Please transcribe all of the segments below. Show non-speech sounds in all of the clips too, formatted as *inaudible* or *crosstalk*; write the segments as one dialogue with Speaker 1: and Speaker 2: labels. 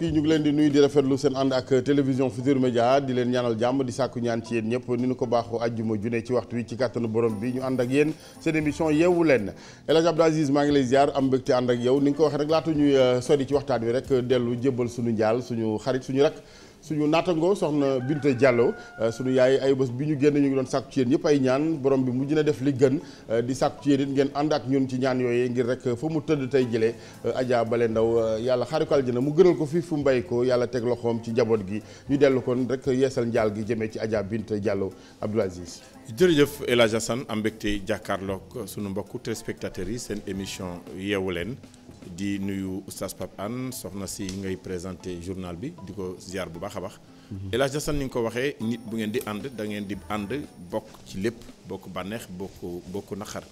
Speaker 1: mbokk ñu ngi leen di nuyu di rafetlu seen ànd ak télévision Futurs Médias di leen ñaanal jàmm di sàkku ñaan ci yéen ñëpp ni ñu ko baaxoo àjjuma junne ci waxtu wi ci kàttanu borom bi ñu ànd ak yéen seen émission yeewu leen El Hadj Abdou Aziz maa ngi lay ziar am mbégte ànd ak yow ni nga ko waxee rek laatu ñuy euh, sori ci waxtaan wi rek dellu jébbal suñu njaal suñu xarit suñu rak suñu naatango soxna Binta Diallo euh, suñu yaay ay bés bi ñu génn ñu ngi doon sàkku ci yéen yëpp ay ñaan borom bi jën a def li gën euh, di sàkku ci yéen it ngeen ànd ak ñun ci ñaan yooyu ngir rek fa mu tëdd tey jële euh, Adja Bale Ndaw yàlla xaariko aljana mu gënal ko fii fu mbay ko yàlla teg loxoom ci njaboot gi ñu dellu kon rek yeesal njaal gi jëmee ci Adja binte Diallo Abdoul
Speaker 2: Aziz jërëjëf El Hadj Assane am mbégte jàkkaarloog suñu mbokku téléspectateurs yi seen émission yeewu leen di nuyu oustaz Pape Anne soxna si ngay présenté journal bi di ko ziar bu baax a baax. Mhm. El Hadj ni nga ko waxee nit bu ngeen di ànd da ngeen di ànd bokk ci lépp bokk bànneex bokk bokk naqar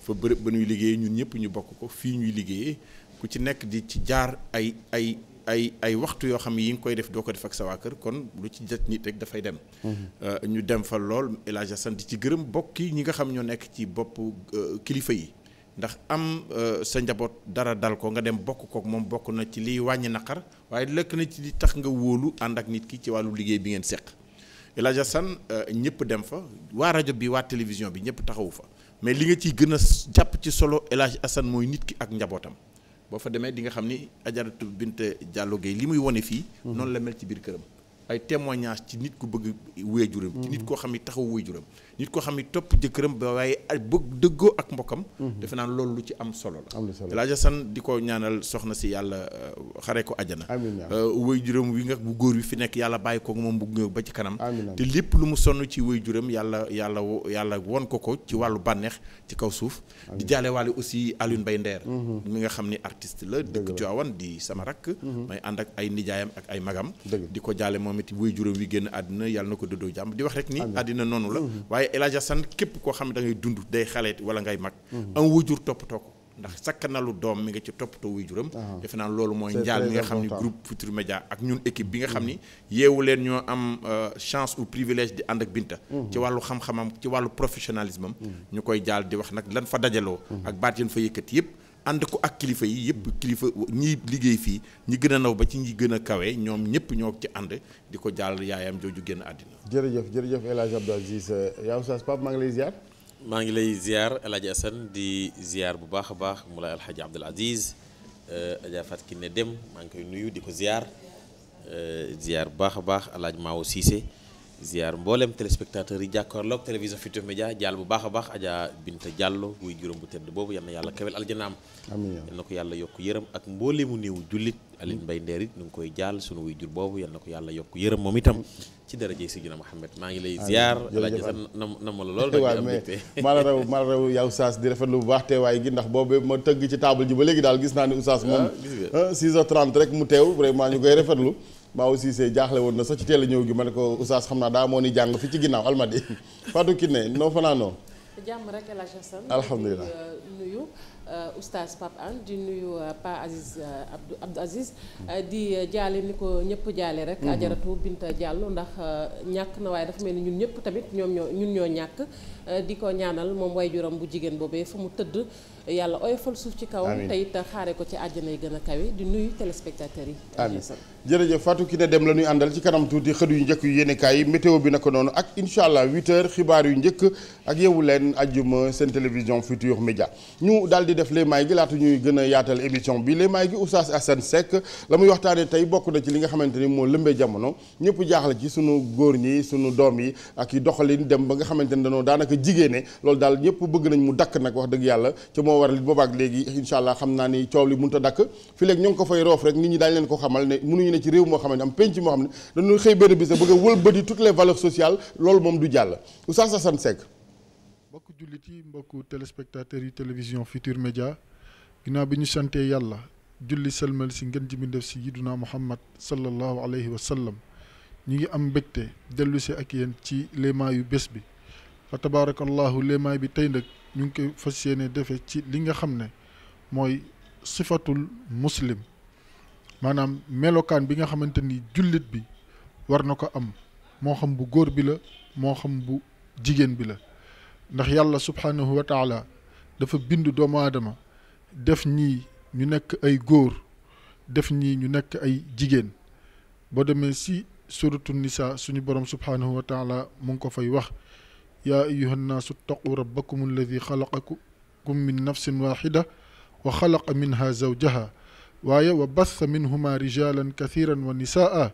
Speaker 2: fa bërëb ba ñuy liggéeyee ñun ñëpp ñu bokk ko fii ñuy liggéeyee ku ci nekk di ci jaar ay ay. ay ay waxtu yoo xam yi nga koy def doo ko def ak sa waa kër kon lu ci jot nit rek dafay dem. Mhm. Euh, ñu dem fa lool El Hadj di ci gërëm bokk yi ñi nga xam ñoo nekk ci bopp euh, kilifa yi. ndax am euh, sa njaboot dara dal ko nga dem bokk kook moom bokk na ci liy wàññi naqar waaye lëkk na ci li tax nga wóolu ànd ak nit ki ci wàllu liggéey bi ngeen seq El Hadj Assane euh, ñëpp dem fa waa rajo bi waa télévision bi ñëpp taxawu fa mais li nga ciy gën a jàpp ci solo El assan mooy nit ki ak njabootam boo fa demee di nga xam ni Ajaratu Binte Diallo Gueye li muy wone fii. Mhm. noonu la mel ci biir këram. ay témoignage ci nit ku bëgg wéejuram ci nit mhm. koo xam ni taxawu wéejuram nit ko xam ne topp jëkkëram ba waaye bëgg dëggoo ak mbokkam mhm. defe naan loolu lu ci am solo la El Hadj Assane di ko ñaanal soxna si yàlla euh, xare ko ajana euh, way juróom wi nga bu góor wi fi nekk yàlla bàyyi ko moom bu ngëw ba ci kanam te lépp lu mu sonn ci way juram yàlla yàlla yàlla won ko ko ci wàllu bànneex ci kaw suuf di jaale waale aussi Alioune Mbaye Nder mhm. mi nga xam ni artiste la dëkk Tivaouane di sama rakk mhm. may ànd ak ay nijaayam ak ay magam di ko jaalee moo it way juróom wi génn àddina yàlla na ko dëddoo jàmm di wax rek ni àddina noonu la waaye El Hadj képp koo xam ne dangay dund day xaleet wala ngay mag. am mhm. wujur toppatoo ko ndax sakk sakkanalu doom mi nga ci toppatoo wujuram. Ah. defe naa loolu mooy njaal mi nga xam ni groupe Futurs Médias ak ñun équipe bi nga xam ni mhm. yeewu leen ñoo am euh, chance ou privilège di ànd ak Binta. Mhm. ci wàllu xam-xamam ci wàllu professionnalisme ñu koy jaal di wax nag lan fa dajaloo. ak baat yéen fa yëkkati yëpp. ànd ko ak kilifa yi yëpp kilifa ñiy liggéey fii ñi gën a naw ba ci ñi gën a kawe ñoom ñëpp ñoo ci ànd di ko jàll yaayam jooju génn àddina.
Speaker 1: jërëjëf jërëjëf El Hadj Abdou Aziz yaa Oustaz Pape maa ngi lay ziar.
Speaker 2: maa ngi lay ziar El Hadj di ziar bu baax a
Speaker 3: baax mu lay El Hadj Abdou Aziz euh, Adja ki ne dem maa ngi koy nuyu di ko ziar euh, ziar bu baax a baax El Hadj Mawo Cissé. ziar mboolem téléspectateur yi jàkkaarloog télévision Futurs Médias jaal bu baax a baax Adja Binta Diallo buy juróom bu tedd boobu yal na yàlla kawel aljanaam amiin yal na ko yàlla yokk yërëm ak mbooleemu néew jullit Aline Mbaye Ndeer it nu ngi koy jaal sunu wuy jur boobu yal na ko yàlla yokk yërëm moom itam ci daraja yi Sidina Muhammad maa ngi lay ziar alaaji sa nam nam la lool *laughs* waaw mais *laughs*
Speaker 1: maa la raw maa la raw yaa oustaz di rafetlu bu baax teewaay gi ndax boobu ma tëgg ci table ji ba léegi daal gis naa ni oustaz moom 6 ah, ah, h rek mu teew vraiment ñu koy rafetlu maa aussi c'est jaaxle woon na sax ci teel a ñëw gi ma ne ko oustaz xam naa daa moo ni jàng fi ci ginnaaw almadi *laughs* Fatou Kiné noo fanaanoo
Speaker 4: jàmm rek El Hadj Assane alhamdulilah euh, nuyu Euh, oustaz Pape An di nuyu euh, Pa Aziz euh, Abdou Abdou Aziz di jaale ni ko ñëpp jaale rek. Mhm. ajaratu bint Diallo ndax ñàkk na waaye dafa mel ni ñun ñëpp tamit ñoom ñoo ñun ñoo ñàkk. Euh, di ko ñaanal moom waajuram bu jigéen boobee fa mu tëdd yàlla oyofal suuf ci kawam te xaare ko ci àjjana yi gën a kawe di nuyu téléspectateurs yi
Speaker 1: amiin jërëjëf Fatou Kiné Deme la ñuy àndal ci kanam tuuti xët yu njëkk yu yéenekaay yi météo bi naka noonu ak incha allah 8 heures xibaar yu njëkk ak yeewu leen ajjuma seen télévision Futurs Médias ñu daal di def léemaay gi laata ñuy gën a yaatal émission bi léemaay gi Oustaz Assane Seck la muy waxtaanee tey bokk na ci li nga xamante ni moo lëmbee jamono ñëpp jaaxle ci sunu góor ñi sunu doom yi ak doxalin dem ba nga xamante ni dañoo jigéene loolu daal ñëpp bëgg nañ mu dakk nag wax dëgg yàlla ci moo waral boobaak léegi incha allah xam naa ni coow li mënut a dakk fi léegi ño ngi ko fay roof rek nit ñi daañu leen ko xamal ne mënuñu ne ci réew moo xam ne am penc moo xam ne dañu xëy benn bis bëgg a wëlbati toutes les valeurs sociales loolu moom du jàll Oustaz Assane Seck
Speaker 5: mbokku jullit yi mbokku téléspectateurs yi télévision Futur Média ginnaaw bi ñu santee yàlla julli salmal si ngeen ji mbindéef si yiduna Muhammad sallallahu alayhi wa sallam ñu ngi am mbégte dellu si ak yéen ci léema yu bés bi fa tabaarakallahu léemaay bi tey nag ñu ngi koy fas yéene defee ci li nga xam ne mooy sifatul muslim maanaam melokaan bi nga xamante ni jullit bi war na ko am moo xam bu góor bi la moo xam bu jigéen bi la ndax yàlla subhaanahu wa taala dafa bind doomu aadama def ñii ñu nekk ay góor def ñii ñu nekk ay jigéen boo demee si suratu nisa suñu borom subhaanahu wa taala mu ngi ko fay wax yaa ayuha nnaasu ttaquu rabbakum alladi xalaqakum min nafsin waxida wa xalaqa minha zawjaha waaye wa bassa minhuma rijalan kathiran wa nisaa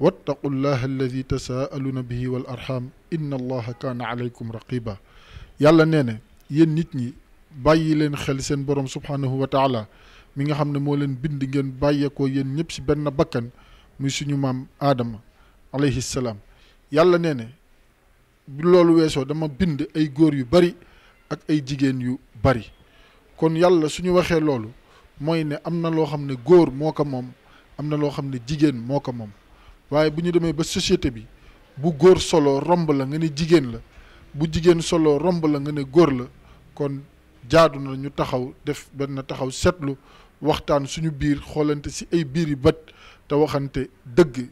Speaker 5: wattaqu llaha alladi tasaaluuna bihi wal arxam inna allaha kaana alaykum raqiba yàlla nee na yéen nit ñi bàyyi leen xel seen borom subhaanahu wa taala mi nga xam ne moo leen bind ngeen bàyyeekoo yéen ñëpp ci benn bakkan muy suñu maam aadama alayhi salaam yàlla nee ne loolu weesoo dama bind ay góor yu bari ak ay jigéen yu bari kon yàlla suñu waxee loolu mooy ne am na loo xam ne góor moo ko moom am na loo xam ne jigéen moo ko moom waaye bu ñu demee ba société bi bu góor solo romb la nga ne jigéen la bu jigéen solo romb la nga ne góor la kon jaadu na ñu taxaw def benn taxaw seetlu waxtaan suñu biir xoolante ci ay biir yu bët te waxante dëgg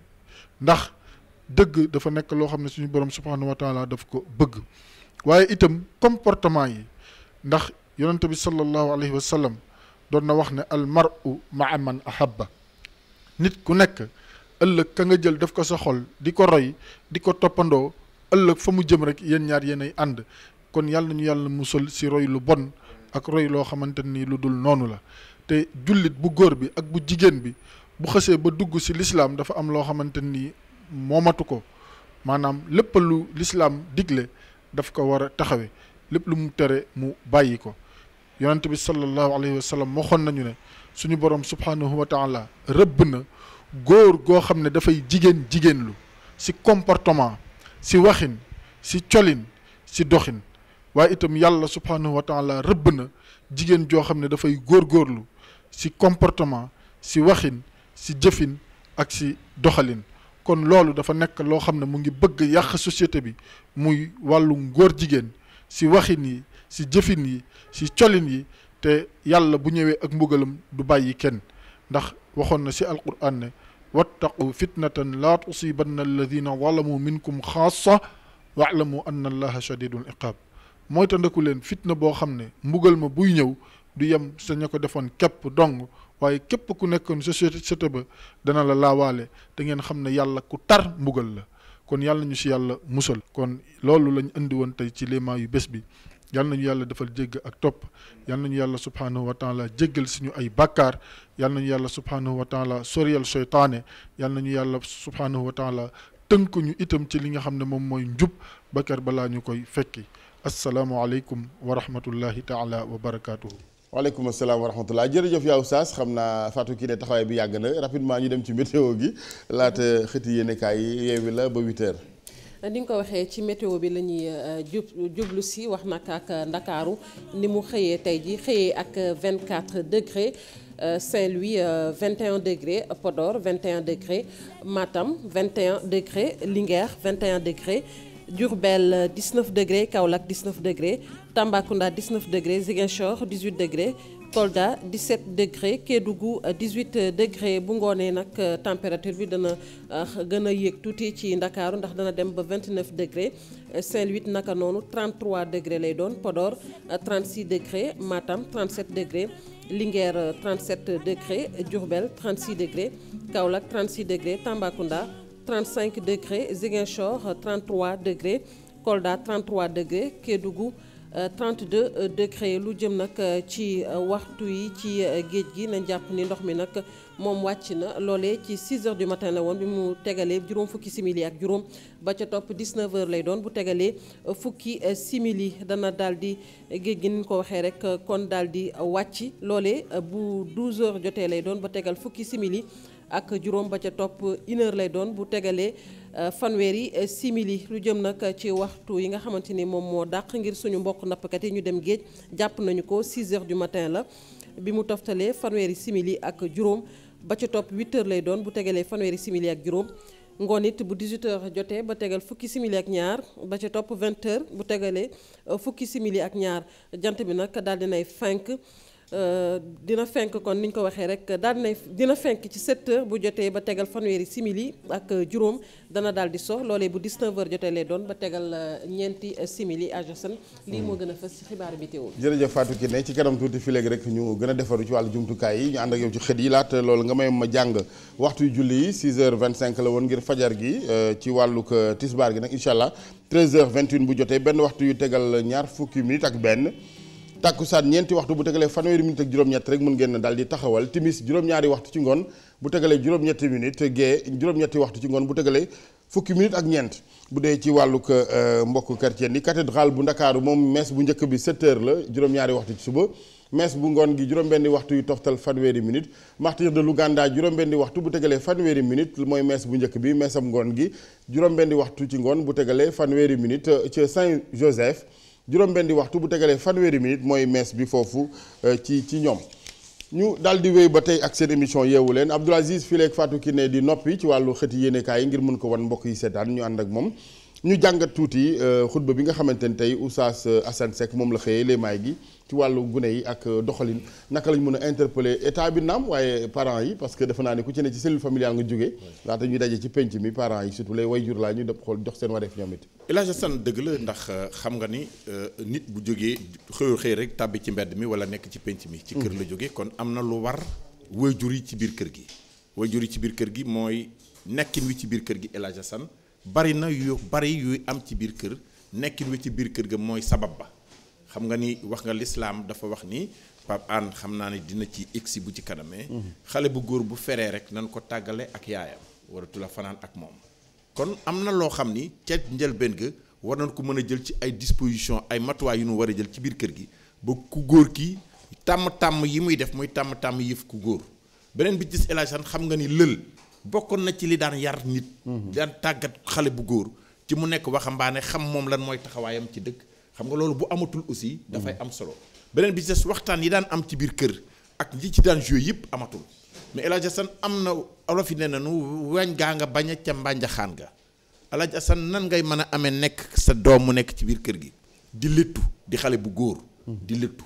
Speaker 5: ndax dëgg dafa nekk loo xam ne suñu borom subhanahu wa taala daf ko bëgg waaye itam comportement yi ndax yonente bi sallallahu alayhi wa sallam doon na wax ne al mar'u ma'a man ahabba nit ku nekk ëllëg ka nga jël def ko sa xol di ko roy di ko toppandoo ëllëg fa mu jëm rek yéen ñaar yéenay ànd kon yàlla nañu yàlla musal si roy lu bon ak roy loo xamante ni lu dul noonu la te jullit bu góor bi ak bu jigéen bi bu xësee ba dugg si lislaam dafa am loo xamante ni moomatu ko maanaam lépp lu lislaam digle daf ko war a taxawe lépp lu mu tere mu bàyyi ko yonent bi sallallahu alayhi wa sallam waxoon nañu ne suñu borom subhanahu wa taala rëbb na góor goo xam ne dafay jigéen jigéen lu si comportement si waxin si colin si doxin waaye itam yàlla subhanahu wa taala rëbb na jigéen joo xam ne dafay góor góorlu si comportement si waxin si jëfin ak si doxalin kon loolu dafa nekk loo xam ne mu ngi bëgg yàq société bi muy wàllu ngóor jigéen si waxin yi si jëfin yi ci colin yi te yàlla bu ñëwee ak mbugalam du bàyyi kenn ndax waxoon na si alquran ne wattaqu fitnatan laa tusibanna alladina zalamu minkum xaasa waalamu anna allaha shadidul iqaab mooy tandaku leen fitna boo xam ne mbugal ma buy ñëw du yem sa ña ko defoon képp dong waaye képp ku nekkoon sa sëtë ba dana la laawaale te ngeen xam ne yàlla ku tar mbugal la kon yàlla ñu si yàlla musal kon loolu lañ indi woon tey ci léema yu bés bi yàlla nañu yàlla defal jégg ak topp yàlla nañu yàlla subhanahu wa taala jéggal suñu ay bàkkaar yàlla nañu yàlla subhanahu wa taala soriyal seytaane yàlla ñu yàlla subhanahu wa taala tënk ñu itam ci li nga xam ne moom mooy njub bakar balaa ñu koy fekki asalaamualeykum wa rahmatullahi taala wa barakaatuhu
Speaker 1: waaleykum asalaam wa jërëjëf yow Saas xam naa Fatou kii ne taxawaay bi yàgg na rapidement ñu dem ci météo gi laata xëti yéenekaay yeewi la ba 8 heures.
Speaker 4: ni nga ko waxee ci météo bi la ñuy euh, jub jublu si wax nag ak euh, ndakaaru ni mu xëyee tey ji xëyee ak euh, vingt 24 degré Saint-Louis 21 degré Podor 21 degré Matam 21 degré Linguère 21 degré Diourbel 19 degré Kaolack 19 degré. Tambacounda 19 degré Ziguinchor 18 degré Kolda 17 degré Kédougou 18 degré bu ngoonee nag euh, température bi dana euh, gën a yéeg tuuti ci Ndakaaru ndax dana dem ba 29 degré Saint-Louis naka noonu 33 degré lay doon Podor 36 euh, degré Matam 37 degré Linguère 37 degré Diourbel 36 degré Kaolack 36 degré Tambacounda 35 degré Ziguinchor 33 degré Kolda 33 degré Kédougou. 32 euh, degré lu jëm nag euh, ci euh, waxtu yi ci géej gi nañ jàpp ni ndox mi nag moom wàcc na loole ci 6 heures du matin la woon bi mu tegalee juróom fukki simili ak juróom ba ca topp 19 heures lay doon bu tegalee fukki simili dana daal di géej gi ni ko waxee rek kon daal di wàcc loolee bu 12 heures jotee lay doon ba tegal fukki simili ak juróom ba ca topp 1 lay doon bu tegalee. Euh, fanweeri euh, simili lu jëm nag ci waxtu yi nga xamante ni moom moo dàq ngir suñu mbokk nappkat yi ñu dem géej jàpp nañu ko 6 heures du matin la bi mu toftalee fanweeri simili ak juróom ba ca topp 8 heures lay doon bu tegalee fanweeri simili ak juróom ngoon it bu 18 heures jotee ba tegal fukki simili ak ñaar ba ca topp 20 bu tegalee euh, fukki simili ak ñaar jant bi nag daal dinay fenk Euh, dina fenk kon ni ñu ko waxee rek daal na dina fenk ci 7 heures bu jotee ba tegal fanweeri simili ak juróom dana daal di so loolee bu 19 heures jotee lay doon ba tegal euh, ñeenti simili ajosan lii moo gën a fës ci xibaar bi teewul
Speaker 1: jërëjëf Fatou Kiné ci kanam tuuti fileeg rek ñu gën a defaru ci wàllu jumtukaay yi ñu ànd ak yow ci xët yi laata lool nga may ma jàng waxtu julli yi 6 vingt 25 la woon ngir fajar gi euh, ci wàllug tisbaar gi nag incha allah 13 heures 21 bu jotee benn waxtu yu tegal ñaar fukki minutes ak benn tàkkusaan ñeenti waxtu bu tegalee fanweeri minute ak juróom-ñett rek mun ngeen daal di taxawal timis juróom-ñaari waxtu ci ngoon bu tegalee juróom-ñetti minute gee juróom-ñetti waxtu ci ngoon bu tegalee fukki minute ak ñeent bu dee ci wàllug euh, mbokk chrétien ni cathédrale bu ndakaaru moom mees bu njëkk bi 7 la juróom-ñaari waxtu ci suba mees bu ngoon gi juróom-benni waxtu yu toftal fanweeri minute martyr de l'Ouganda juróom-benni waxtu bu tegalee fanweeri minute mooy mees bu njëkk bi meesam ngoon gi juróom-benni waxtu ci ngoon bu tegalee fanweeri minute ci Saint Joseph juróom benn di waxtu bu tegalee fanweeri minute mooy mees bi foofu euh, ci ci ñoom. ñu daal di wéy ba tey ak seen émission yeewu leen Abdoul Aziz fii leeg ki Kiné di noppi ci wàllu xëti yéenekaay yi ngir mën ko wan mbokk yi seetaan ñu ànd ak moom ñu jàngat tuuti euh, xutba bi nga xamante ni tey Oustaz euh, Assane Seck moom la xëyee léemaay gi ci wàllu gune yi ak euh, doxalin naka lañ mën a interpeller état bi naam waaye parent yi parce que defe naa ne ku ci ne ci cellule familiale nga jógee laata ñuy daje ci penc mi parent yi surtout lay way jur laa ñu def xool jox seen wareef ñoom it
Speaker 2: El Hadj ndax euh, xam nga ni euh, nit bu jógee xëyul xëy rek tàbbi ci mbedd mi wala nekk ci penc mi ci kër la mm. jógee kon am na lu war way jur yi ci biir kër gi way jur yi ci biir kër gi mooy nekkin wi ci biir kër gi El Hadj bari na yu bari yuy am ci biir kër nekkin wi ci biir kër ga mooy sabab ba xam nga ni wax nga lislaam dafa wax ni Pape xam naa ne dina ci egsi bu ci kanamee xale bu góor bu feree rek nan ko tàggale ak yaayam waratula fanaan ak moom kon am na loo xam ni ca njëlbéen ga war nañ ko mën a jël ci ay disposition ay matuwaay yu nu war a jël ci biir kër gi ba ku góor ki tàmm-tàmm yi muy def muy tàmm-tàmm yëf ku góor beneen bi gis xam nga ni lël bokkoon na ci li daan yar nit mhm. daan tàggat xale bu góor ci mu nekk waxambaane xam moom lan mooy taxawaayam ci dëkk xam nga loolu bu amatul aussi. dafay mm. am solo beneen bi ci waxtaan yi daan am ci biir kër ak li ci daan joué yëpp amatul mais El Hadj am na olof yi nee na nu wañ gaa nga bañ a ca mbànjaxaan ga El Hadj nan ngay mën a amee nekk sa doom mu nekk ci biir kër gi di lëttu di xale bu góor. Mm. di léttu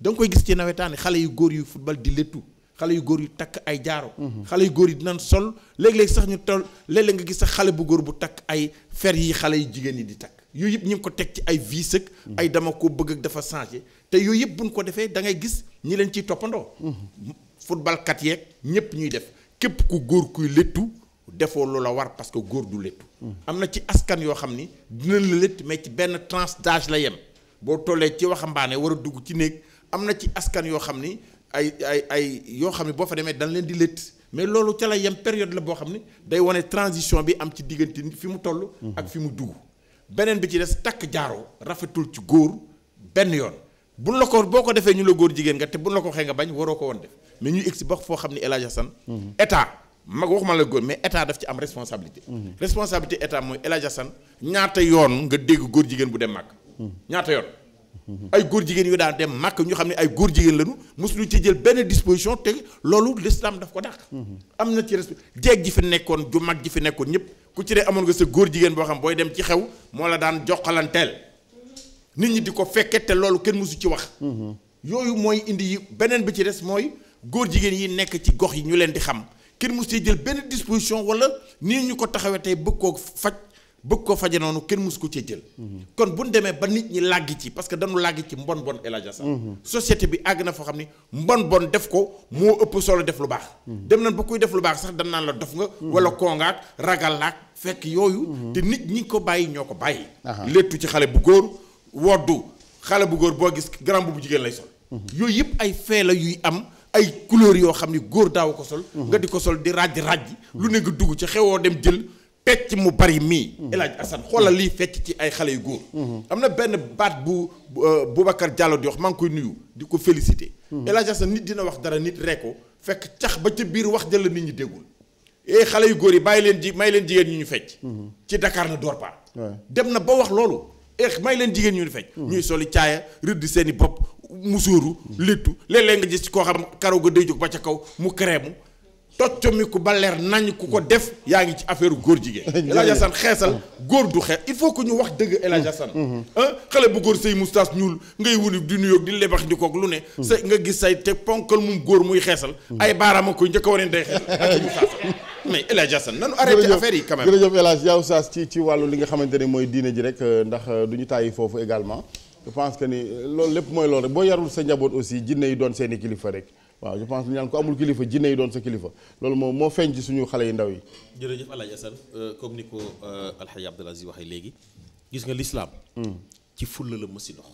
Speaker 2: da koy gis ci yi xale yu góor yu football di léttu xale yu góor yu takk ay jaaro. Mm-hmm. xale yu góor yi dinañ sol léeg-léeg sax ñu tol léeg-léeg nga gis sax xale bu góor bu takk ay fer yi xale yu jigéen yi di takk. yooyu yëpp ñu ngi ko teg ci ay vies ak ay dama ko bëgg ak dafa changé te yooyu yëpp buñ ko defee da ngay gis ñi leen ciy toppandoo footballkat yeeg ñëpp ñuy def képp ku góor kuy léttu defoo loola war parce que góor du léttu am na ci askan yoo xam ni dinañ la létt mais ci benn tranche la yem boo tollee ci waxambaane war a dugg ci néeg am na ci askan yoo xam ni ay ay ay yoo xam ne boo fa demee dañ leen di létt mais loolu ca la yem période la boo xam ni day wane transition bi am ci diggante fi mu toll ak fi mu dugg beneen bi ci des takk jaaroo rafetul ci góor benn yoon buñ la ko boo ko defee ñu la góor jigéen nga te buñ la ko waxee nga bañ waroo ko woon def mais ñuy si ba foo xam ne El Hadj mhm. état mag waxuma la góor mais état daf ci am responsabilité mhm. responsabilité état mooy El Hadj ñaata yoon nga dégg góor jigéen bu dem mag mhm. ñaata yoon ay góor jigéen yu daan dem màkk ñu xam ne ay góor jigéen lañu mosuñu ci jël benn disposition te loolu l'islam daf ko dàq. am na ci respect jeeg ji fi nekkoon ju mag ji fi nekkoon ñëpp ku ci ne amoon nga sa góor jigéen boo xam booy dem ci xew moo la daan joxalanteel nit ñi di ko fekke te loolu kenn mosu ci wax. yooyu mooy indi yi beneen bi ci des mooy góor jigéen yi nekk ci gox yi ñu leen di xam kenn mosu ci jël benn disposition wala nii ñu ko taxawee tey bëgg koo faj. bëgg ko faje noonu kenn mus ko cee jël. kon bu ñu demee ba nit ñi làgg ci parce que dañu làgg ci mbon bon El Hadj Assane mhm. bi àgg na foo xam ni mbon bon def ko moo ëpp solo def lu baax. Mhm. dem nañ ba kuy def lu baax sax dañ naan la dof nga. Mhm. wala kongaak ragal laak fekk yooyu. te nit ñi ko bàyyi ñoo ko bàyyi. léttu ci xale bu góor woddu xale bu góor boo gis grand bu jigéen lay sol. yooyu yëpp ay fee la yuy am. ay couleur yoo xam ni góor daaw ko sol. nga di ko sol di ràjj ràjj. lu ne dugg ci xewoo dem jël. pecc mu bari mii mhm. El Hadj xoolal mhm. liy fecc ci ay xale yu góor mhm. am na benn baat bu euh, Boubacar Diallo di wax maa ngi koy nuyu di ko félicité El Hadj Assane nit dina wax dara nit rek ko fekk cax ba ca biir wax jël la nit ñi déggul ee eh, xale yu góor yi bàyyi leen ji may leen jigéen ñu ñu fecc ci Dakar na door pa dem na ba wax loolu ee eh, may leen jigéen ñu ñu fecc ñuy soli caaya rëdd seeni bopp musóoru littu léeg-léeg nga gis koo xam karaw ga day jóg ba ca kaw mu crème toccomiku ba leer nañ ku ko def yaa ngi ci affaire góor jigéen *laughs* El Hadj Assane xeesal góor du xees il faut que ñu wax dëgg El Hadj mm-hmm. Mm-hmm. Ah, xale bu góor say moustache ñuul ngay wuli di nuyoog di lebax di kook lu ne mm-hmm. sa nga gis say te ponkal mu góor muy xeesal ay baaraama koy njëkk a wareen day xeesal ak moustache *laughs* mais El Hadj Assane nanu arrêté yi quand même
Speaker 1: jërëjëf yow saas ci ci wàllu li nga xamante ne mooy diine ji rek euh, ndax euh, du ñu tàyyi foofu également je pense que ni euh, loolu lépp mooy lool rek boo yarul sa njaboot aussi jinne yi doon seen kilifa rek waaw je pense ñaan ko amul kilifa jinne yi doon sa kilifa loolu moom moo feeñ ci suñu xale yu ndaw yi.
Speaker 3: jërëjëf El Hadj Assane euh, comme ni ko El euh, Hadj Abdoul Aziz waxee léegi gis nga lislaam hmm. ci fulla la mësi dox.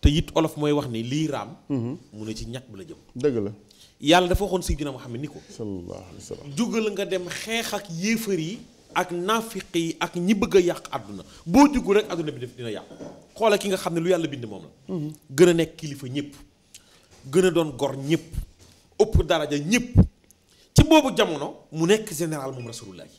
Speaker 3: te it olof mooy wax ni lii raam. Hmm. mu ne ci ñàkk bi la jëm. dëgg la. yàlla dafa waxoon Seydina Muhammad ni ko. sallallahu alayhi wa sallam jugal nga dem xeex ak yéefar yi. ak naafiq yi ak ñi bëgg a yàq àdduna boo jugul rek àdduna bi def dina yàqu xoola ki nga xam ne lu yàlla bind moom hmm. gën a nekk kilifa ñëpp. gën a doon gor ñëpp ëpp daraja ñëpp ci boobu jamono mu nekk général moom rasulullah yi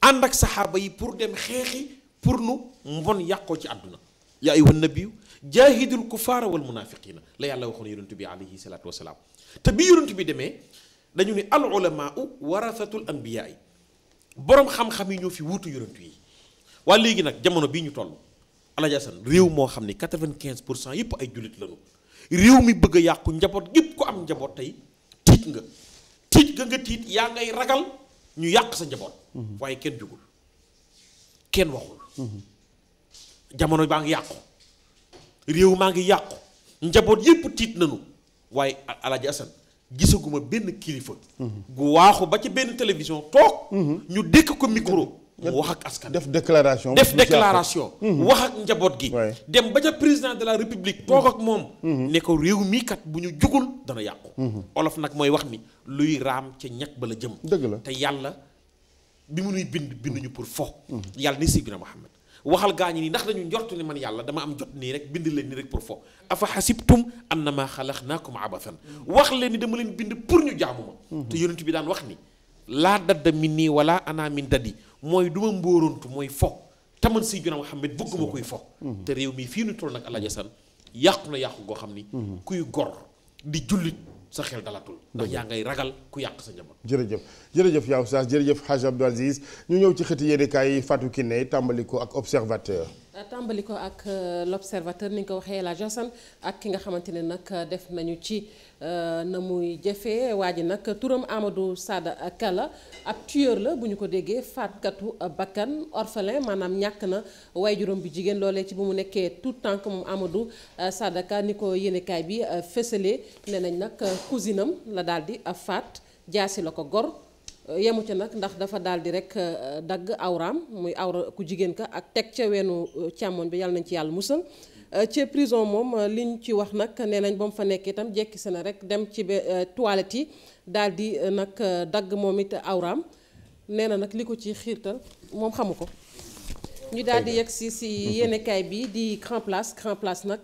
Speaker 3: ànd ak saxaaba yi pour dem xeexi pour nu mbon yàqoo ci àdduna yaa ayyuhan nabiyyu jaahidul kufaara wal munaafiqiina la yàlla waxoon yonent bi alayhi salaatu wasalaam te bi yonent bi demee dañu ne al ulamaau warasatul anbiyaa yi boroom xam-xam yi ñoo fi wuutu yonent yi waa léegi nag jamono bii ñu toll alaajasan réew moo xam ni quatre-vingt-quinze pour cent yëpp ay jullit lañu réew mi bëgg a yàqu njaboot gépp ko am njaboot tey tiit nga tiit nga nga tiit yaa ngay ragal ñu yàq sa njaboot mhm. waaye kenn jugul kenn waxul mhm. jamono baa ngi yàqu réew maa ngi yàqu njaboot yépp tiit nanu waaye Alaaji Asan gisaguma benn kilifa mhm. gu waaxu ba ci benn télévision toog ñu dékk ko micro wax ak askan def déclaration def déclaration mm-hmm. wax ak njaboot gi dem ba ca président de la république toog ak moom mm-hmm. ne ko réew mii kat bu ñu jugul dana yàqu mm-hmm. olof nag mooy wax ni luy raam ca ñag ba la jëm dëgg la te yàlla bi mu nuy bind ñu pour fo yàlla ni sibina Muhammad waxal gaa ñi nii ndax dañu njortu ne man yàlla dama am jot nii rek bind leen nii rek pour fo afa xasibtum annama xalaqnaakum abathan wax leen ni dama leen bind pour ñu jaamu ma te yonent bi daan wax ni laa dadda min nii wala ana min dadi mooy du ma mbóorantu mooy fo taman si jona Muhammad bëgguma koy fo mm-hmm. te réew mi fii nu toll nag Alaaji Asan yàqu na yàqu goo xam ni mm-hmm. kuy gor di jullit sa xel dalatul ndax yaa ngay ragal ku yàq sa njaboot
Speaker 1: jërëjëf jërëjëf yaa saa jërëjëf Hadj Abdou Aziz ñu ñëw ci xëti yéenekaay yi Fatou ne tàmbali ko ak observateur
Speaker 4: tàmbali ko ak euh, l'observateur ni nga ko waxee la Jassane ak ki nga xamante ne nag def nañu ci euh, na muy jafe waa ji nag turam Amadou Sada Kala ab tueur la bu ñu ko déggee faatkatu bakkan orphelin maanaam ñàkk na waaye juróom bi jigéen loolee ci bu mu nekkee tout tànk moom Amadou euh, Sada Kala ni ko yéenekaay bi fësalee ne nañ nag cousinam la daal di faat jaasi la ko gor Euh, yemu ca nag ndax dafa daal di rek euh, dagg awraam muy awra ku jigéen ka ak teg ca weenu euh, càmmoñ bi yàlla nañ ci yàlla musal ci prison moom li liñ ci wax nag nee nañ ba mu fa nekk itam jekki se rek dem ci toilette yi daal di nag dagg moom it awraam nee na nag li ko ci xiirtal moom xamu ko ñu daal di yegg si si mhm. yéenekaay bi di Grand Place Grand Place nag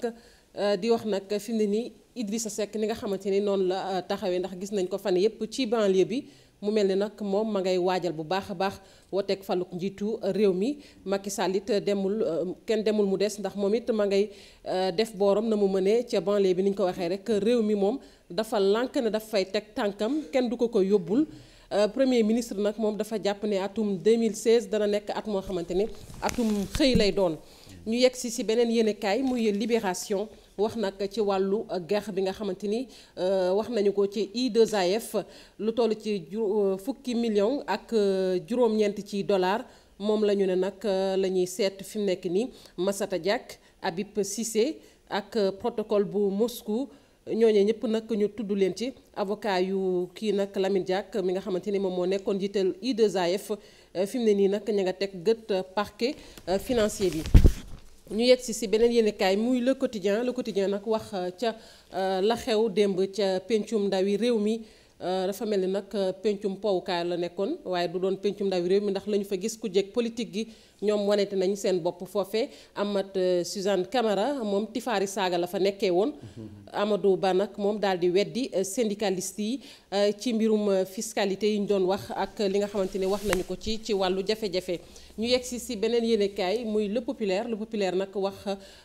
Speaker 4: di wax nag fi ni ne nii sa sekk ni nga xamante ni noonu la taxawee ndax gis nañ ko fan yépp ci banlieue bi mu mel ni nag moom ma ngay waajal bu baax a baax woteeg faluk njiitu euh, réew mi Macky Sall it euh, demul euh, kenn demul mu des ndax moom it ma ngay def booram na mu mënee ca banlieue bi ni ñu ko waxee rek réew mi moom dafa lànk ne daf fay teg tànkam kenn du ko ko yóbbul premier ministre nag moom dafa jàpp ne atum 2016 dana nekk at moo xamante ne atum xëy lay doon ñu yegg si si beneen yéenekaay muy libération. wax nag ci wàllu guerre bi nga xamante ni euh, wax nañu ko ci I2AF lu toll ci euh, fukki million ak euh, juróom-ñeent ci dollar moom la ñu ne nag la ñuy seet fi mu nekk nii Massata Diack Habib Cissé ak protocole bu Moscou. ñooñee ñëpp nag ñu tudd leen ci avocat yu kii nag Lamine Diack mi nga xamante ni moom moo nekkoon jiital I2AF fi mu ne nii nag ña nga teg gët parquet financier bi. ñu yegg si si beneen yéenekaay muy le quotidien le quotidien nag wax euh, ca euh, la xew démb ca pencum ndawi réew mi euh, dafa mel ni nag pencum powukaay la nekkoon waaye du doon pencum ndawi réew mi ndax lañu fa gis ku jég politique gi ñoom wanete nañu seen bopp foofe amat Suzanne Camara moom Tifaari Saaga la fa nekkee woon mm-hmm. Amadou Ba nag moom daal di weddi syndicaliste yi ci mbirum fiscalité yi ñu doon wax ak li nga xamante ne wax nañu ko ci ci wàllu jafe-jafe ñu yegg si si beneen yéenekaay muy le populaire le populaire nag wax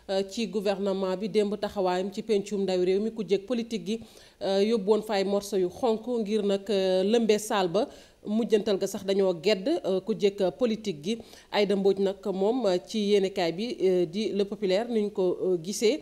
Speaker 4: euh, ci gouvernement bi démb taxawaayam ci pencum ndawi réew mi ku jég politique gi euh, yóbbu woon fa ay morso yu xonk ngir nag euh, lëmbe saal ba mujjantal ga sax dañoo gedd ku jekk politique gi Aïda Mbodj nag moom ci yéenekaay bi di Le Populaire ni ko gisee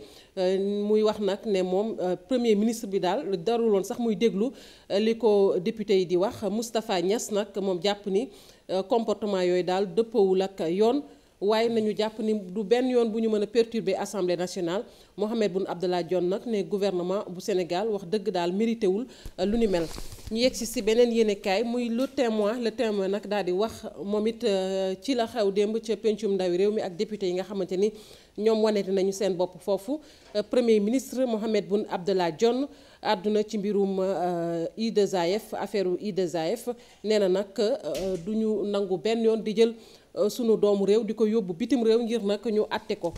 Speaker 4: muy wax nag ne moom premier ministre bi daal daruloon sax muy déglu li ko député yi di wax Moustapha Niass nag moom jàpp ni Euh, comportement yooyu daal dëppawul ak yoon waaye nañu jàpp ni du benn yoon bu ñu mën a perturber assemblée nationale Mohamed Boun Abdallah Dionne nag ne gouvernement bu Sénégal wax dëgg daal mérité wul euh, lu ni mel. ñu yegsi si beneen yéenekaay muy le témoin le témoin nag daal di wax moom it euh, ci la xew démb ca pencum ndawi réew mi ak député yi nga xamante ni ñoom wanete nañu seen bopp foofu premier ministre Mohamed Boun Abdallah Dionne. àdduna ci mbirum euh, IAAF affaire IAAF nee na nag euh, du ñu nangu benn yoon di jël euh, sunu doomu réew di ko yóbbu bitim réew ngir nag ñu àtte ko.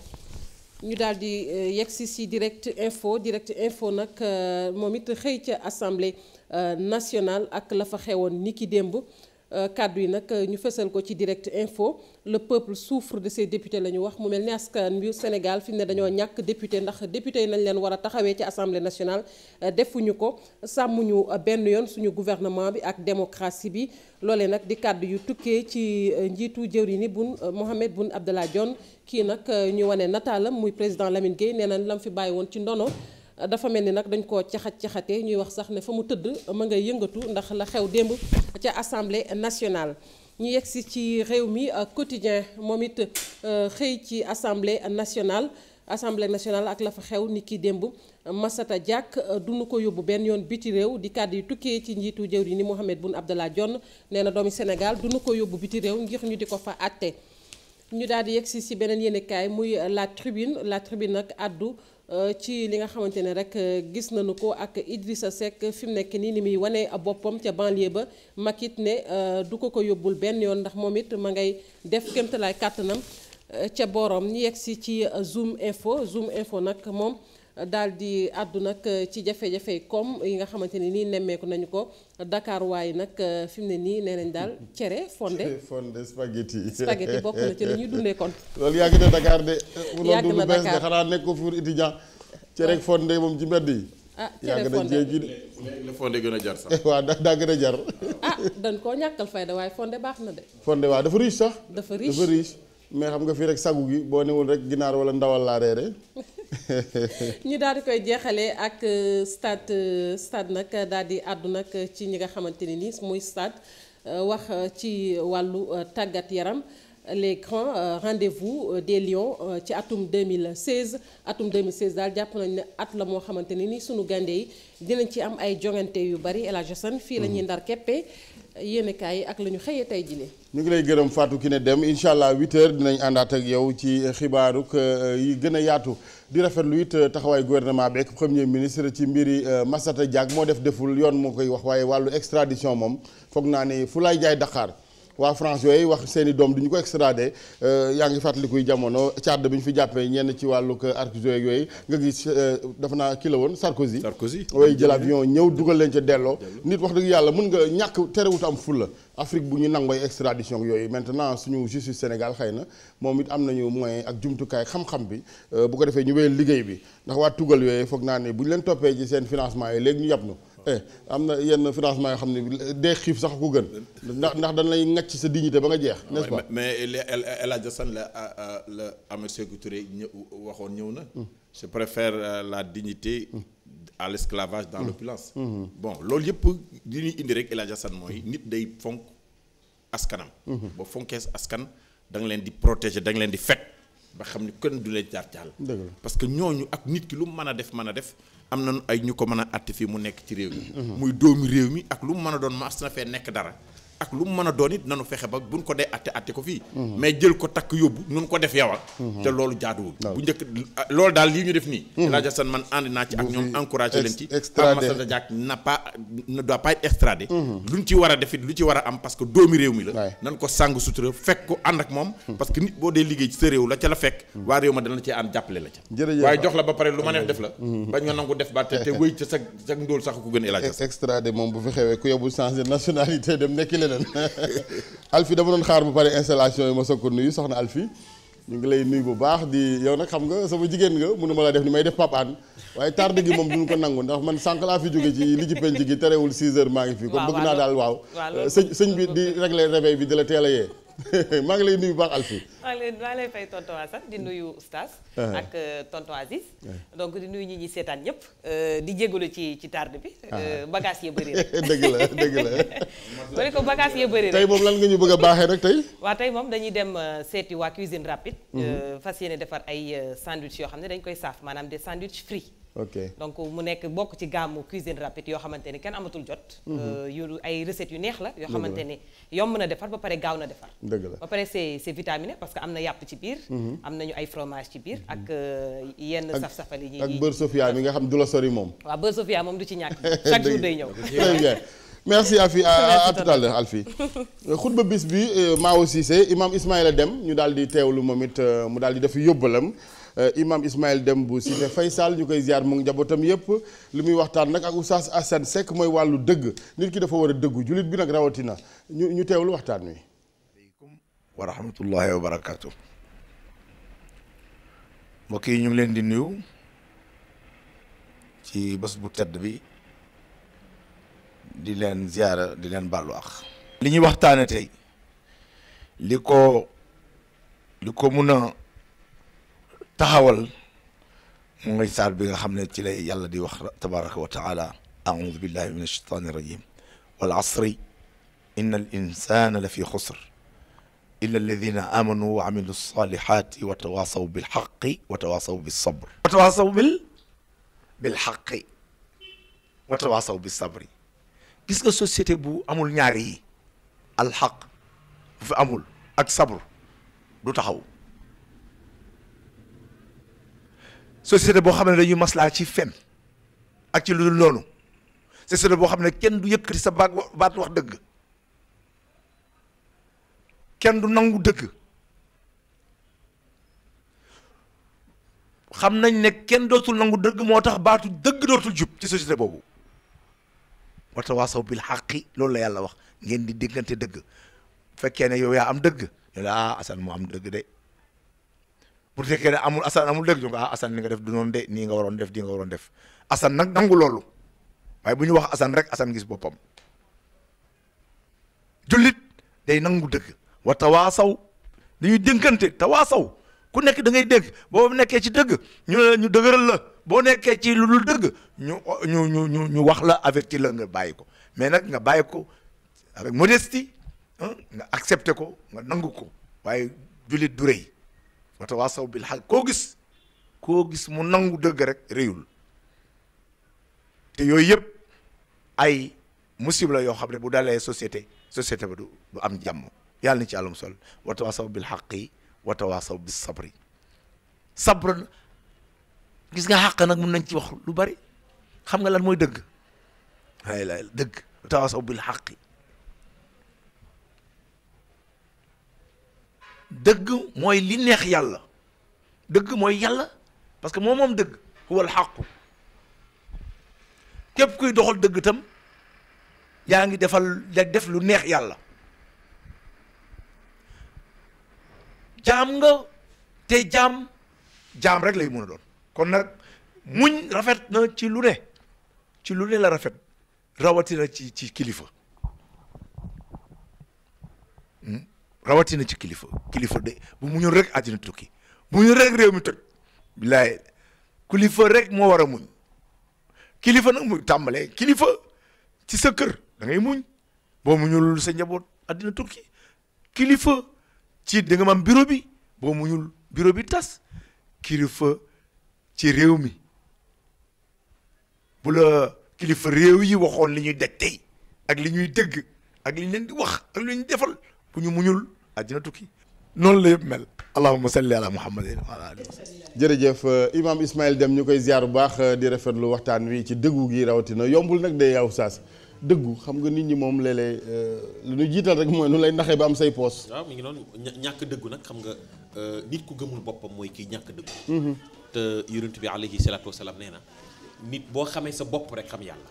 Speaker 4: ñu daal di yegg si si direct info direct info nag moom it xëy ca assemblée nationale ak la fa xewoon niki démb. Euh, kàddu yi nag euh, ñu fësal ko ci direct info le peuple souffre de ses députés la ñu wax mu mel ni askan bi Sénégal fi ne dañoo ñàkk député ndax député yi nañ leen war a taxawee ci assemblée nationale euh, defuñu ko sàmmuñu benn yoon suñu gouvernement bi ak démocratie bi loolee nag di kàddu yu tukkee ci njiitu jëwriñi Boun Mohamed Boun Abdallah Dionne kii nag ñu wane nataalam muy président Lamine Gueye nee na lam fi bàyyi woon ci ndono dafa mel ni nag dañ koo caxat caxatee ñuy wax sax ne fa mu tëdd ma ngay yëngatu ndax la xew démb ca assemblée nationale. ñu yegg si ci réew mi euh, quotidien moom it euh, xëy ci assemblée nationale assemblée nationale ak la fa xew ni ki démb Massata Diack euh, duñu ko yóbbu benn yoon biti réew di kàddu yu tukkee ci njiitu jëwriñ ni Mohamed Boun Abdallah Dionne nee na doomi Sénégal duñu ko yóbbu biti réew ngir ñu di ko fa àtte ñu daal di yegg si si beneen yéenekaay muy la tribune la tribune nag addu Euh, ci li nga xamante ne rek euh, gis nañu ko ak Idrissa Seck fi mu nekk nii ni muy wane boppam ca banlieue ba mag it ne euh, du ko ko yóbbul benn yoon ndax moom it ma ngay def kéemtalaay kàttanam ca boroom ñu yegg si ci Zoom info Zoom info nag moom. daal di àddu nag eh, ci jafe-jafey koom yi nga xamante ni nii nemmeeku nañu ko Dakar waaye nag eh, fi mu ne nii nee nañ daal cere fonde
Speaker 1: fonde spaghetti spaghetti bokk na ci li dundee kon *laughs* loolu yàgg na Dakar de
Speaker 4: yàgg na Dakar de xanaa
Speaker 1: nekk ko fuur étudiant cere fonde moom ci mbedd yi ah cere fonde yàgg na
Speaker 2: jéegi léegi la a
Speaker 1: jar *laughs* daa gën a jar
Speaker 4: *laughs* ah dañ koo ñàkkal fayda waaye fonde baax na de
Speaker 1: fonde waaw dafa riche sax
Speaker 4: dafa riche
Speaker 1: mais xam nga fii rek sagu gi boo newul rek ginaar wala ndawal laa reere
Speaker 4: ñi daal di koy jeexalee ak euh, stade euh, stade nag daal di àddu nag ci ñi nga xamante ne nii muy stade euh, wax ci wàllu tàggat yaram les grands rendez-vous des lions ci atum 2016 atum 2016 daal jàpp nañ ne at la moo xamante ne nii suñu gaynde yi dinañ ci am ay jongante yu bari El Hadj fii la ñuy mm-hmm. ndar keppee yéenekaay yi ak la ñu xëyee tey jii
Speaker 1: ñu ngi lay gërëm Fatou Kiné Deme incha allah 8h dinañ àndaat ak yow ci xibaaruk yi gën a yaatu. di rafet rafetlu it euh, taxawaay gouvernement beeg premier ministre ci mbiri euh, Massata Diack moo def deful yoon moo koy wax waaye wàllu extradition moom foog naa ne fu laay jaay Dakar. waa France yooyu wax seen doom du ñu ko extradé euh, yaa ngi fàttalikuy jamono Tchad bi ñu fi jàppee ñenn ci wàllu arcs yooyu nga gis euh, dafa naa kii la woon Sarkozy. Sarkozy way jël avion ñëw dugal leen ca delloo. nit wax dëgg yàlla mën nga ñàkk tere terewut am fulla Afrique bu ñu nangooy extradition yooyu maintenant suñu justice Sénégal xëy na moom it am nañu moyen ak jumtukaay xam-xam bi euh, bu ko defee ñu wéyal liggéey bi ndax waa tugal yooyu foog naa ne bu ñu leen toppee ci seen financement yi léegi ñu yàpp Eh, am na yenn financement yoo xam ne dee xiif sax ku gën ndax ndax dañ lay ngàcc sa dignité ba nga jeex ah n'est-ce
Speaker 2: mais le Hadj Assane la la Ahmed Sékou Touré ñëw waxoon ñëw na hmm. je préfère euh, la dignité hmm. à l'esclavage dans hmm. l'opulence bon loolu yëpp li ñuy indi rek El Hadj mooy nit day fonk askanam ba fonkees askan danga leen di protéger da leen di fekk ba xam ni kenn du leen jaar jaal parce que ñooñu ak nit ki lu mën a def mën a def am nañu ay ñu ko mën a àtte fii mu nekk ci réew mi muy doomi réew mi ak lu mu mën a doon mas na fee nekk dara ak lu mu mën a doon it nanu fexe ba buñ ko dee atte atte ko fii mais jël ko takk yóbbu nun ko def yawal te loolu jaaduwul bu njëkk loolu daal lii ñu def nii hmm. El Hadj man ànd naa ci ak ñoom encouragé leen ci hmm. war def lu ci war am que doomi réew mi la nan ko sàng sutura fekk ko ànd ak moom hmm. parce que nit boo dee liggéey ci sa réew la ca la fekk waa réew ma dana ci ànd jàppale la ca waaye jox la ba pare lu ma neex def la bañ nga nangu def ba te te wéy ca sa ndóol sax ko gën El Hadj
Speaker 1: Assane moom bu fi leneen *laughs* Alfi dama doon xaar bu pare installation yi ma soog ko nuyu soxna Alfi ñu ngi lay nuyu bu baax di yow nag xam nga sama jigéen nga mënuma la def ni may def papaan waaye tardé gi moom duñu ko nangu ndax man sànq laa fi jóge ci li ci penc gi terewul 6 heures maa ngi fi. kon bëgg naa daal waaw. sëñ sëñ bi di régler réveil bi di la teel yee. *laughs* maa ngi lay nuyu baax Alfi.
Speaker 6: maa ngi lay fay tonton di nuyu Oustaz. Uh-huh. ak euh, tonton Aziz. Uh-huh. donc di nuyu ñi ñuy seetaan ñëpp. Euh, di jégalu ci ci tarde bi. Uh-huh. Euh, bagage yee bëri rek. *laughs* dëgg la dëgg la. *laughs* ma ne ko bagage yee bëri rek. tey moom lan
Speaker 1: nga ñu bëgg a baaxee rek tey.
Speaker 6: waa tey moom dañuy dem seeti waa cuisine rapide. fas yéene defar ay sandwich yoo xam ne dañ koy saaf maanaam des sandwich frits. ok donc mu nekk bokk ci gàmmu cuisine rapide yoo xamante ni kenn amatul jot. Mhm. Euh, yu ay recettes yu neex la. yoo xamante ni yomb na defar ba pare gaaw na defar. dëgg la ba pare c'est c'est vitaminé parce que am na yàpp ci biir. Mhm. am nañu ay fromage ci biir ak mhm. euh, yenn saf-safal yi. ak beurre
Speaker 1: sofia mi nga xam du la sori moom.
Speaker 6: waaw beurre sofia moom du ci ñàkk *laughs* chaque jour day ñëw. très bien
Speaker 1: merci Afi à tout à l'heure Alfi euh, xutba bis bi Maodo Cissé imam Ismaïla Dem ñu daal di lu moom it mu daal di def yóbbalam. Euh, imam Ismaël Dem bu Cité Faysal ñu koy ziar mu ngi njabootam yëpp li muy waxtaan nag ak oustaz Assane sekk mooy wàllu dëgg nit ki dafa war a dëggu jullit bi nag rawatina ñu ñu teewlu waxtaan
Speaker 7: wi. aleykum wa rahmatullahi wa barakaatu. mbokk yi ñu ngi leen di nuyu ci bés bu tedd bi di leen ziara di leen baalu àq. li ñuy waxtaane tey li ko li ko mun a. taxawal mooy saar bi nga xam ne ci lay yàlla di wax tabaraka wa taala audu billahi min alsheitan irrajim wal asri inna al insana la fi xusr illa alladina amanu wa amilu lsalihati wa tawasaw bilxaqi wa tawasaw bilsabr wa tawasaw bil bilxaqi wa tawasaw bilsabri gis nga société bu amul ñaari yi alxaq bu fi amul ak sabr du taxaw société boo xam ne dañuy maslaa ci fen ak ci lu dul loolu société boo xam ne kenn du yëkkati sa baat baat wax dëgg kenn du nangu dëgg xam nañ ne kenn dootul nangu dëgg moo tax baatu dëgg dootul jub ci société boobu wata waasaw bil xaqi loolu la yàlla wax ngeen di déggante dëgg fekkee ne yow yaa am dëgg ñu la ah Assane moo am dëgg de pour fekkee ne amul Assane amul dëgg ñu ko ah Assane li nga def du noonu de nii nga waroon def di nga waroon def Assane nag nangu loolu waaye bu ñu wax Assane rek ngi si boppam jullit day nangu dëgg wa tawaasaw dañuy dénkante tawaasaw ku nekk da ngay dégg boo nekkee ci dëgg ñu ne ñu dëgëral la boo nekkee ci lu dul dëgg ñu ñu ñu ñu wax la avertir la nga bàyyi ko mais nag nga bàyyi ko avec modestie nga accepté ko nga nangu ko waaye jullit du rëy wata waasaw bil xaq koo gis koo gis mu nangu dëgg rek réyul te yooyu yëpp ay musib la yoo xam ne bu dalee société société ba du du am jàmm yàlla na ci àllum sol wata waasaw bil xaq yi wata waasaw bis sabri sabr gis nga xàq nag mun nañ ci lu bari xam nga lan mooy dëgg waaye la dëgg wata waasaw bil xaq dëgg mooy li neex yàlla dëgg mooy yàlla parce que moom moom dëgg huwal xaqu képp kuy doxal dëgg tam yaa ngi defal def lu neex yàlla jaam nga te jaam jaam rek lay mën a doon kon nag muñ rafet na ci lu ne ci lu ne la rafet rawatina ci ci kilifa rawatina ci kilifa kilifa de bu mu rek àddina tukki bu ñu rek réew mi toj bilaay kilifa rek moo war a muñ kilifa nag mu tàmbalee kilifa ci sa kër da ngay muñ boo muñul sa njaboot àddina tukki kilifa ci da nga am bi boo muñul bureau bi tas kilifa ci réew mi bu kilifa réew yi waxoon li ñuy daj tey ak li ñuy dëgg ak li ñu leen di wax bu ñu muñul àddina tukki noonu la yëpp mel allahumma salli ala muhammadin wa ala alihi
Speaker 1: jërëjëf euh, imam Ismaël dem ñu koy ziar bu baax euh, di rafetlu waxtaan wi ci dëggu gii rawatina yombul nag de yaw saas dëggu xam nga nit ñi moom léeg-léeg euh, lu ñu jiital rek mooy nu lay naxee ba am say poos
Speaker 3: waaw mu ngi noonu ñàkk dëggu nag xam nga nit ku gëmul boppam mooy kii ñàkk dëggu mm-hmm. te yonent bi alayhi salaatu wasalaam nee na nit boo xamee sa bopp rek xam yàlla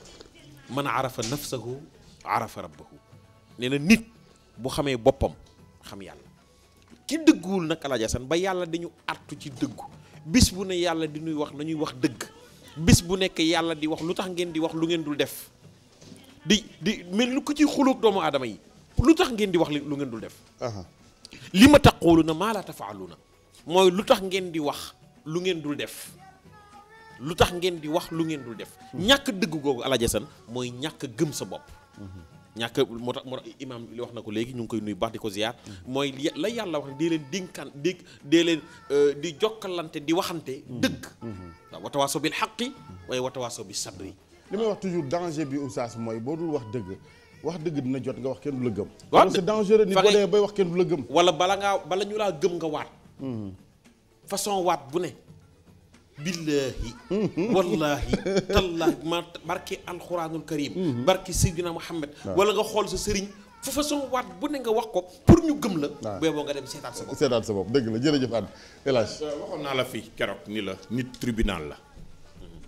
Speaker 3: man arafa nafsahu arafa rabbahu nee na bu xamee boppam xam yàlla ki dëgguwul nag alaaji ba yàlla dañu artu ci dëggu bis bu ne yàlla di nuy wax nañuy wax dëgg bis bu nekk yàlla di wax lu tax ngeen di wax lu ngeen dul def di di mel ko ci xuloog doomu aadama yi lu tax ngeen di wax lu ngeen dul def li ma taquluna maa la tafaaluna mooy lu tax ngeen di wax lu ngeen dul def lu tax ngeen di wax lu ngeen dul def hmm. ñàkk dëgg googu alaaji mooy ñàkk gëm sa bopp hmm. ñàkk moo tax moo tax imaam li wax na ko léegi ñu ngi koy nuy baax di ko ziyaar mm-hmm. mooy la yàlla wax ne dee leen dinkaan dégg dee leen euh, di jokkalante di waxante mm-hmm. dëgg waaw mm-hmm. watawaaso bi xaqi waaye watawaaso bi sabri li may wax toujours
Speaker 1: danger bi oustaz mooy boo dul wax dëgg wax dëgg dina jot nga wax kenn du la gëm waaw c'est dangereux nit boo
Speaker 3: demee bay wax kenn du la gëm wala bala ngaa bala ñu laa gëm nga waat façon waat bu ne billaahi mhm. wallaahi *laughs* tallaahi ma barke alxuraanul karim mhm. barke seydina muhammad wala nga xool sa sëriñ fu façon waat bu ne nga wax ko
Speaker 2: pour ñu gëm la booy boo nga dem seetaat sa bopp seetaat sa dëgg la jërëjëf ànd El Hadj euh, waxoon naa la fii keroog ni la nit tribunal la mhm.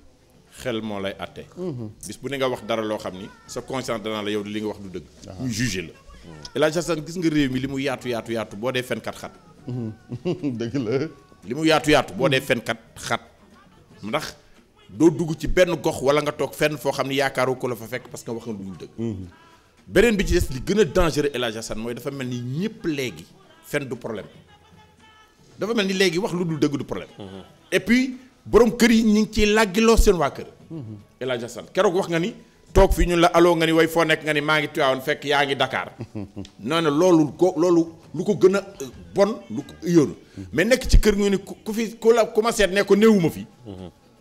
Speaker 2: xel moo lay àtte bis bu ne nga wax dara loo xam ni sa conscience danaa la yow li nga wax du dëgg ñu jugé la El Hadj gis nga réew mi li mu yaatu yaatu yaatu boo dee fenkat xat
Speaker 1: *laughs*
Speaker 2: li mu yaatu yaatu boo dee fenkat xat ndax doo dugg ci benn gox wala nga toog fenn foo xam ne yaakaaru ko la fa fekk parce que wax nga lu ñu dëgg. Mm-hmm. beneen bi ci des li gën a dangereux El Hadj mooy dafa mel ni ñëpp léegi fenn du problème dafa mel ni léegi wax lu dul dëgg du problème. Mm-hmm. et puis borom kër yi ñu ngi ciy làggiloo seen waa kër. Mm-hmm. El keroog wax nga ni. toog fii ñun la aloo nga ni way foo nekk nga ni maa ngi Tivaouane fekk yaa ngi dakaar *laughs* non non loolu ko loolu lu ko gën a euh, bon lu ko yoonu mais nekk ci kër nga ni ku fi ku la commencé ne ko néewuma fi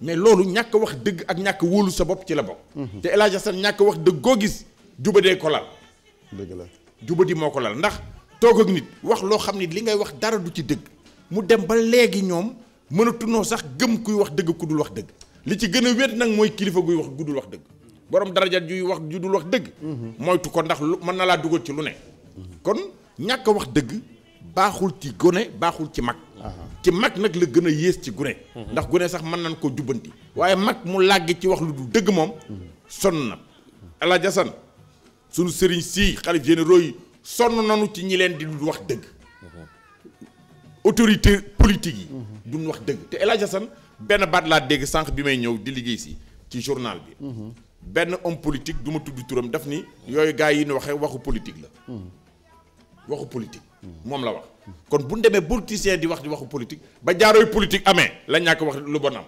Speaker 2: mais loolu ñàkk wax dëgg ak ñàkk wóolu sa bopp ci la bokk te El Hadj Assane ñàkk wax dëgg koo gis juba dee ko lal dëgg la jubadi moo ko lal ndax toog ak nit wax loo xam ni li ngay wax dara du ci dëgg mu dem ba léegi ñoom mënatunoo sax gëm kuy wax dëgg ku dul wax dëgg li ci gën a wéet nag mooy kilifa guy wax gudul wax dëgg boroom daraja juy wax ju dul wax dëgg mhm. moytu ko ndax lu mën na laa dugal ci lu ne ñàkk wax dëgg baaxul ci gone baaxul ci mag ci mag nag la gën a yées ci gune ndax gune sax mën nañ koo jubbanti waaye mag mu làgg ci wax lu du dëgg moom sonn na Alaaji sunu sëriñ sii xalif généraux yi sonn nanu ci ñi leen di du wax dëgg autorité politique yi duñ wax dëgg te Alaaji benn baat laa dégg sànq bi may ñëw di liggéey si ci journal bi benn om politique du ma tudd turam daf ni yooyu gars yi ñu waxee waxu politique la waxu politique moom la wax kon bu ñu demee politicien di wax di waxu politique ba jaarooy politique amee la ñàkk wax lu bon am.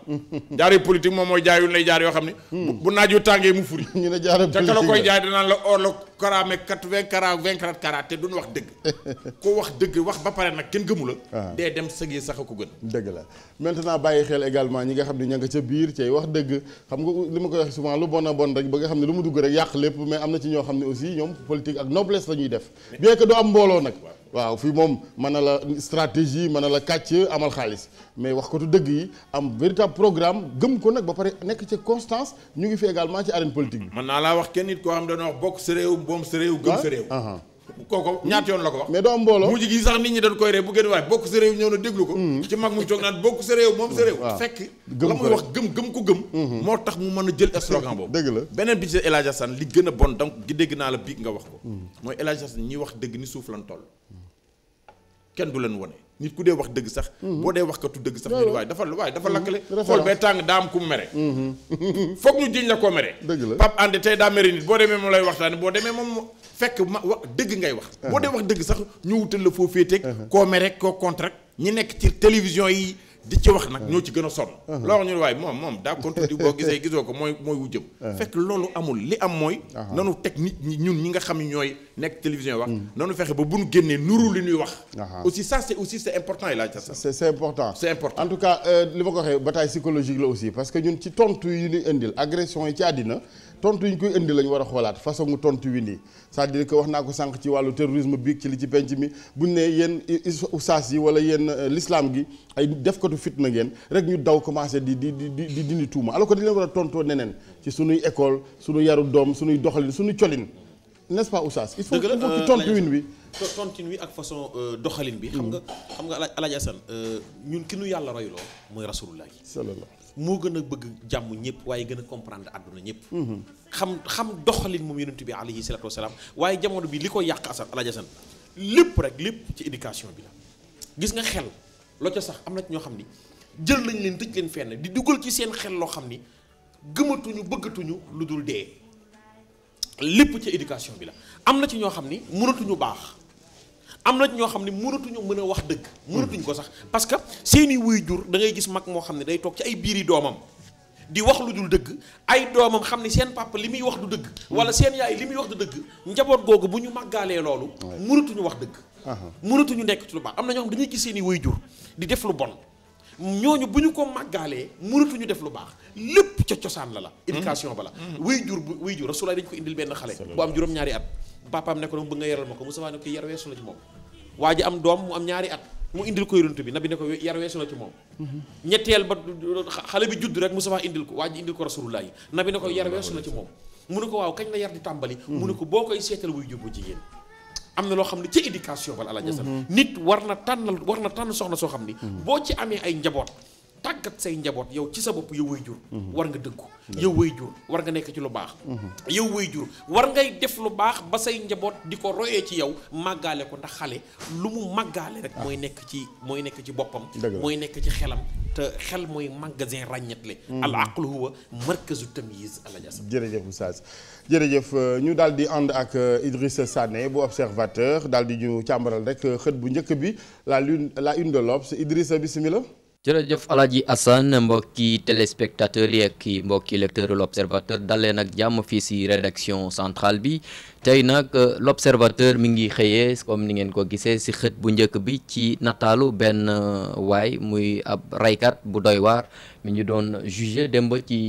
Speaker 2: jaarooy politique moom mooy jaay yu lay jaar yoo xam ne. bu naaj yu tàngee mu furi. *laughs* ñu ne jaarooy politique koy jaay danaan la or la karaame quatre-vingt kara vingt quatre kara te duñ wax dëgg. *laughs* ko wax dëgg wax ba pare nag kenn gëmu ah. dee dem sëgee sax a ko gën. dëgg la maintenant
Speaker 1: bàyyi xel également ñi nga xam ne ña nga ca biir cay wax dëgg xam nga li ma koy wax souvent lu bon a bon xam ne lu mu dugg rek yàq waaw fii moom mën na la stratégie mën na la kàcc amal xaalis mais wax ko tu dëgg yi am véritable programme gëm ko nag ba pare nekk ca constance ñu ngi fi également ci arène politique bi.
Speaker 2: mën naa laa wax kenn nit koo am ne wax bokk sa réew moom sa réew. gëm sa réew. Uh-huh. kooku ñaata yoon la ko wax. mais doom mbooloo sax nit ñi dañ koy ree bu gën waaye bokk sa réew ñëw na déglu ko. Hmm. ci mag muy toog naan bokk sa réew moom sa réew. fekk la muy wax gëm gëm ko gëm. Hmm. moo tax mu man a jël slogan boobu. dëgg la beneen bi ci El Hadj Assane li gën a bon donc gi dégg wax ko. Hmm. mooy ni suuf lan toll. kenn du leen wone nit ku dee wax dëgg sax. boo dee wax katu dëgg sax. ñu waaye dafa waaye dafa lakkale. xool bee tàng daam ku mere. foog ñu jiñ la koo mere. dëgg la Pape Andé tey daa mere nit boo demee moom lay waxtaanee boo demee moom fekk ma wax dëgg ngay wax. Uh-huh. boo dee wax dëgg sax ñu wutal la foo féeteeg. Uh-huh. koo mere koo contre ñi nekk ci télévision yi di ci wax nag uh-huh. ñoo ci gën a sonn. loolu ñu ne waaye moom moom daa contre di boo gisee gisoo ko mooy mooy wu fekk loolu amul li am mooy. nanu teg nit ñi ñun ñi nga xam ne ñooy nekk télévision yi wax. Mm. nanu fexe ba bu nu génnee nuru li ñuy wax. aussi ça c' est aussi c' est important El Hadj Assane. c' important c' important. en tout cas euh,
Speaker 1: li ma ko waxee bataille psychologique la aussi parce que ñun ci tontu indil agression yi ci àddina. tontu yi ñu koy indi lañu war a xoolaat façon tontu wi nii sa à dire wax naa ko sànq ci wàllu terrorisme bi ci li ci penc mi buñ ne yéen ustaas yi wala yéen euh, lislaam gi ay defkatu na ngeen rek ñu daw commencé di di di di dindi tuuma alors que dañ leen war a tontoo neneen ci sunuy école sunu yaru doom suñuy doxalin suñu colin n'est-ce pas Oustaz il faut que euh, tontuwin
Speaker 3: wi tontuwin wi ak façon euh, doxalin bi xam nga mm-hmm. xam nga Alaaji Asan ñun ki nu yàlla royloo mooy rasulullah yi moo gën a bëgg jàmm ñëpp waaye gën a comprendre àdduna ñëpp mhm. xam xam doxalin moom yonent bi alayhi salatu wasalaam waaye jamono bi li ko yàq asan alaaji asan lépp rek lépp ci éducation bi la gis nga xel loo ca sax am na ci ñoo xam ni jël nañ leen tëj leen fenn di dugal ci seen xel loo xam ni gëmatuñu bëggatuñu lu dul dee lépp ci éducation bi la am na ci ñoo xam ni mënatuñu baax am na ñoo xam ne mënatuñu mën a wax dëgg mënatuñ ko sax parce que seeni wuy jur da ngay gis mag moo xam ne day toog ci ay biiri doomam di wax lu dul dëgg ay doomam xam ne seen papa li muy wax du dëgg wala seen yaay li muy wax du dëgg njaboot googu bu ñu màggaalee loolu mënatuñu wax dëgg uh-huh. mënatuñu nekk ci lu baax am na ñoo xam dañuy gis seeni wuy jur di def lu bon ñooñu bu ñu ko màggaalee mënatuñu def lu baax lépp ca cosaan la la hmm. éducation ba la hmm. wuy jur bu wuy jur rasulaay dañu ko indil moom waa ji am doom mu am ñaari at mu indil ko yonent bi nabi ne ko yar weesu na ci moom ñetteel ba xale bi judd rek Mustafa indil ko waa ji indil ko rasulullah yi bi ne ko yar weesu na ci moom mu ne ko waaw kañ la yar di tàmbali mu ne ko boo koy seetal buy jubbu jigéen am na loo xam ne ci éducation bala àla jasal nit war na tànnal war na tànn soxna soo xam ni boo ci amee ay njaboot tàggat say njaboot yow ci sa bopp yow way jur mhm. war nga dënku yow way jur war nga nekk ci lu baax mhm. yow way jur war ngay def lu baax ba say njaboot di ko royee ci yow màggaale ko ndax xale lu mu màggaale rek mooy nekk ci mooy nekk ci boppam mooy nekk ci xelam te xel mooy magasin ràññetle mhm. al aql huwa markazu tamyiz alajas jërëjëf Oustaz
Speaker 1: jërëjëf euh, ñu daal di ànd ak euh, Idrissa Sané bu observateur daal di ñu càmbaral rek euh, xët bu njëkk bi la lune la une de l'Obs Idrissa
Speaker 8: jërëjëf Alaaji Assane mbokki téléspectateurs yi ak mbokki lecteur l'observateur dalee nag jàmm fii si rédaction centrale bi tey nag euh, l'observateur mi ngi xëyee comme ni ngeen ko gisee si xët bu njëkk bi ci nataalu benn euh, waay muy ab raykat bu doy waar mi ñu doon jugé démb ci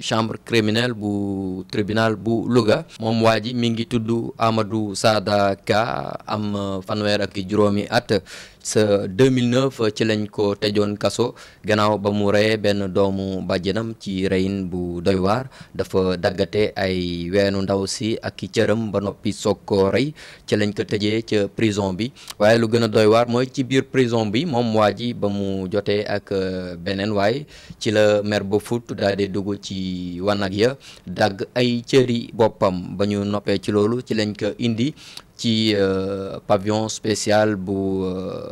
Speaker 8: chambre criminelle bu tribunal bu Louga moom waa ji mi ngi tudd Amadou Sada Ka am euh, fanweer ak juróomi at sa 2009 ci lañ ko tëjoon kaso gannaaw ba mu reyee benn doomu bàjjanam ci reyin bu doy waar dafa daggate ay weenu ndaw si ak i cëram ba noppi soog ko rey ci lañ ko tëjee ca prison bi waaye lu gën a doy waar mooy ci biir prison bi moom waa ji ba mu jotee ak euh, beneen waaye ci la mer ba fut daal di dugg ci wanag ya dagg ay cëri boppam ba ñu noppee ci loolu ci lañ ko indi ci euh, pavillon spécial bu euh,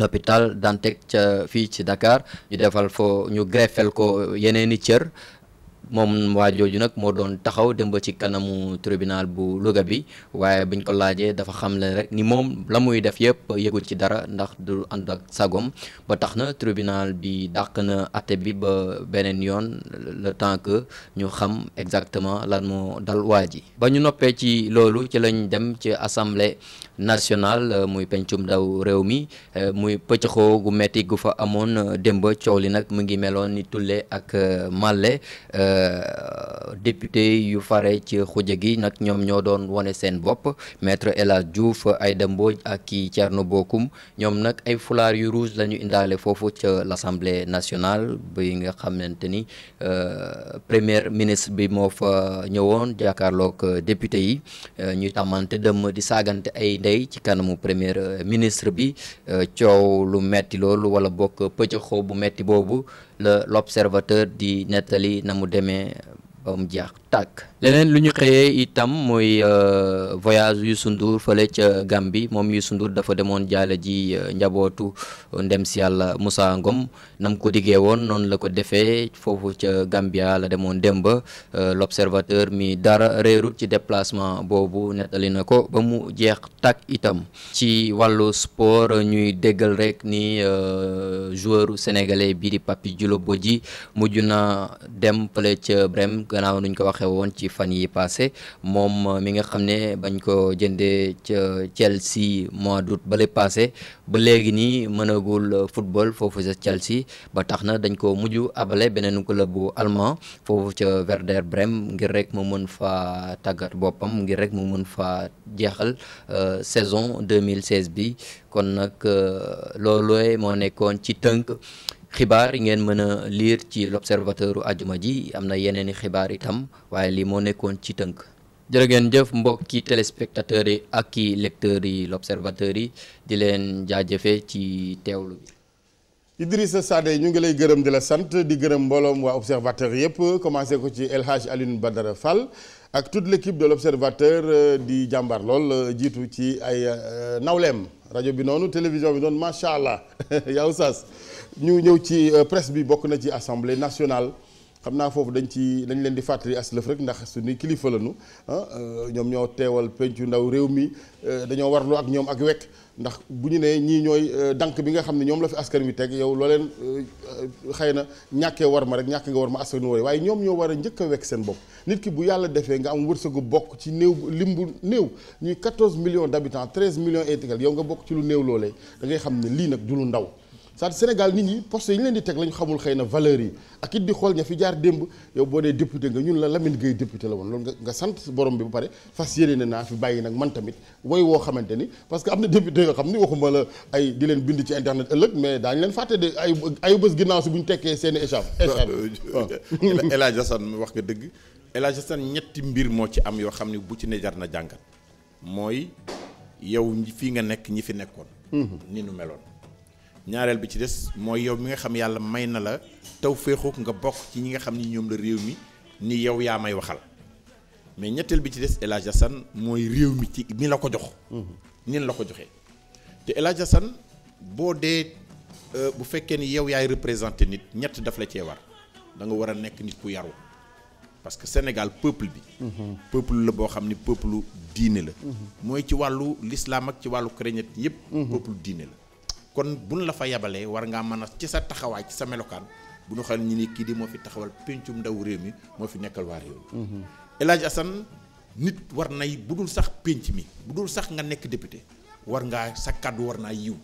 Speaker 8: l'hôpital Dantec ca fii ci Dakar ñu defal foo ñu greffel ko euh, yeneeni cër moom waa jooju nag moo doon taxaw dem ba ci kanamu tribunal bu Louga bi waaye biñ ko laajee dafa xam le rek ni moom la muy def yëpp yëgul ci dara ndax du ànd ak sagom ba tax na tribunal bi dàq na àtte bi ba beneen yoon le temps que ñu xam exactement la moo dal waa ji ba ñu noppee ci loolu ci lañ dem ci assemblée national euh, muy pencum ndaw réew mi euh, muy pëccëxoo gu metti gu fa amoon euh, démb coow li nag mu ngi meloon ni Tulle ak Malle député yu fare ci xuja gi nag ñoom ñoo doon wane seen bopp maître El Hadj Diouf Aïda Mbodj ak kii Thierno Bocoum ñoom nag ay fulaar yu rouge la ñu indaale foofu ca l'Assemblée nationale bi nga xamante ni première ministre bi moo fa ñëwoon jàkkaarloog député yi ñu tàmmante dem di saagante ay tey ci kanamu premier euh, ministre bi euh, coow lu metti loolu wala bokk pëccëxoo bu metti boobu la l'observateur di nettali na mu demee ba mu tàkk leneen lu ñu xëyee itam mooy euh, voyage yu Ndour fële ca Gambie moom Youssou Ndour dafa demoon jaale ji euh, njabootu ndem si yàlla musaa Ngom nam ko diggee woon noonu la ko defee foofu ca Gambia la demoon dem euh, ba l'observateur mi dara réerut ci déplacement boobu nettali na ko ba mu jeex takk itam ci wàllu sport ñuy déggal rek ni joueur sénégalais bii di Papi Djilo Bodji mujj na dem fële ca Brême gannaaw nuñ ko wax xew woon ci fan yi passé moom euh, mi nga xam ne bañ ko jëndee ca Chelsea mois d'août bale passé ba léegi nii mënagul euh, football foofu ca Chelsea ba tax na dañ ko mujj abale beneen club bu allemand foofu ca Werder Bremen ngir rek mu mën fa tàggat boppam ngir rek mu mën fa jeexal euh, saison 2016 bi kon nag loolooy moo nekkoon ci tënk xibaar yi ngeen mën a lire ci l'observateur u àjjuma ji am na yeneen i xibaar itam waaye lii moo nekkoon ci tënk jërë ngeen jëf mbokki téléspectateurs yi ak i lecteurs yi l'observateur yi di leen jaajëfee ci teewlu bi
Speaker 1: Idrissa Sadé ñu ngi lay gërëm di la sant di gërëm mbooloom waa observateur yëpp commencé ko ci El Hadj Alioune Badara Fall ak toute l'équipe de l'observateur euh, di jàmbaar lool euh, jiitu ci ay euh, nawleem rajo bi noonu télévision bi noonu macha allah *laughs* yaa ñu ñëw ci euh, presse bi bokk na ci assemblée nationale xam naa foofu dañ ci dañ leen di fàttali aslëf rek ndax suñuy kilifa lañu ah, euh, ñoom ñoo teewal yu ndaw réew mi euh, dañoo war warlu ak ñoom ak wekk ndax bu ñu nee ñii ñooy dànk bi nga xam ne ñoom la fi askan wi teg yow loo leen xëy na ñàkkee war ma rek ñàkk nga war ma askan wi waaye ñoom ñoo war a njëkk a wekk seen bopp nit ki bu yàlla defee nga am wërsëgu bokk ci néew limbu néew ñuy 14 millions d'habitants 13 millions et quelques yow nga bokk ci lu néew loolee da xam ne lii nag du ndaw saa Sénégal nit ñi poste yi ñu leen di teg lañu xamul xëy na valeur yi ak it di xool ña fi jaar démb yow boo dee député nga ñun la Lamine Gueye député la woon loolu nga nga sant borom bi ba pare fas yéene naa fi bàyyi nag man tamit woy woo xamante ni parce que am na député yoo xam ni waxuma la ay di leen bind ci internet ëllëg mais daañu leen fàtte de ay ay bés ginnaaw si bu ñu tekkee
Speaker 2: seen i échappe *laughs* échappe El Hadj wax nga dëgg El Hadj Assane ñetti mbir moo ci am yoo xam ne bu ci ne jar na jàngat mooy yow fii nga nekk ñi fi nekkoon mm-hmm. ni nu meloon ñaareel bi ci des mooy yow mi nga xam yàlla may na la taw féexook nga bokk ci ñi nga xam ni ñoom la réew mi ni yow yaa may waxal mais ñetteel bi ci des El san mooy réew mi ci mi la ko jox. nin la ko joxee te El Hadj boo dee euh, bu fekkee ni yow yaay représenté nit ñett daf la cee war da nga war a nekk nit ku yaru parce que Sénégal peuple bi. peuple la boo xam ni peuple diine la. Mhm. mooy ci wàllu l'islam ak ci wàllu chrétien yëpp. Mhm. peuple diine la. kon bu buñ la fa yabalee war ngaa mën a ci sa taxawaay ci sa melokaan bu xam xel ñu ni kii di moo fi taxawal pencum ndaw réew mi moo fi nekkal waar réew mi mm-hmm. El Hadj Assane nit war nay bu dul sax penc mi bu dul sax nga nekk député war ngaa sa kàddu war naa yiw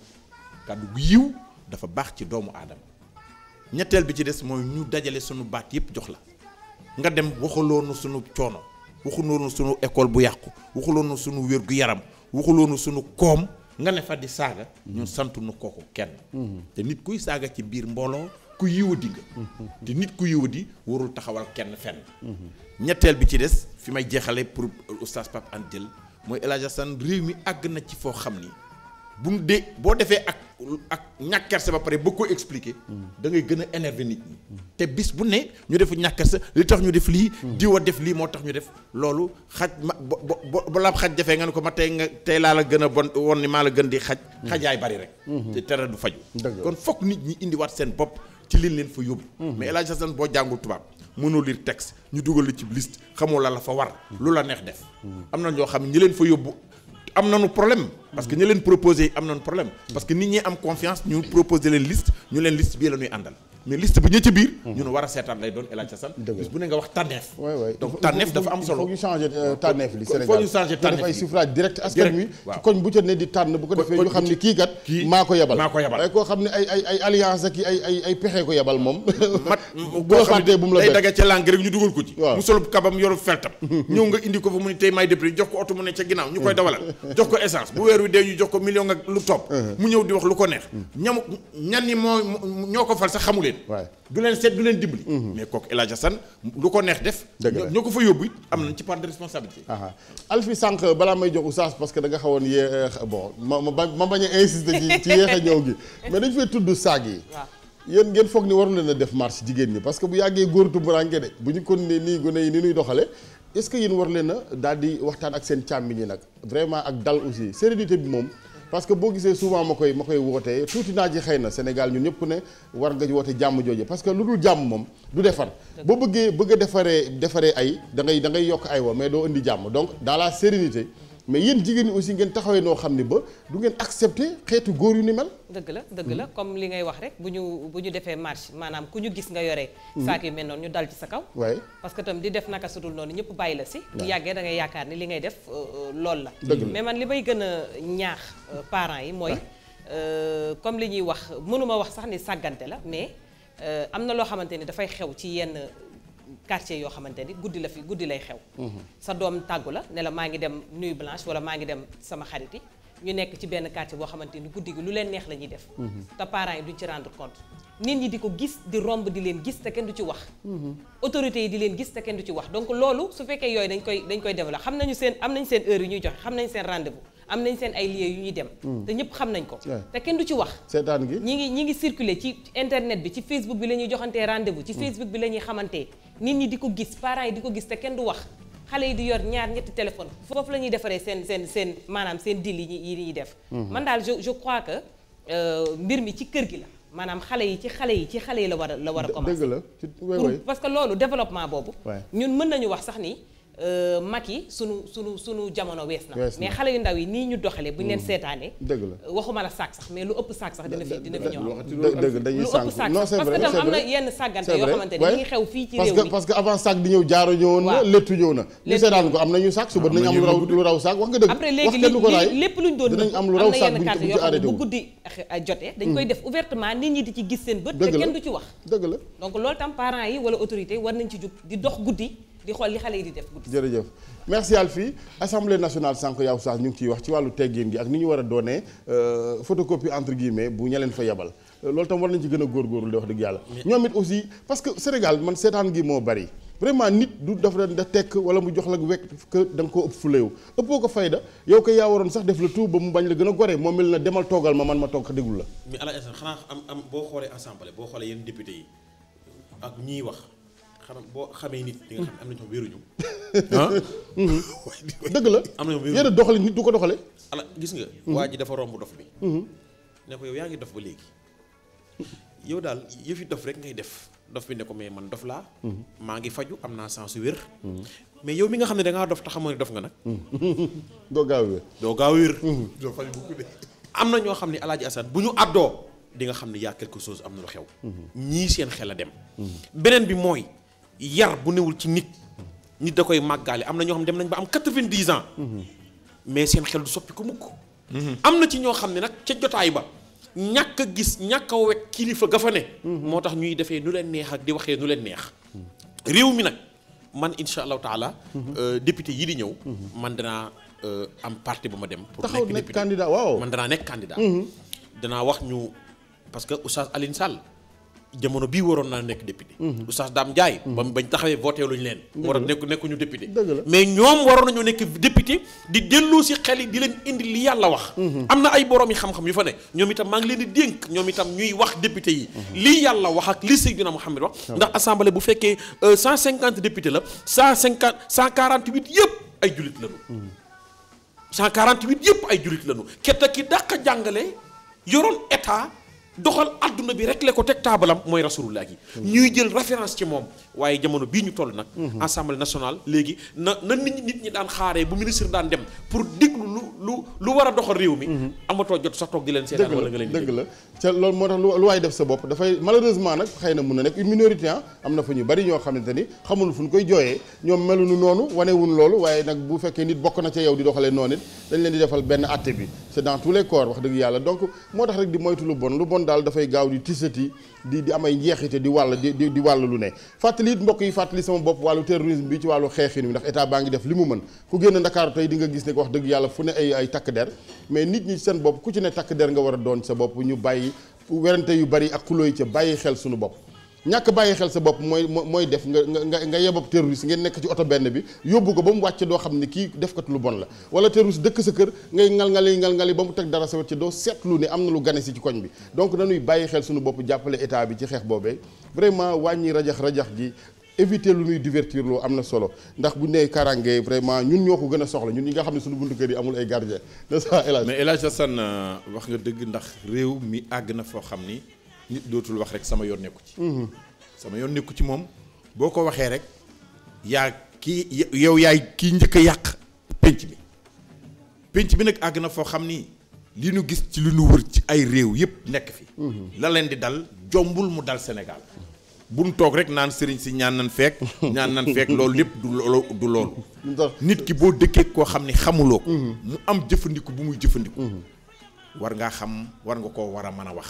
Speaker 2: kàddu gu yiw dafa baax ci doomu aadama ñetteel bi ci des mooy ñu dajale sunu baat yëpp jox la nga dem waxuloonu sunu coono waxuloonu sunu école bu yàqu waxuloonu sunu wér gu yaram waxuloonu sunu koom nga ne fa di saaga ñu santu nu kooku kenn te nit kuy saaga ci biir mbooloo ku yiwadi nga te nit ku yiwadi warul taxawal kenn fenn ñetteel bi ci des fi may jeexale pour euh, oustaz Pape Antel mooy El Hadj Assane réew mi àgg na ci foo xam ni bu mu dee boo defee ak ak ñàkk kersa ba pare bëgg ko expliquer. dangay ngay gën a énerver nit ñi. te bis bu ne ñu defu ñàkk kersa li tax ñu def lii. diwa def lii moo tax ñu def loolu xaj ma bo bo balaa xaj defee nga ne ko ma tey nga tey laa la gën bon won ni maa la gën di xaj. xajaay bari rek. te tere du faju kon fokk nit ñi indiwaat seen bopp ci liñ leen fa yóbbu. mais El Hadj Assane boo jàngul tubaab. mënoo lire texte ñu dugal lu ci liste xamoo la la fa war. lu la neex def. am na ñoo xam ñi leen fa yóbbu. am nañu problème parce que ñu leen proposé am nañu problème parce que nit ñi am confiance ñu proposé leen liste ñu leen liste bii la ñuy àndal mais list bi ñu ci biir. Mhm. ñu ne war a seetaan lay doon El Hadj Assane. bis bu ne nga ñëw nga indi ko fa mu ne tey may dépris jox ko oto ca ginnaaw ñu koy dawalal hmm. jox ko essence bu weer wi dee ñu jox ko million ak lu topp hmm. mu ñëw di wax lu ko neex hmm. ñam ñan ñi moo ñoo ko fal sax xamuleen leen du leen seet du leen dimbali mm-hmm. mais kooku kook Hadj san lu ko neex def ñoo ko fa yóbbu it am nañ ci part de responsabilité al
Speaker 1: Alfi sànq balaa may jox oustaz parce que da nga xawoon yée euh, bon ma ma bañ a insister ci ci yéex ñëw gi *laughs* mais dañ fay tudd saag yi yéen ngeen foog ni waru leen a def marche jigéen ñi parce que bu yàggee góor tumburanke de bu ñu kon ni ñuy doxale est-ce que yéen war leen a di waxtaan ak seen càmmiñ yi nag vraiment ak dal aussi sérénité bi moom parce que boo gisee souvent ma koy ma koy wootee tuuti naa ji xëy na Sénégal ñun ñëpp ne war nga woote jàmm jooju parce que lu dul jàmm moom du defar boo bëggee bëgg defaree defaree ay da ngay da ngay yokk ay wa mais doo indi jàmm donc dans la sérénité mais yéen jigéen ñi aussi ngeen taxawee noo xam ni ba du ngeen accepter xeetu góor yu ni mel.
Speaker 6: dëgg la dëgg la comme li ngay wax rek bu ñu bu ñu defee marche maanaam ku ñu gis nga yore. Hmm. saak yu mel noonu ñu dal ci sa kaw. waay parce que tam di def naka sudul noonu ñëpp bàyyi la si. yàggee dangay ngay yaakaar ni li ngay def euh, euh, loolu la. mais man li may gën a ñaax euh, parent yi mooy comme li ñuy wax mënuma wax sax ni sàggante la mais am na loo xamante ni dafay xew ci yenn quartier yoo xamante ni guddi la fi guddi lay xew mhm. sa doom tàggu la ne la maa ngi dem nuit blanche wala maa ngi dem sama xarit yi ñu nekk ci benn quartier boo xamante ni guddi gi lu leen neex la ñuy def mhm. te parents yi duñ ci rendre compte nit ñi di ko gis di romb di leen gis te kenn du ci wax mhm. autorités yi di leen gis te kenn du ci wax donc loolu su fekkee yooyu dañ koy dañ koy développé xam nañu seen am nañ seen heure yi ñuy joxe xam nañ seen rendez-vous am nañ seen ay lieux yu ñuy dem hmm. te ñëpp xam nañ ko te kenn du ci wax seetaan gi ñi ngi ñi ngi circuler ci internet bi ci facebook bi la ñuy joxantee rendez-vous ci hmm. facebook bi la ñuy xamantee nit ñi di ko gis parents yi di ko gis te kenn du wax xale yi di yor ñaar ñetti téléphone foofu la ñuy defaree seen seen seen maanaam seen dil yi ñuy def hmm. man daal je je crois que euh, mbir mi ci kër gi la maanaam xale yi ci xale yi ci xale yi la war a la war a commencer dëgg la parce que loolu développement boobu ñun mën nañu wax sax ni Euh, mag yi sunu sunu sunu jamono wees na. mais xale yu ndaw yi nii ñu doxalee. bu ñu leen mm. seetaanee. dëgg la waxuma la sàkk sax mais lu ëpp sàkk sax dina fi dina fi ñëw.
Speaker 2: dëgg dañuy
Speaker 1: sànq non c'est vrai parce que tam am na yenn
Speaker 6: sàggante ñu ngi xew fii ci réew mi.
Speaker 1: parce que parce que di na. ñu seetaan suba dinañ am lu raw lu raw sàkk wax nga dëgg. après léegi
Speaker 6: ci bu guddi jotee dañ koy mm. def ouvertement nit ñi di ci gis seen bët te kenn du ci wax. dëgg la donc loolu tam parents yi wala autorité war nañ ci jub di di xool li xale yi di def guddi.
Speaker 1: jërëjëf merci Alfie assemblée nationale sànq yaw sax ñu ngi ciy wax ci wàllu teggin gi ak ni ñu war a doonee euh, photocopie entre guillemets bu ña leen fa yebal euh, loolu tam war nañ ci gën a góorgóorlu di wax dëgg yàlla. ñoom it aussi parce que Sénégal man seetaan gi moo bari. vraiment nit du dafa da tekk wala mu jox la wekk que da nga ëpp fuleew ëppoo ko fayda yow ko yaa waroon sax def la tout ba mu bañ la gën a gore moom mel na demal toogal ma man ma toog déglu la.
Speaker 3: mais la xanaa am am xoolee assemblée boo xoolee yéen député yi ak ñiy xam boo xamee nit di nga xam ne am na ñoo *laughs* ah. la am na a doxali nit du ko doxale ala gis nga mhm. waa ji dafa dof bi mhm. ne yaa ngi dof ba léegi yow daal yëfi dof rek ngay def dof bi ne ko mais man dof laa mhm. maa ngi faju am naa sens wér mais yow mi nga xam ne dangaa dof te xamoo nga nag *laughs* doo gaaw wér gaaw wér doo na ñoo xam ne alaaji Assane bu ñu àddoo di nga xam ne yaa quelque chose am na lu xew ñii seen xel a dem beneen bi mooy yar bu newul ci nit nit da koy màggaale am na ñoo xam ne dem nañ ba am quatre-vingt-dix ans mais seen xel du soppi ko mukk am na ci ñoo xam ne nag ca jotaay ba ñàkk gis ñàkk a wekk kilifa ga fa ne moo tax ñuy defee nu leen neex ak di waxee nu leen neex réew mi nag man insha allahu taala euh, député yi di ñëw man danaa euh, am parti bu ma dem pour nekk waaw man danaa nekk candidat mhm. danaa wax ñu parce que Oustaz Alioune Sall jamono bii waroon naa nekk député. Mhm. Oustaz Dame Ndiaye. Mhm. ba bañ taxawee voté luñ leen. war a nekk nekkuñu député. mais ñoom waroon nañu nekk député di delloo si xel yi di leen indi li yàlla wax. Mhm. am na ay borom yi xam-xam yu fa ne ñoom itam maa ngi leen di dénk ñoom itam ñuy wax député yi. li yàlla wax ak li Seydina Mouhamed wax. ndax assemblée bu fekkee euh, cent 150 député la 150 148 yëpp ay julit lañu. 148 yëpp ay julit lañu ketta ki dàq jàngale yoroon état. doxal adduna bi rek réglé ko teg taabalam mooy rasulullah gi mm-hmm. ñuy jël référence ci moom waaye jamono bii ñu toll nag mm-hmm. assemblée national léegi na na nit ñi daan xaaree bu ministre daan dem pour déglu lu lu lu war a doxal réew mi mm-hmm. amatoo jot sax toog di leen seetaan wala nga leen la
Speaker 1: ca moo tax lu def sa bopp dafay malheureusement nag xëy na mun na nekk une ah. am na fa ñu bari ñoo xamante ni xamul fu ñu koy jooyee ñoom melunu noonu wanewun loolu waaye nag bu fekkee nit bokk na ca yow di doxalee noonu it benn wax dëgg yàlla donc moo tax rek di moytu bon daal dafay gaaw di tisati di di am ay njeexite di wàll di di wàll lu ne fàttali it mbokk yi fàttali sama bopp wàllu terrorisme bi ci wàllu xeexin ndax état baa ngi def li mu mën ku génn Ndakaaru tey dinga gis ne wax dëgg yàlla fu ne ay ay takk der mais nit ñi seen bopp ku ci ne takk der nga war a doon sa bopp ñu bàyyi werante yu bari ak xuloo yi ca bàyyi xel suñu bopp ñàkk bàyyi xel sa bopp mooy mooy def nga nga nga yebab terroriste ngeen nekk ci oto benn bi yóbbu ko ba mu wàcc doo xam ne kii defkat lu bon la wala terroriste dëkk sa kër ngay ngal-ngali ngal-ngali ba mu teg dara sa wet ci doo seetlu ne am na lu gane si ci koñ bi donc nañuy bàyyi xel suñu bopp jàppale état bi ci xeex boobee vraiment wàññi rajax-rajax ji éviter lu ñuy divertir loo am na solo ndax bu ñu nee kaaraange vraiment ñun ñoo ko gën a soxla ñun ñi nga xam ne suñu buntu kër yi ay gardien n'est-ce El Hadj
Speaker 2: mais euh, wax nga dëgg ndax réew mi àgg na foo xam ni nit dootul wax rek sama yoon nekku ci mhm. sama yoon nekku ci moom boo ko waxee rek yaa kii yow yaay kii njëkk a yàq pénc bi pénc bi nag àgg na foo xam ni li nu gis ci li nu wër ci ay réew yëpp nekk fi mhm. la leen di dal jombul mu dal Sénégal buñ toog rek naan sëriñ si ñaan nan feek ñaan nan feek *laughs* loolu lépp du loolu du loolu nit ki boo dëkkee koo xam ni xamuloo ko mhm. mu am jëfandiku bu muy jëfandiku war ngaa xam war nga koo war a mën a wax.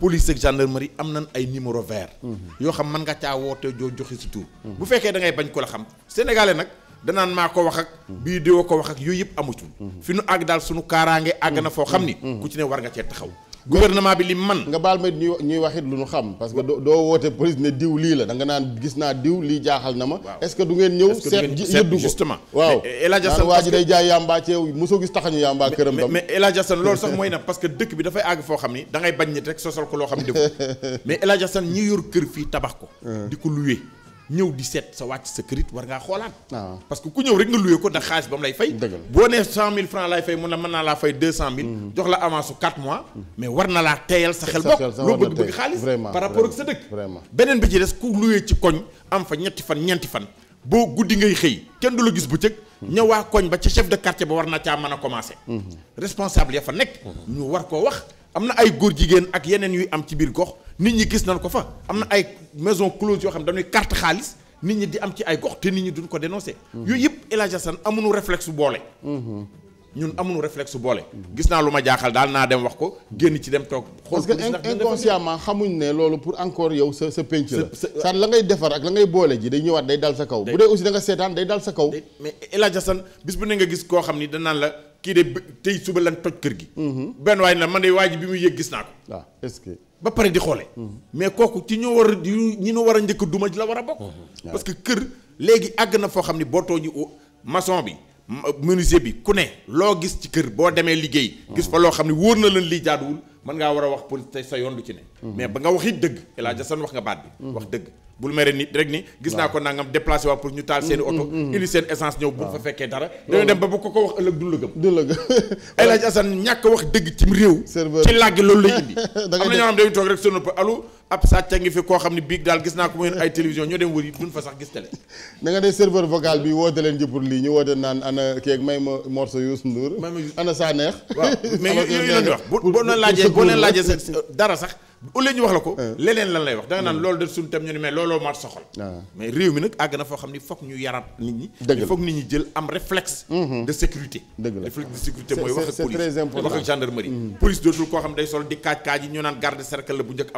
Speaker 2: police ak gendarmerie am nañ ay numéro vert. Mhm. yoo xam mën nga caa wootee joo joxe si tur. Mhm. bu fekkee dangay bañ ko la xam sénégalais nag. danaan maa ko wax ak mhm. bii diwa ko wax ak yooyu yëpp amatul. fi nu àgg daal sunu kaaraange àgg na foo xam ni. ku ci ne war nga cee taxaw. gouvernement bi li man nga baal ma ñuy ñuy wax it lu ñu xam parce que doo woote police
Speaker 1: ne diw lii la da nga naan gis naa diw lii jaaxal na ma est ce que du ngeen ñëw seet yëddu ko waaw naan waa ji day jaay yàmbaa ceew mosoo gis taxañu yàmbaa këram tam mais
Speaker 2: El Hadj Assane loolu sax mooy na parce que dëkk bi dafay àgg foo xam ni da ngay bañ nit rek sosal ko loo xam ne *laughs* mais El Hadj Assane yor kër fii tabax ko di ko luwee ñëw di seet sa wàcc sa kërit war ngaa xoolaat. Ah. parce que ku ñëw rek nga luye ko ndax xaalis ba mu lay fay. boo nee cent mille francs lay fay mun na mën naa laa fay deux cent mille. Mhm. jox la avance su mois. Mhm. mais war na laa teeyal sa xel bokk loo bëgg bëgg xaalis par rapport ak sa dëkk. beneen bi ci des ku luye ci koñ am fa ñetti fan ñeenti fan boo guddi ngay xëy kenn du la gis bu cëg mhm. ñëw waa koñ ba ca chef de quartier ba war na caa mën a commencer. responsable ya fa nekk. ñu war koo wax. am na ay góor jigéen ak yeneen yuy am ci biir gox nit ñi gis nañ ko fa am na ay maison close yoo xam dañuy carte xaalis nit ñi di am ci ay gox te nit ñi duñ ko dénoncé. Mhm. yooyu yëpp El Hadj Assane amuñu réflexe boole. Mhm. ñun amuñu réflexe boole. gis naa lu ma jaaxal daal naa dem wax ko génn ci dem toog. xool parce
Speaker 1: que inconsciemment xamuñ ne loolu pour encore yow sa sa penc la. sa la ngay defar ak la ngay boole ji day ñëwaat day dal sa kaw. bu dee aussi da nga dal sa kaw.
Speaker 2: mais El gis koo xam ni danaan la. kii de tey suba lan toj kër gi. Mhm. benn waay na man de waa ji bi muy yëg gis naa ko. waaw ah, ce que. ba pare di xoole mhm. mais kooku ci ñoo war a ñi ñu war a njëkk duma la war a bokk. Mhm. parce que kër léegi àgg na foo xam ne boo tooñu mason bi. menuisier bi ku ne loo gis ci kër boo demee liggéey. gis fa loo xam ne wóor na leen li jaaduwul mën ngaa war a wax pour sa yoon lu ci ne. mais ba nga wax it dëgg El Hadj Assane wax nga baat bi. wax dëgg. bul mere nit rek ni gis naa ko nangam déplacé waa pour ñu taal seen mm, oto mm, mm. ili seen essence ñëw bu fa fekkee dara dañu dem ba bu ko ko wax ëllëg du la gëm du la gëm *laughs* ñàkk wax dëgg ci réew
Speaker 1: ci làggi loolu lay *laughs* indi
Speaker 2: xam dañu toog rek sonn alu ab sàcc koo xam ne biig daal gis naa ko mu ay télévision ñoo dem wër yi sax gis télé
Speaker 1: *laughs* da nga dee serveur vocal bi woote leen jëppur lii ñu woote naan ana keeg may ma morceau Youssou Ndour
Speaker 2: ana saa neex waaw mais yooyu la ñuy wax boo leen laajee boo leen dara sax au ñu wax la ko. Eh. leneen lan lay wax da nga naan hmm. loolu de suñu tam ñu ne mais looloo mat soxal. Ah. mais réew mi nag àgg na foo xam ni foog ñu yaraat nit ñi. dëgg la foog nit ñi jël am réflexe. Hmm. de sécurité. dëgg la réflexe mooy wax ak police wax ak hmm. sol di kaaj kaaj yi ñu naan garde cercle la bu njëkk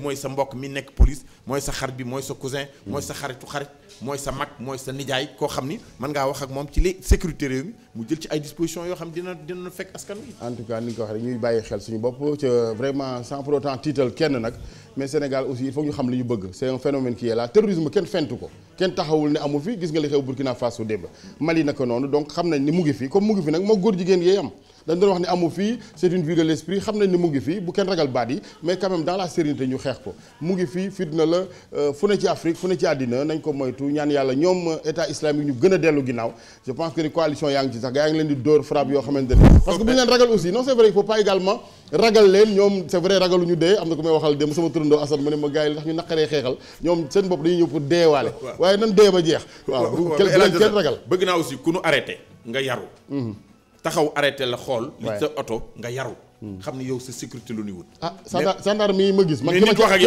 Speaker 2: mooy sa mbokk mi nekk police mooy sa xar mooy sa cousin. mooy sa xaritu xarit mooy sa mooy sa nijaay koo xam ni mën ngaa ak moom ci li sécurité réew mi mu jël ci ay disposition yoo xam dina dina fekk askan wi. en tout cas ni nga ko waxee rek ñuy
Speaker 1: bàyyi xel suñu bopp ca vraiment sans pour autant tiital kenn nag mais Sénégal aussi il faut ñu xam li ñu bëgg c'est un phénomène qui est là terrorisme kenn fentu ko kenn taxawul ne amu fi gis nga li xew Burkina Faso démb Mali naka noonu donc xam nañ ni mu ngi fi comme mu ngi fi nag moo góor jigéen yee dañ doon wax ne amu fii c' est une vue de l' esprit xam nañ ne mu ngi fii bu kenn ragal baat yi mais quand même dans ñu xeex ko mu ngi fii fitna la euh, fu ne ci Afrique fu ne ci àddina nañ ko moytu ñaan yàlla ñoom euh, état islamique ñu gën a dellu ginnaaw je pense que ni coalition yaa ngi ci sax gaa ngi leen di dóor frappe yoo xamante ne parce que bu ñu leen ragal aussi non c' ragal leen ñoom c' ragalu ñu dee am na ku may waxal dem sama turandoo Assane ma gars yi tax ñu naqaree xeexal ñoom seen bopp dañuy ñëw pour deewaale waaye
Speaker 2: ku nu arrêté nga yaru mhm. taxaw arrêté la xool. li sa oto nga yaru. Hmm. xam ni yow sa sécurité lu ñuy wut.
Speaker 1: ah gendarme yi ma gis. man ki ma ca ki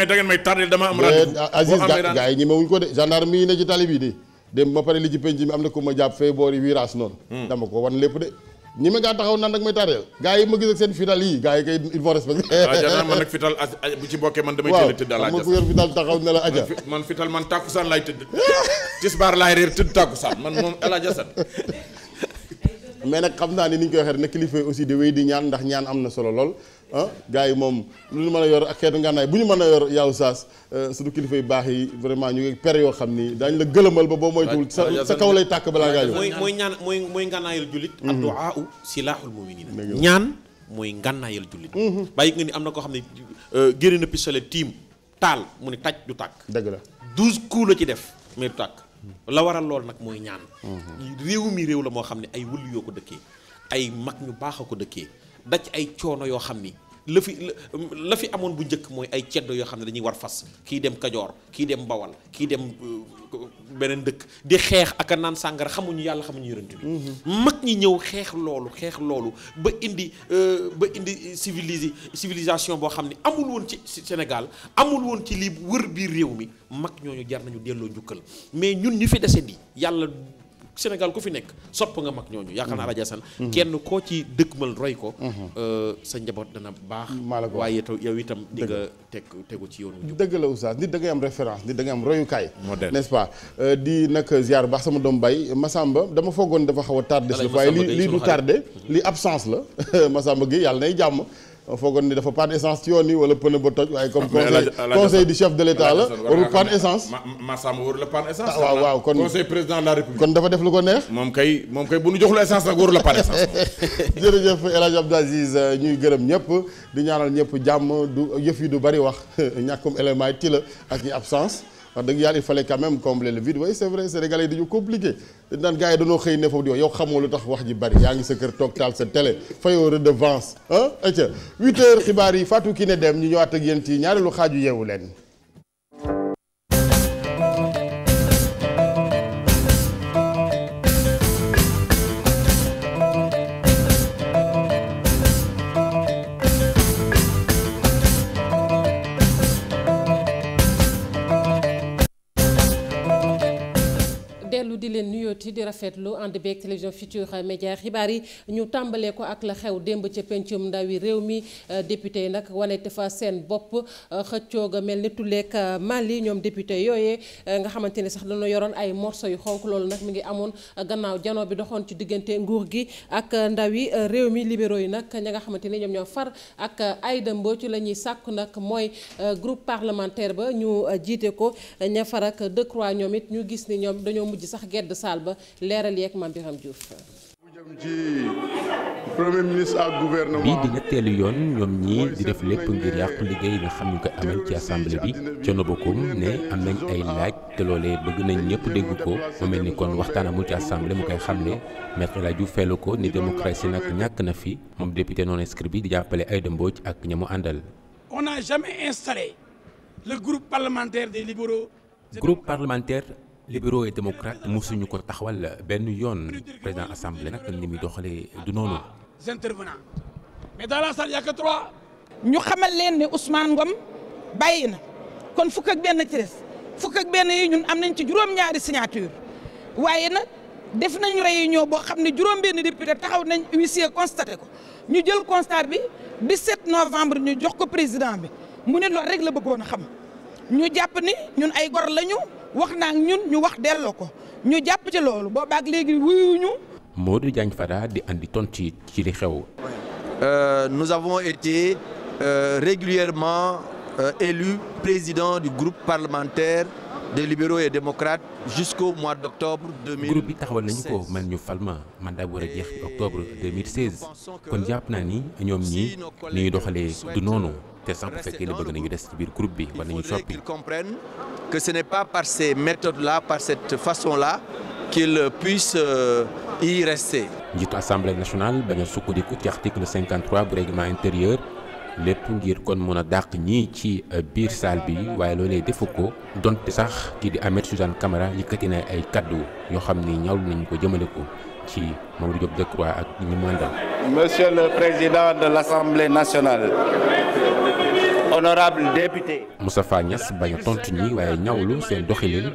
Speaker 2: ma ca may tardé dama am. Ah, Aziz gars
Speaker 1: yi ñemewuñ ko de gendarme yi pare li ci penc mi am na ku ma jàpp fee boori noonu. Hmm. dama ko wan lépp de. ñi ma gaa taxaw naan nag may tardeel gars yi ma gis ak seen fital yii gars yi kay il faut ah, man
Speaker 2: fital bokkee man damay tëdd tëdd laa ku yor fital taxaw ne la aja man fital man tàkkusaan laay tëdd tisbaar laay réer tëdd tàkkusaan man moom El Hadj Assane *laughs*
Speaker 1: mais nag xam naa ne ni ñu koy waxee na kilifa aussi di wéy di ñaan ndax ñaan am na solo lool ah gars yi moom lu ñu mën a yor ak xeetu ngànnaay bu ñu mën a yor yow saas euh, suñu kilifa yu baax yi vraiment ñu ngi per yoo xam ni daañu la gëlëmal ba boo moytuwul sa sa kaw lay tàkk mooy mooy
Speaker 3: ñaan mooy mooy ngànnaayal jullit mhm. adduaa u silaaxul muminina ñaan mooy ngànnaayal jullit mhm. nga ni am na koo xam ne euh, génne na pistolet tiim taal mu ne taj du tàkk dëgg la douze coups la ci def mais du tàkk la waral lool nag mooy ñaan. réew mi réew la moo xam ne ay wëllu yoo ko dëkkee ay mag ñu baax a ko dëkkee daj ay coono yoo xam ni. la fi la fi amoon bu njëkk mooy ay ceddo yoo xam ne dañuy war fas kii dem Kajoor kii dem Bawal kii dem euh, beneen dëkk di xeex ak a naan sàngara xamuñu yàlla xamuñu yërënt bi mm-hmm. mag ñi ñëw xeex loolu xeex loolu ba indi euh, ba indi civilisé civilisation boo xam ne amul woon ci Sénégal amul woon ci lii wër biir réew mi mag ñooñu jar nañu delloo njukkal mais ñun ñu fi desandi yàlla Sénégal ku fi nekk sopp nga mag ñooñu yaakaar naa rajo mm-hmm. san mm-hmm. kenn koo ci dëkkmal roy ko mm-hmm. euh, sa njaboot dana baax waaye taw yow itam di nga teg tegu ci yoon wu
Speaker 1: dëgg la oustaz nit da ngay am référence nit da ngay am royukaay n'est-ce pas euh, di nag ziar baax sama doom bay Massamba dama foogoon dafa xaw a tardé si waaye lii du tardé li absence la *laughs* masamba Gueye yàlla nay jàmm foogoon ni dafa panne essence ci yoon yi wala a ba toj waaye comme *laughs* conseil conseil du chef de l'état la warul panne
Speaker 2: essence Massamba warul la panne essence ah, waaw waaw kon conseil dafa def lu ko neex moom kay moom kay bu ñu joxul essence nag warul la panne essence
Speaker 1: *laughs* jërëjëf El Hadj Abdou euh, ñuy gërëm ñëpp di ñaanal ñëpp jàmm du yëf yi du bari wax *laughs* ñàkkum élément yi ti la ak ñi absence wax dëgg yàlla il fallait quand même combler le vide oui c'est vrai sénégalais yi dañu compliqué dañ yi dañoo xëy ne foofu di wax yow xamoo lu tax wax ji bari yaa ngi sa kër toog taal sa télé fayoo redevance ah aca 8 xibaar yi Fatou Kiné Dème ñu ñëwaat ak yéen ci ñaareelu xaaju yeewu leen
Speaker 4: leen nuyooti di rafetlu ànd beeg télévision Futurs Médias xibaar yi ñu tàmbalee ko ak la xew démb ca pencum ndawi réew mi euh, député yi nag wanete fa seen bopp euh, xëccoo ga mel ni tulleeg euh, Mali ñoom député yooyee nga xamante ni sax dañoo yoroon ay morceau yu xonk loolu nag mi ngi amoon gannaaw janoo bi doxoon ci diggante nguur gi ak ndawi réew mi libéro yi nag ña nga xamante ni ñoom ñoo far ak Aïda Mbodj la ñuy sàkku nag mooy groupe parlementaire ba ñu jiite ko ña far ak ñoom it ñu gis ni ñoom dañoo mujj sax gedd de salle ba leeral yeeg Mame Birame Diouf.
Speaker 1: premier ministre ak gouvernement
Speaker 9: yoon ñoom ñii di def lépp ngir yàqu liggéey yi nga xam ñu ko amal ci assemblée bi Thierno Bocoum ne am nañ ay laaj te loolee bëgg nañ ñëpp dégg ko mu ni kon waxtaan amul ci assemblée mu koy xam ne Maître El Hadji Diouf feelu ko ni démocratie nag ñàkk na fi moom député non inscrit bi di jàppale ay Mbodj ak ñamu àndal. on libéraux et démocrates mosuñu ko taxawal benn yoon président assemblée nag ni muy doxalee du noonu.
Speaker 7: intervenants
Speaker 6: mais dans la salle y a ñu xamal leen ne Ousmane Ngom bàyyi na kon fukk ak benn ci fukk ak benn yi ñun am nañ ci juróom-ñaari signature waaye nag
Speaker 4: def nañ réunion boo xam ne juróom-benn député taxaw nañ huissier constaté ko ñu jël constat bi 17 novembre ñu jox ko président bi mu ne loolu rek la bëggoon a xam ñu jàpp ni ñun ay gor lañu. wax naa ñun ñu wax delloo ko ñu jàpp ci loolu boobaak léegi wuyuñu.
Speaker 9: du Diagne Fada di andi tontu ci li xew. Euh, nous avons été euh, régulièrement euh, élus président du
Speaker 10: groupe parlementaire de libéraux et démocrates jusqu'au mois d'octobre 2016 groupe bi taxawal nañu ko
Speaker 9: mel ñu falma mandat bu war a jeex octobre 2016 kon jàpp naa ni ñoom ñi ni ñu doxalee du noonu. te sax bu fekkee ne des ci biir groupe bi wala ñu soppi. qu'ils
Speaker 10: comprennent que ce n'est pas par ces méthodes là par cette façon là qu'ils
Speaker 7: puissent euh, y rester.
Speaker 9: njiitu assemblée nationale bañ lépp ngir kon mën a dàq ñii ci euh, biir salle bi waaye loolee defu ko donte sax kii di Ahmed Suzanne Camara yëkkati na ay kàddu yoo xam ni ñaawlu nañu ko jëmale ko ci Mamadou Diop Decroix ak ñi mu
Speaker 2: Monsieur le président de l'Assemblée nationale. honorable député.
Speaker 9: Moustapha Niass bañ tontu ñi waaye ñaawlu seen doxalin.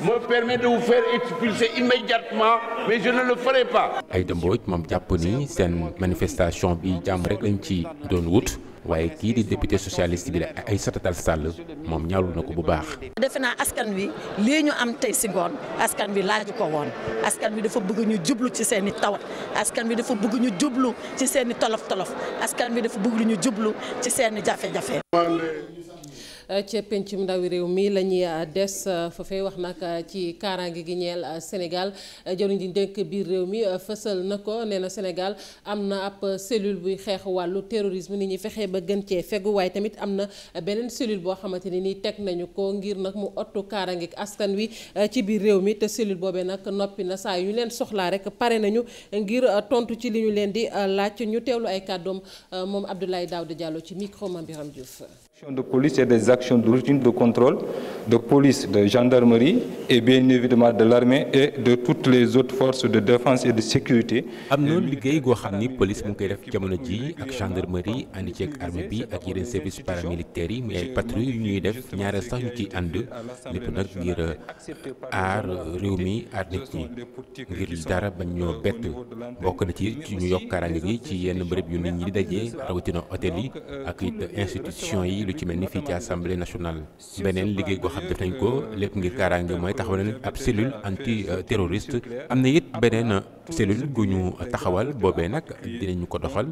Speaker 2: me permet de vous faire expulser immédiatement mais le ferai pas.
Speaker 9: Aïda moom jàpp ni seen manifestation bi jàmm rek lañ ci doon wut. waaye kii di député socialiste bi la ay Tall Sall moom ñaawlu na ko bu baax.
Speaker 11: defe naa askan wi lii ñu am tey si ngoon askan wi laaju ko woon askan wi dafa bëgg ñu jublu ci seen i tawat askan wi dafa bëgg ñu jublu ci seen i tolof tolof askan wi dafa bëgg ñu jublu ci seen i jafe-jafe. Eh, ca pencum ndawi
Speaker 4: réew mi la ñuy eh, des eh, foofee wax nag ci kaaraange gi ñeel Sénégal jëriñ di dénk biir réew mi fësal na ko nee na Sénégal am na ab cellule buy xeex wàllu terrorisme ni ñuy fexee ba gën cee fegu waaye tamit am na beneen cellule boo xamante ni nii teg nañu ko ngir nag mu ottu kaaraangeeg askan wi ci biir réew mi te cellule boobee nag noppi na saa yu ñu leen soxlaa rek pare nañu ngir tontu ci li ñu leen di laaj ñu teewlu ay kàddoom moom Abdoulaye Daouda Diallo ci micro Mame Birame
Speaker 9: de police et des actions de routine de contrôle de police, de gendarmerie et bien évidemment de l'armée et am na liggéey goo xam ni police mu koy def jamono ji ak gendarmerie ànd ci ak armée bi ak yeneen service paramilitaires yi muy ay patrouille yu ñuy def ñaareel sax ñu ciy ànd lépp nag ngir aar réew mi aar ngir dara bañ ñoo bett bokk na ci ñu yokk kaaraange gi ci yenn bërëb yu nit ñi dajee rawatina hôtel yi ak institution yi. lu ci mel ni fii ci assemblée nationale beneen liggéey goo xam def nañ ko lépp ngir kaaraange mooy taxawal nañ ab cellule anti terroriste am na it beneen cellule gu ñu taxawal boobee nag dinañu ko doxal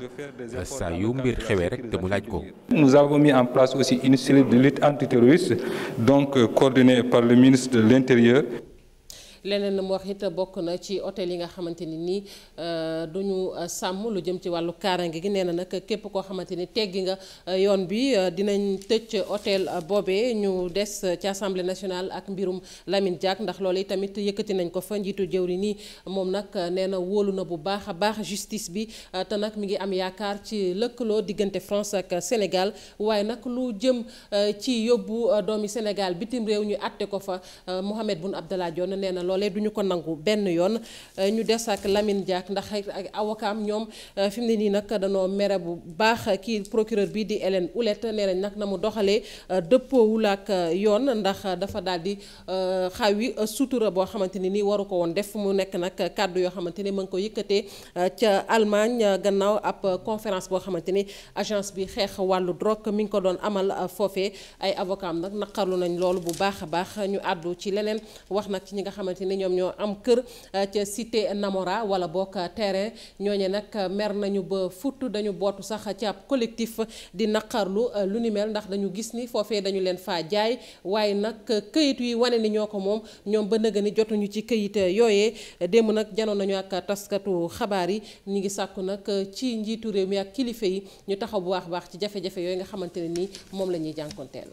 Speaker 9: saa yu mbir xewee rek te mu laaj ko. nous avons mis en place aussi une cellule de lutte antiterroriste donc coordonnée par le ministre de l'intérieur
Speaker 4: leneen mu wax it bokk na ci hôtel yi nga xamante ni nii euh, du ñu euh, sàmm lu jëm ci wàllu kaarange gi nee na nag képp koo xamante ni teggi nga euh, yoon bi dinañ tëcc hôtel boobe ñu des ci assemblée nationale ak mbirum lamin Diack ndax loolu tamit yëkkati nañ ko fa njiitu jëwri nii moom nag nee na wóolu na bu baax a baax justice bi te nag mi ngi am yaakaar ci lëkkaloo diggante France ak Sénégal waaye nag lu jëm ci yóbbu doomi Sénégal bitim réew ñu àtte ko fa Mohamed Boun Abdallah Dionne nee na loolu loolee du ñu ko nangu benn yoon euh, ñu des ak Lamine Diack ndax ak avocaam ñoom euh, fi mu ne nii nag danoo mere bu baax kii procureur bii di Hélène Houlet nee nañ nag na mu doxalee euh, dëppoowul ak yoon ndax dafa daal di xawi sutura boo xamante ni nii waru ko woon def mu nekk nag kàddu yoo xamante ni mu ngi ko yëkkatee ca Allemagne gannaaw ab conférence boo xamante ni agence bi xeex wàllu drogue mi ngi ko doon amal foofee ay avocat am nag naqarlu nañ loolu bu baax baax ñu àddu ci leneen ni ñoom ñoo am kër euh, ca cité Namora wala bokk terrain ñooñe nag mer nañu ba futt dañu bootu sax ci ab collectif di naqarlu euh, lu ni mel ndax dañu gis ni foofee dañu leen faa jaay waaye nag euh, këyit yi wane ni ñoo ko moom ñoom ba nëga jotuñu ci këyit yooyee démb nag janoon nañu ak taskatu xabaar yi ñu ngi sàkku nag ci njiitu réew mi ak kilifa yi ñu taxaw bu baax baax ci jafe-jafe yooyu nga xamante ne nii moom la ñuy jànkonteel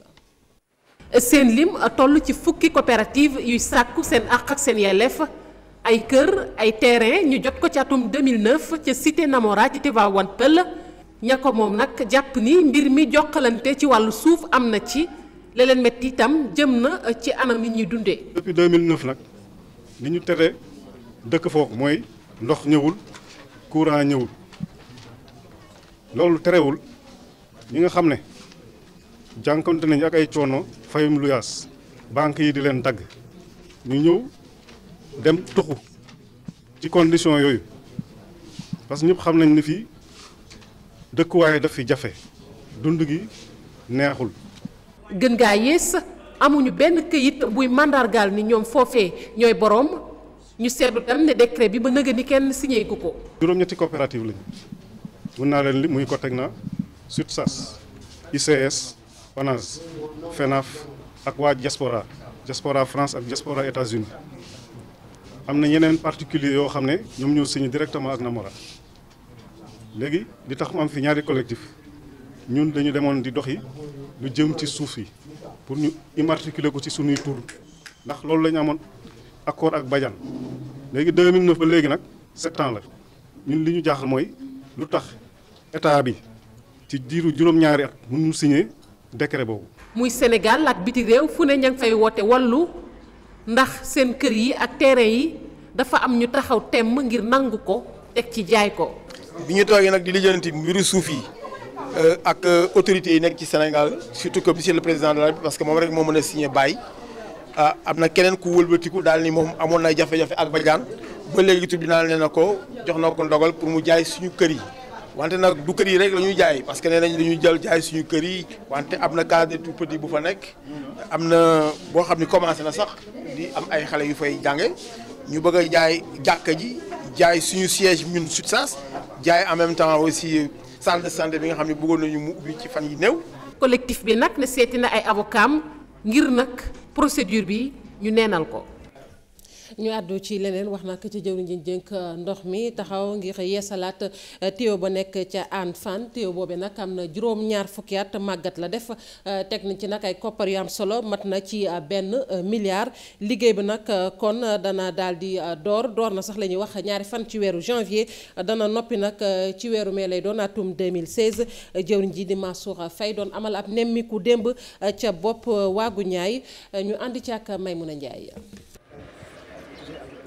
Speaker 4: seen lim a toll ci fukki coopérative yuy sàkku seen àq ak seen yelleef ay kër ay terrain ñu jot ko ci atum 2009 ca cité Namora ci Tivaouane Peulh ña ko moom nag jàpp ni mbir mi jokkalante ci wàllu suuf am na ci la leen itam jëm na ci anam yi ñuy dundee. depuis
Speaker 12: 2009 nag li ñu tere dëkk foofu mooy ndox ñëwul courant ñëwul loolu terewul ñi nga xam ne. jànkonte nañu ak ay coono fayum luyaas banque yi di leen dagg ñu ñëw dem tuxu ci condition yooyu parce que ñëpp xam nañ ni fii dëkkuwaay daf fi jafe dund gi neexul.
Speaker 4: gën gaa yées amuñu benn këyit buy màndargaal ni ñoom foofee ñooy boroom ñu seetlu tam ne décret bi ba nëgë kenn signé ko.
Speaker 12: juróom-ñetti coopérative lañu mun naa leen li muy Cotecna SUTSAS ICS. ONAS FENAF ak waa jaspora jaspora France ak diaspora États-Unis am na ñeneen particulier yoo xam ne ñoom ñoo signé directement ak Namora léegi li tax mu am fi ñaari collectif ñun dañu demoon di doxi lu jëm ci suuf yi pour ñu immatriculer ko ci suñuy tur ndax loolu la amoon accord ak Badiane léegi 2009 ba léegi nag sept ans la ñun li ñu jaaxal mooy lu tax état bi ci diiru juróom-ñaari at mënuñu signé décret boobu.
Speaker 4: muy Sénégal ak biti réew fu ne ña fay woote wallu ndax seen kër yi ak terrain yi dafa am ñu taxaw tem ngir nangu ko teg ci jaay ko.
Speaker 2: bi ñu toogee nag di lijjanti mbiru suuf yi euh, ak euh, autorités yi nekk ci Sénégal surtout que monsieur le président de la parce que moom rek moo mën a signé bàyyi ah am na keneen ku wëlbatiku daal nii moom amoon na jafe-jafe ak Badiane ba léegi tribunal nee na ko jox na ko ndogal pour mu jaay suñu kër yi. wante nag du kër yi rek la ñuy
Speaker 7: jaay parce que nee nañ dañuy jël jaay suñu kër yi wante am na case des tout petits bu fa nekk am na boo xam ne commencé na sax di am ay xale yu fay jànge ñu bëgg a jaay jàkka
Speaker 4: ji jaay suñu siège ñun SUTSAS jaay en même temps aussi centre de santé bi nga xam ne bëggoon nañu mu ubbi ci fan yi néew. collectif bi nag ne seeti na ay avocats ngir nag procédure bi ñu neenal ko. ñu àddu ci leneen wax nag ci jëwriñ ji jënk euh, ndox mi taxaw ngir salaat euh, téyo ba nekk ca Hann Fann téyo boobe nag am na juróom ñaar fukki at màggat la def euh, teg nañ ci nag ay koppar yu solo mat na ci benn milliard liggéey bi nag kon dana daal di door door na sax la ñuy wax ñaari fan ci weeru janvier dana noppi nag ci weeru mai lay doon atum 2016 jëwriñ ji di Mansour Faye doon amal ab nemmiku démb ca bopp waagu ñaay ñu ànd ci ak Maymuna Njaay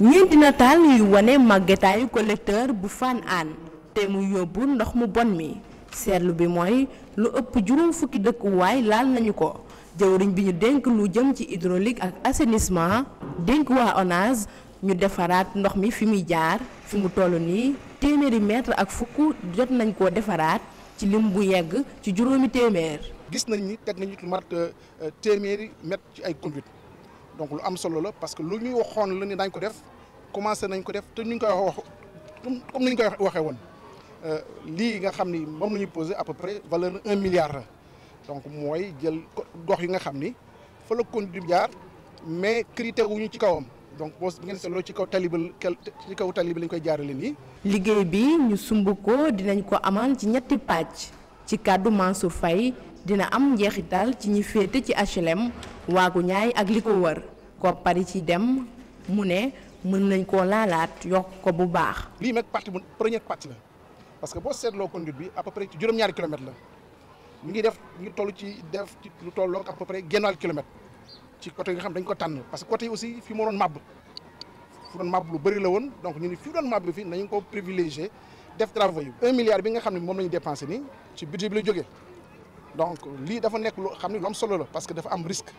Speaker 11: ñeenti nataal yu wane màggetaayu collecteur bu Fann an te mu yóbbu ndox mu bon mi seetlu bi mooy lu ëpp juróom fukki dëkkuwaay laal nañu ko jëwriñ bi ñu dénk lu jëm ci hydraulique ak assainissement dénk waa ONAS ñu defaraat ndox mi fi muy jaar fi mu toll nii téeméeri mètre ak fukk jot nañ ko defaraat ci lim bu yegg ci juróomi téeméer.
Speaker 13: gis nañ ni teg nañu mat euh, téeméeri mètre ci ay conduite donc lu am solo la parce que lu ñu waxoon la ni dañ ko def commencé nañ ko def te ñu ngi koy wax comme ni ñu koy waxee woon euh, lii nga xam ni moom la ñu posé à peu près valeur na un milliard la donc mooy jël gox yi nga xam ni fa la conduit jaar mais critère wuñu ci kawam donc boo ngeen seetloo ci kaw talibal bi ci
Speaker 11: kaw tali lañ koy jaarale nii. liggéey bi ñu sumb ko dinañ ko amal ci ñetti pàcc ci kàddu Mansour Faye dina am daal ci ñi féete ci HLM waagu ñaay ak li ko wër koppar yi ci dem mu ne mën nañ koo laalaat yokk ko bu baax. lii nag partie bu première partie la
Speaker 13: parce que boo seetloo conduite bi à peu près ci juróom-ñaari kilomètres la mi ngi def mi ngi ci def ci lu toll à peu près gennaal kilomètre ci nga xam dañ ko tànn parce que côté yi aussi fi mu doon màbb fu doon màbb lu bëri la woon donc ñu ni fi doon màbb fi nañu ko privilégié def travaux yi. un milliard bi nga xam ne moom la ñu dépensé nii ci budget bi la jógee. donc lii dafa nekk lu xam ne lu solo la parce que dafa am risque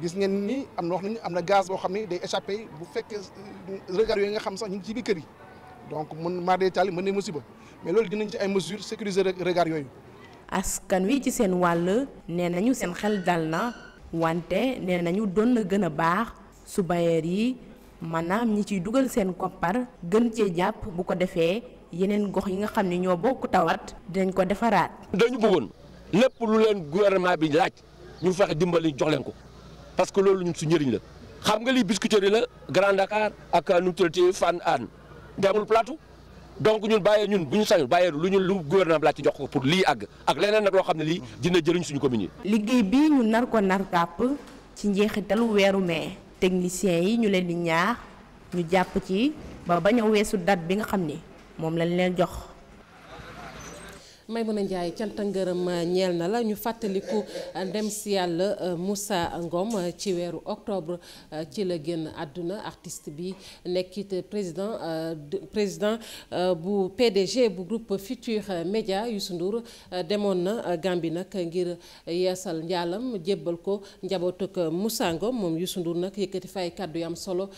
Speaker 13: gis ngeen ni am na wax nañu am na gaz boo xam ne day échappé bu fekkee euh, regard yooyu nga xam sax ñu ngi ci biir kër yi donc mën maa dee taal mën ne musiba mais loolu dinañ ci ay mesures sécuriser
Speaker 11: regard yooyu. askan wi ci seen wàll nee nañu seen xel dal na wante nee nañu doon na gën a baax su bayeer yi maanaam ñi ciy dugal seen koppar gën cee jàpp bu ko defee yeneen gox yi nga xam ne ñoo bokk tawat dinañ ko defaraat.
Speaker 3: dañu bëggoon lépp lu leen gouvernement bi laaj ñu fexe dimbali jox leen ko parce que loolu ñun su njëriñ la xam nga lii Biscuiterie la Grand Dakar ak nu mu tuddati Fann Hann demul Plateau donc ñun bàyyee ñun bu ñu sañul bàyyee lu ñu lu gouvernement bi laaj ci jox ko pour lii àgg ak leneen nag loo xam ne lii dina jëriñ suñu commune
Speaker 11: liggéey bii ñu nar ko nar tàpp ci njeexitalu weeru mai techniciens yi ñu leen di ñaax ñu jàpp ci ba bañ weesu date bi nga xam ni moom lañ leen jox.
Speaker 4: Maymuna Njaay cant ngërëm euh, ñeel na la ñu fàttaliku ndem euh, si yàlla euh, Moussa Ngom ci weeru octobre ci la génn àdduna artiste bi nekkit président président bu PDG bu groupe Futur Média Youssou Ndour demoon na Gambie nag ngir yeesal njaalam jébbal ko njabootuk Moussa Ngom moom Youssou Ndour nag yëkkati fay kàddu yu am solo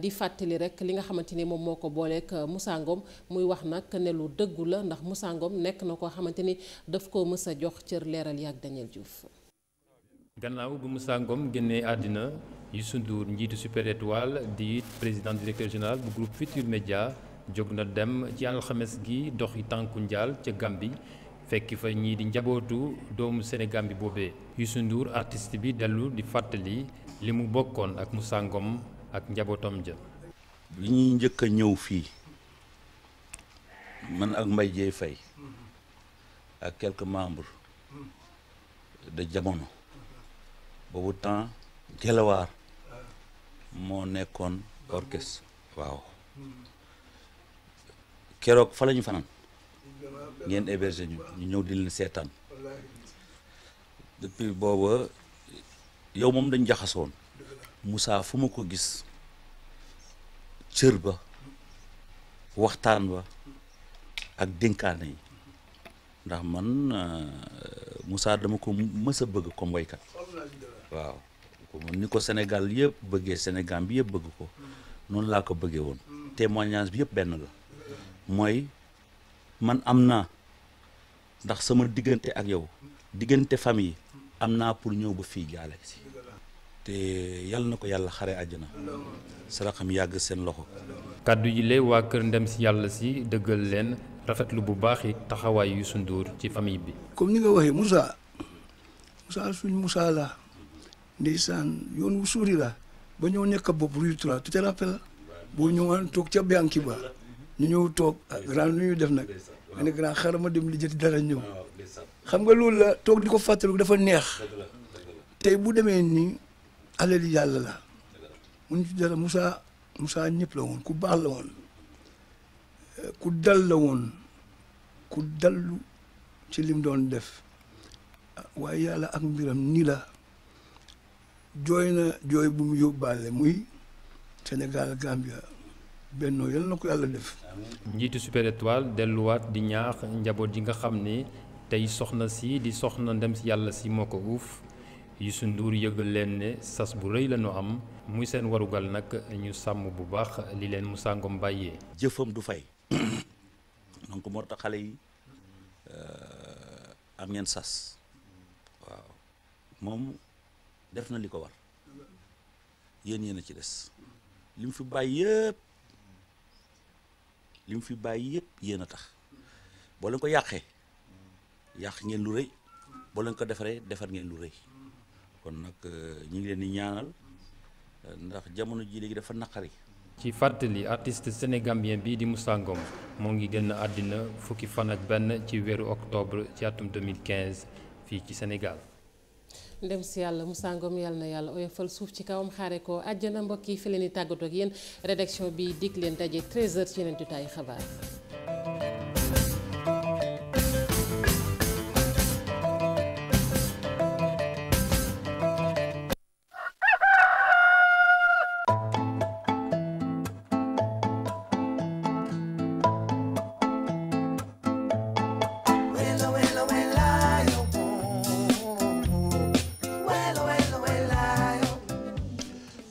Speaker 4: di fàttali rek li nga xamante ni moom moo ko booleek Moussa Ngom muy wax nag ne lu dëggu la ndax Moussa Ngom nekk na ko xamante ni daf koo mës a jox cër leeral yaak Daniel Diouf.
Speaker 14: gannaaw bu Moussa Ngom génnee àddina yu Ndour njiitu Super Étoile di président directeur général bu groupe Futur Média jóg na dem ci alxames gi doxi tànku njaal ca Gambie fekki fa ñii di njabootu doomu Sénégal bi boobee Youssou Ndour artiste bi dellu di fàttali li mu bokkoon ak Moussa Ngom ak njabootam ja
Speaker 15: li ñuy njëkk a ñëw fii man ak Mbaye Dieye ak quelques membre de jamono boobu temps Gelawaar moo nekkoon orchestre waaw keroog fa lañu ñu fanaan ngeen hébergé ñu ñu ñëw di seetaan depuis booba yow moom dañ jaxasoon Moussa fu ma ko gis cër ba waxtaan ba ak dénkaane yi ndax man euh, Moussa dama ko mës a bëgg comme waykat waaw ni ko Sénégal yëpp bëggee Sénégal bi yëpp bëgg ko noonu laa ko bëggee woon témoignage bi yëpp benn la mooy man am naa ndax sama diggante ak yow diggante famille am naa pour ñëw ba fii jaale si
Speaker 14: te yàlla na ko yàlla xare àjjana saraxam yàgg seen loxo kàddu yi lee waa kër ndem si yàlla si dëggal leen rafetlu bu baax yi taxawaay Youssou Ndour ci famille bi.
Speaker 7: comme ni nga waxee Moussa Moussa suñ Moussa la ndeysaan yoon wu suuri la ba ñoo nekk bopp Rue 3 tu te rappelles boo ñëwaan toog ca banque ba ñu ñëw toog grand lu def nag ma ma dem li jëti dara ñëw xam nga loolu la toog di ko fàttaliku dafa neex tey bu demee ni alali yàlla la mun ci dara Moussa Moussa ñëpp la woon ku baax la woon. ku dal la woon ku dallu ci lim doon def waaye yàlla ak mbiram ni la jooy na jooy bu mu yóbbaale muy Sénégal Gambia bennoo yal
Speaker 14: na ko yàlla def. njiitu Super Étoile delluwaat di ñaax njaboot yi nga xam ni tey soxna si di soxna ndem si yàlla si moo ko uuf Youssou Ndour yëgal leen ne sas bu rëy lañu am muy seen warugal nag ñu sàmm bu baax li leen Moussa Ngom bàyyee. jëfam du fay. *coughs* donc moo tax xale yi
Speaker 15: euh, am ngeen sas waaw moom def na li ko war yéen yéen a ci des li fi bàyyi yëpp li fi bàyyi yëpp yéen a tax boo ko yàqee yàq ngeen lu rëy boo ko defaree defar ngeen lu rëy kon nag euh, ñu ngi leen
Speaker 14: di ñaanal ndax jamono ji léegi dafa naqari ci fàttali artiste sénégambien bi di Moussa Ngom moo ngi génn àddina fukki fan ak benn ci weeru octobre ci atum 2015 fii ci Sénégal.
Speaker 4: ndem si yàlla Moussa Ngom yàlla na yàlla oyofal suuf ci kawam xaare ko àjjana mbokk yi fi leen di tàggatoo ak yéen bi dig leen daje 13h ci yeneen tutaayu xabaar.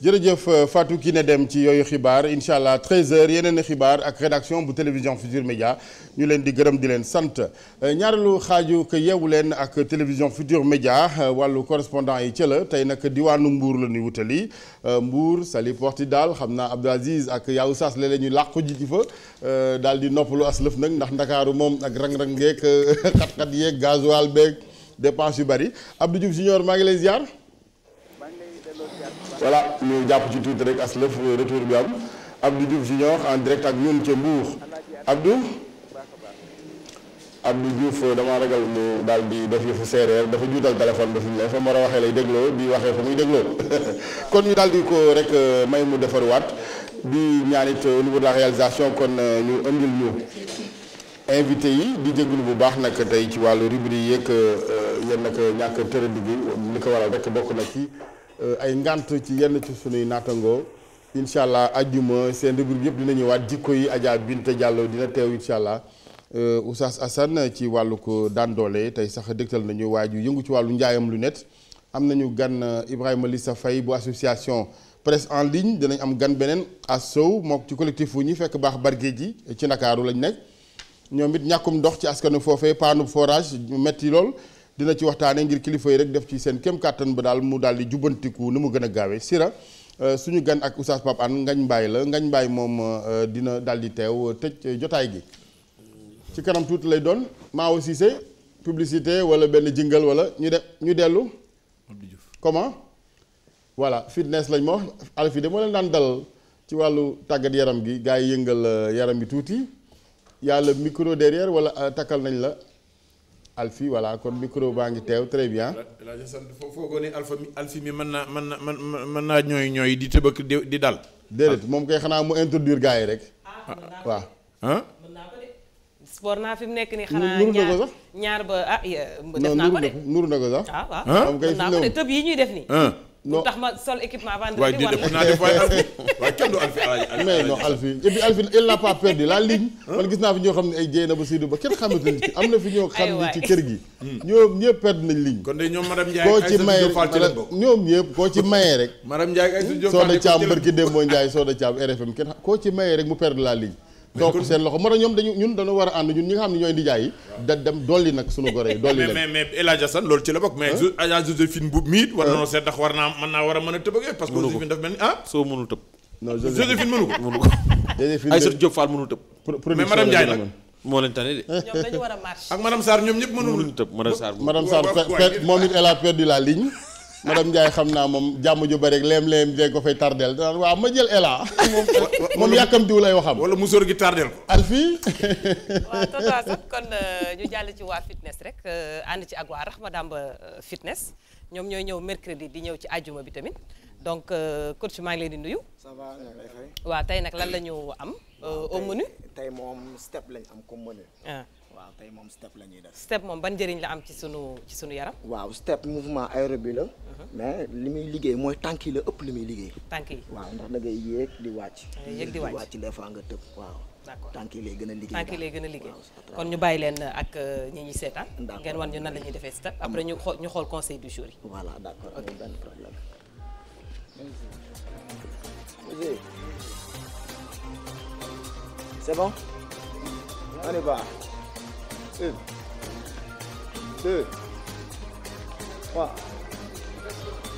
Speaker 1: jërëjëf euh, Fatou ne dem ci yooyu xibaar incha allah 13 yeneen xibaar ak rédaction bu télévision Futur Média ñu leen di gërëm di leen sant euh, ñaareelu xaaju ko yeewu leen ak télévision Futur Média euh, wàllu correspondant yi ca la tey nag diwaanu mbuur la ñuy wutali Mbour Saly Portudal xam naa Abdou Aziz ak Yawou saas léeg-léeg ñu làqu ji ci daal di noppalu as aslëf nag ndax ndakaaru moom ak rang-rang yeeg *laughs* xat-xat yeeg gasoil beeg dépense yu bari Abdou Diouf junior maa ngi lay ziar. voilà ñu jàpp ci tuuti rek as lëf euh, retour bi am Abdou Diouf Junior en direct ak ñun ca Mbour Abdou Abdou Diouf euh, damaa ragal mu daal bi def yëfu séeréer dafa juutal téléphone ba fi mu ne fa mu a waxee lay dégloo di waxee fa muy dégloo *laughs* kon ñu daal di ko rek euh, may mu defarwaat di ñaanit au niveau kon ñu indil ñu invité yi di jéglu bu baax nag tey ci wàllu rubrique yeeg yéen nag ñàkk tëradi bi li ko waral rek bokk na ci. Euh, ay ngant ci yenn ci sunuy nattangoo incha allah ajjuma seen rubrique yëpp dina waat jikko yi Adja Binta Diallo dina teew incha allah euh, Oustaz assan ci wàllu ko daan tey sax dëgtal nañu waay ju yëngu ci wàllu njaayam lunette am nañu gan euh, Ibrahima sa Faye bu association presse en ligne dinañ am gan beneen assow moo ci collectif wu ñi fekk baax bargee ji ci ndakaaru lañ nekk ñoom it ñàkkum ndox ci askanu foofee paanu forage metti lool dina ci waxtaanee ngir kilifa yi rek def ci seen kem kàttan ba daal mu daal di jubbantiku ni mu gën a gaawee sira euh, suñu gan ak oustaz Pape ngañ Ngagne la ngañ Mbaye moom euh, dina daal di teew tëj euh, jotaay gi ci kanam tuuti lay doon Maawo Cissé publicité wala benn jëngal wala ñu de ñu dellu comment voilà fitness lañ ma wax Alfi moo leen daan dal ci wàllu tàggat yaram gi gars yi yëngal yaram bi tuuti yàlla micro derrière wala takkal nañ la alfi voilà kon micro baa ngi teew très bien.
Speaker 2: la sant foo foogoo ne alfa alfi mi mën naa mën na mën naa ñooy ñooy di tëbëk di dal. déedéet moom kay xanaa mu introduire gars yi rek. Ah, waaw ah.
Speaker 6: sport naa fi mu nekk nii xanaa ñaar ba ah. def nuru na ko sax. Ah, waaw waaw ko tëb yi ñuy def nii. non tax ma sol équipement avant de. waay di naa def waaye Alfi *laughs*
Speaker 1: waaye kenn du Alfi mais non Alfi et puis Alfi il n'a pas perdu la ligne. man gis naa fi ñoo xam ne ay jéy na ba Seydou ba kenn xamante ni am na fi ñoo ci kër gi. Hmm. ñoom ñëpp perdre nañ
Speaker 2: de ñoom madame Ndiaye ak Aïssatou Diop
Speaker 1: ñoom ñëpp koo ci mayee rek.
Speaker 2: madame Ndiaye ak Aïssatou Diop Fall Sooda Thiam
Speaker 1: barki Dembo Ndiaye RFM kenn koo ci maye rek mu perdre laa ligne. donc seen loxo moo tax ñoom dañu ñun dañu war a ànd ñun ñi nga xam ne ñooy nijaay yi da dem dolli nag suñu gore
Speaker 2: yi dolli leen mais mais loolu ci la bokk mais Adja Joséphine miit war nanoo seet ndax war naa mën naa war a mën a tëbëgee parce que ko mënu ko ah? *laughs* Aïssatou
Speaker 3: Diop Fall mënul de. ñoom dañu a marche. ak madame Sarr ñoom ñëpp mënul tëb madame Sarr madame Sarr
Speaker 1: moom it elle a perdu la ligne madame Ndiaye xam naa moom jàmm ju bari rek leem-leem dee ko fay tardel danaan ma jël Ela
Speaker 16: *laughs* moom
Speaker 1: yàkkamtiwu lay waxam wala musóor
Speaker 2: gi tardel ko Alfie *laughs* waaw
Speaker 6: euh, ñu jàll ci waa fitness rek euh, ànd ci ak waa Rahma Damba euh, fitness ñoom ñooy ñëw mercredi di ñëw ci àjjuma bi tamit donc coach maa ngi leen di nuyu ça tey nag lan la ñu am au menu
Speaker 17: tey moom step lañ am ah. waaw tey moom step la ñuy def step moom ban njëriñ
Speaker 6: la am ci sunu ci sunu yaram
Speaker 17: waaw step mouvement aérobie la mais li muy liggéey mooy tànk yi la ëpp li muy liggéey. tànk yi waaw ndax da yéeg di wàcc. Eh, yéeg di wàcc des fois nga tëb waaw.
Speaker 6: d'accord tànk yi lay gën a liggéey. tànk gën a liggéey kon ñu bàyyi leen ak euh, ñi ñuy seetaan. ngeen wan ñu nan la ñuy defee step après ñu xool ñu xool conseil du jour yi. voilà d'accord amul benn problème.
Speaker 17: c'est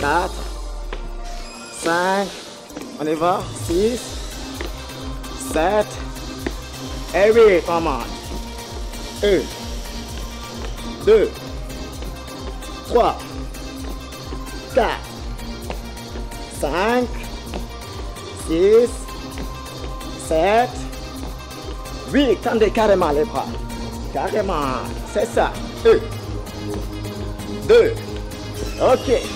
Speaker 17: 4, 5, on y va, 6, 7 et 8, on monte. 1, 2, 3, 4, 5, 6, 7, 8, tendez carrément les bras. Carrément, c'est ça. 1, 2, ok.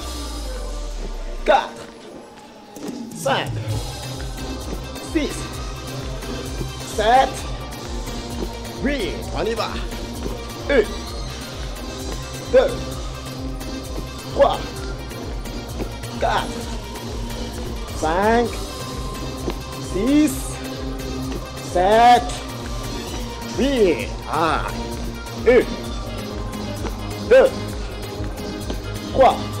Speaker 17: 4, 5, 6, 7, 8, on y va. 1, 2, 3, 4, 5, 6, 7, 8, 1, 2, 3,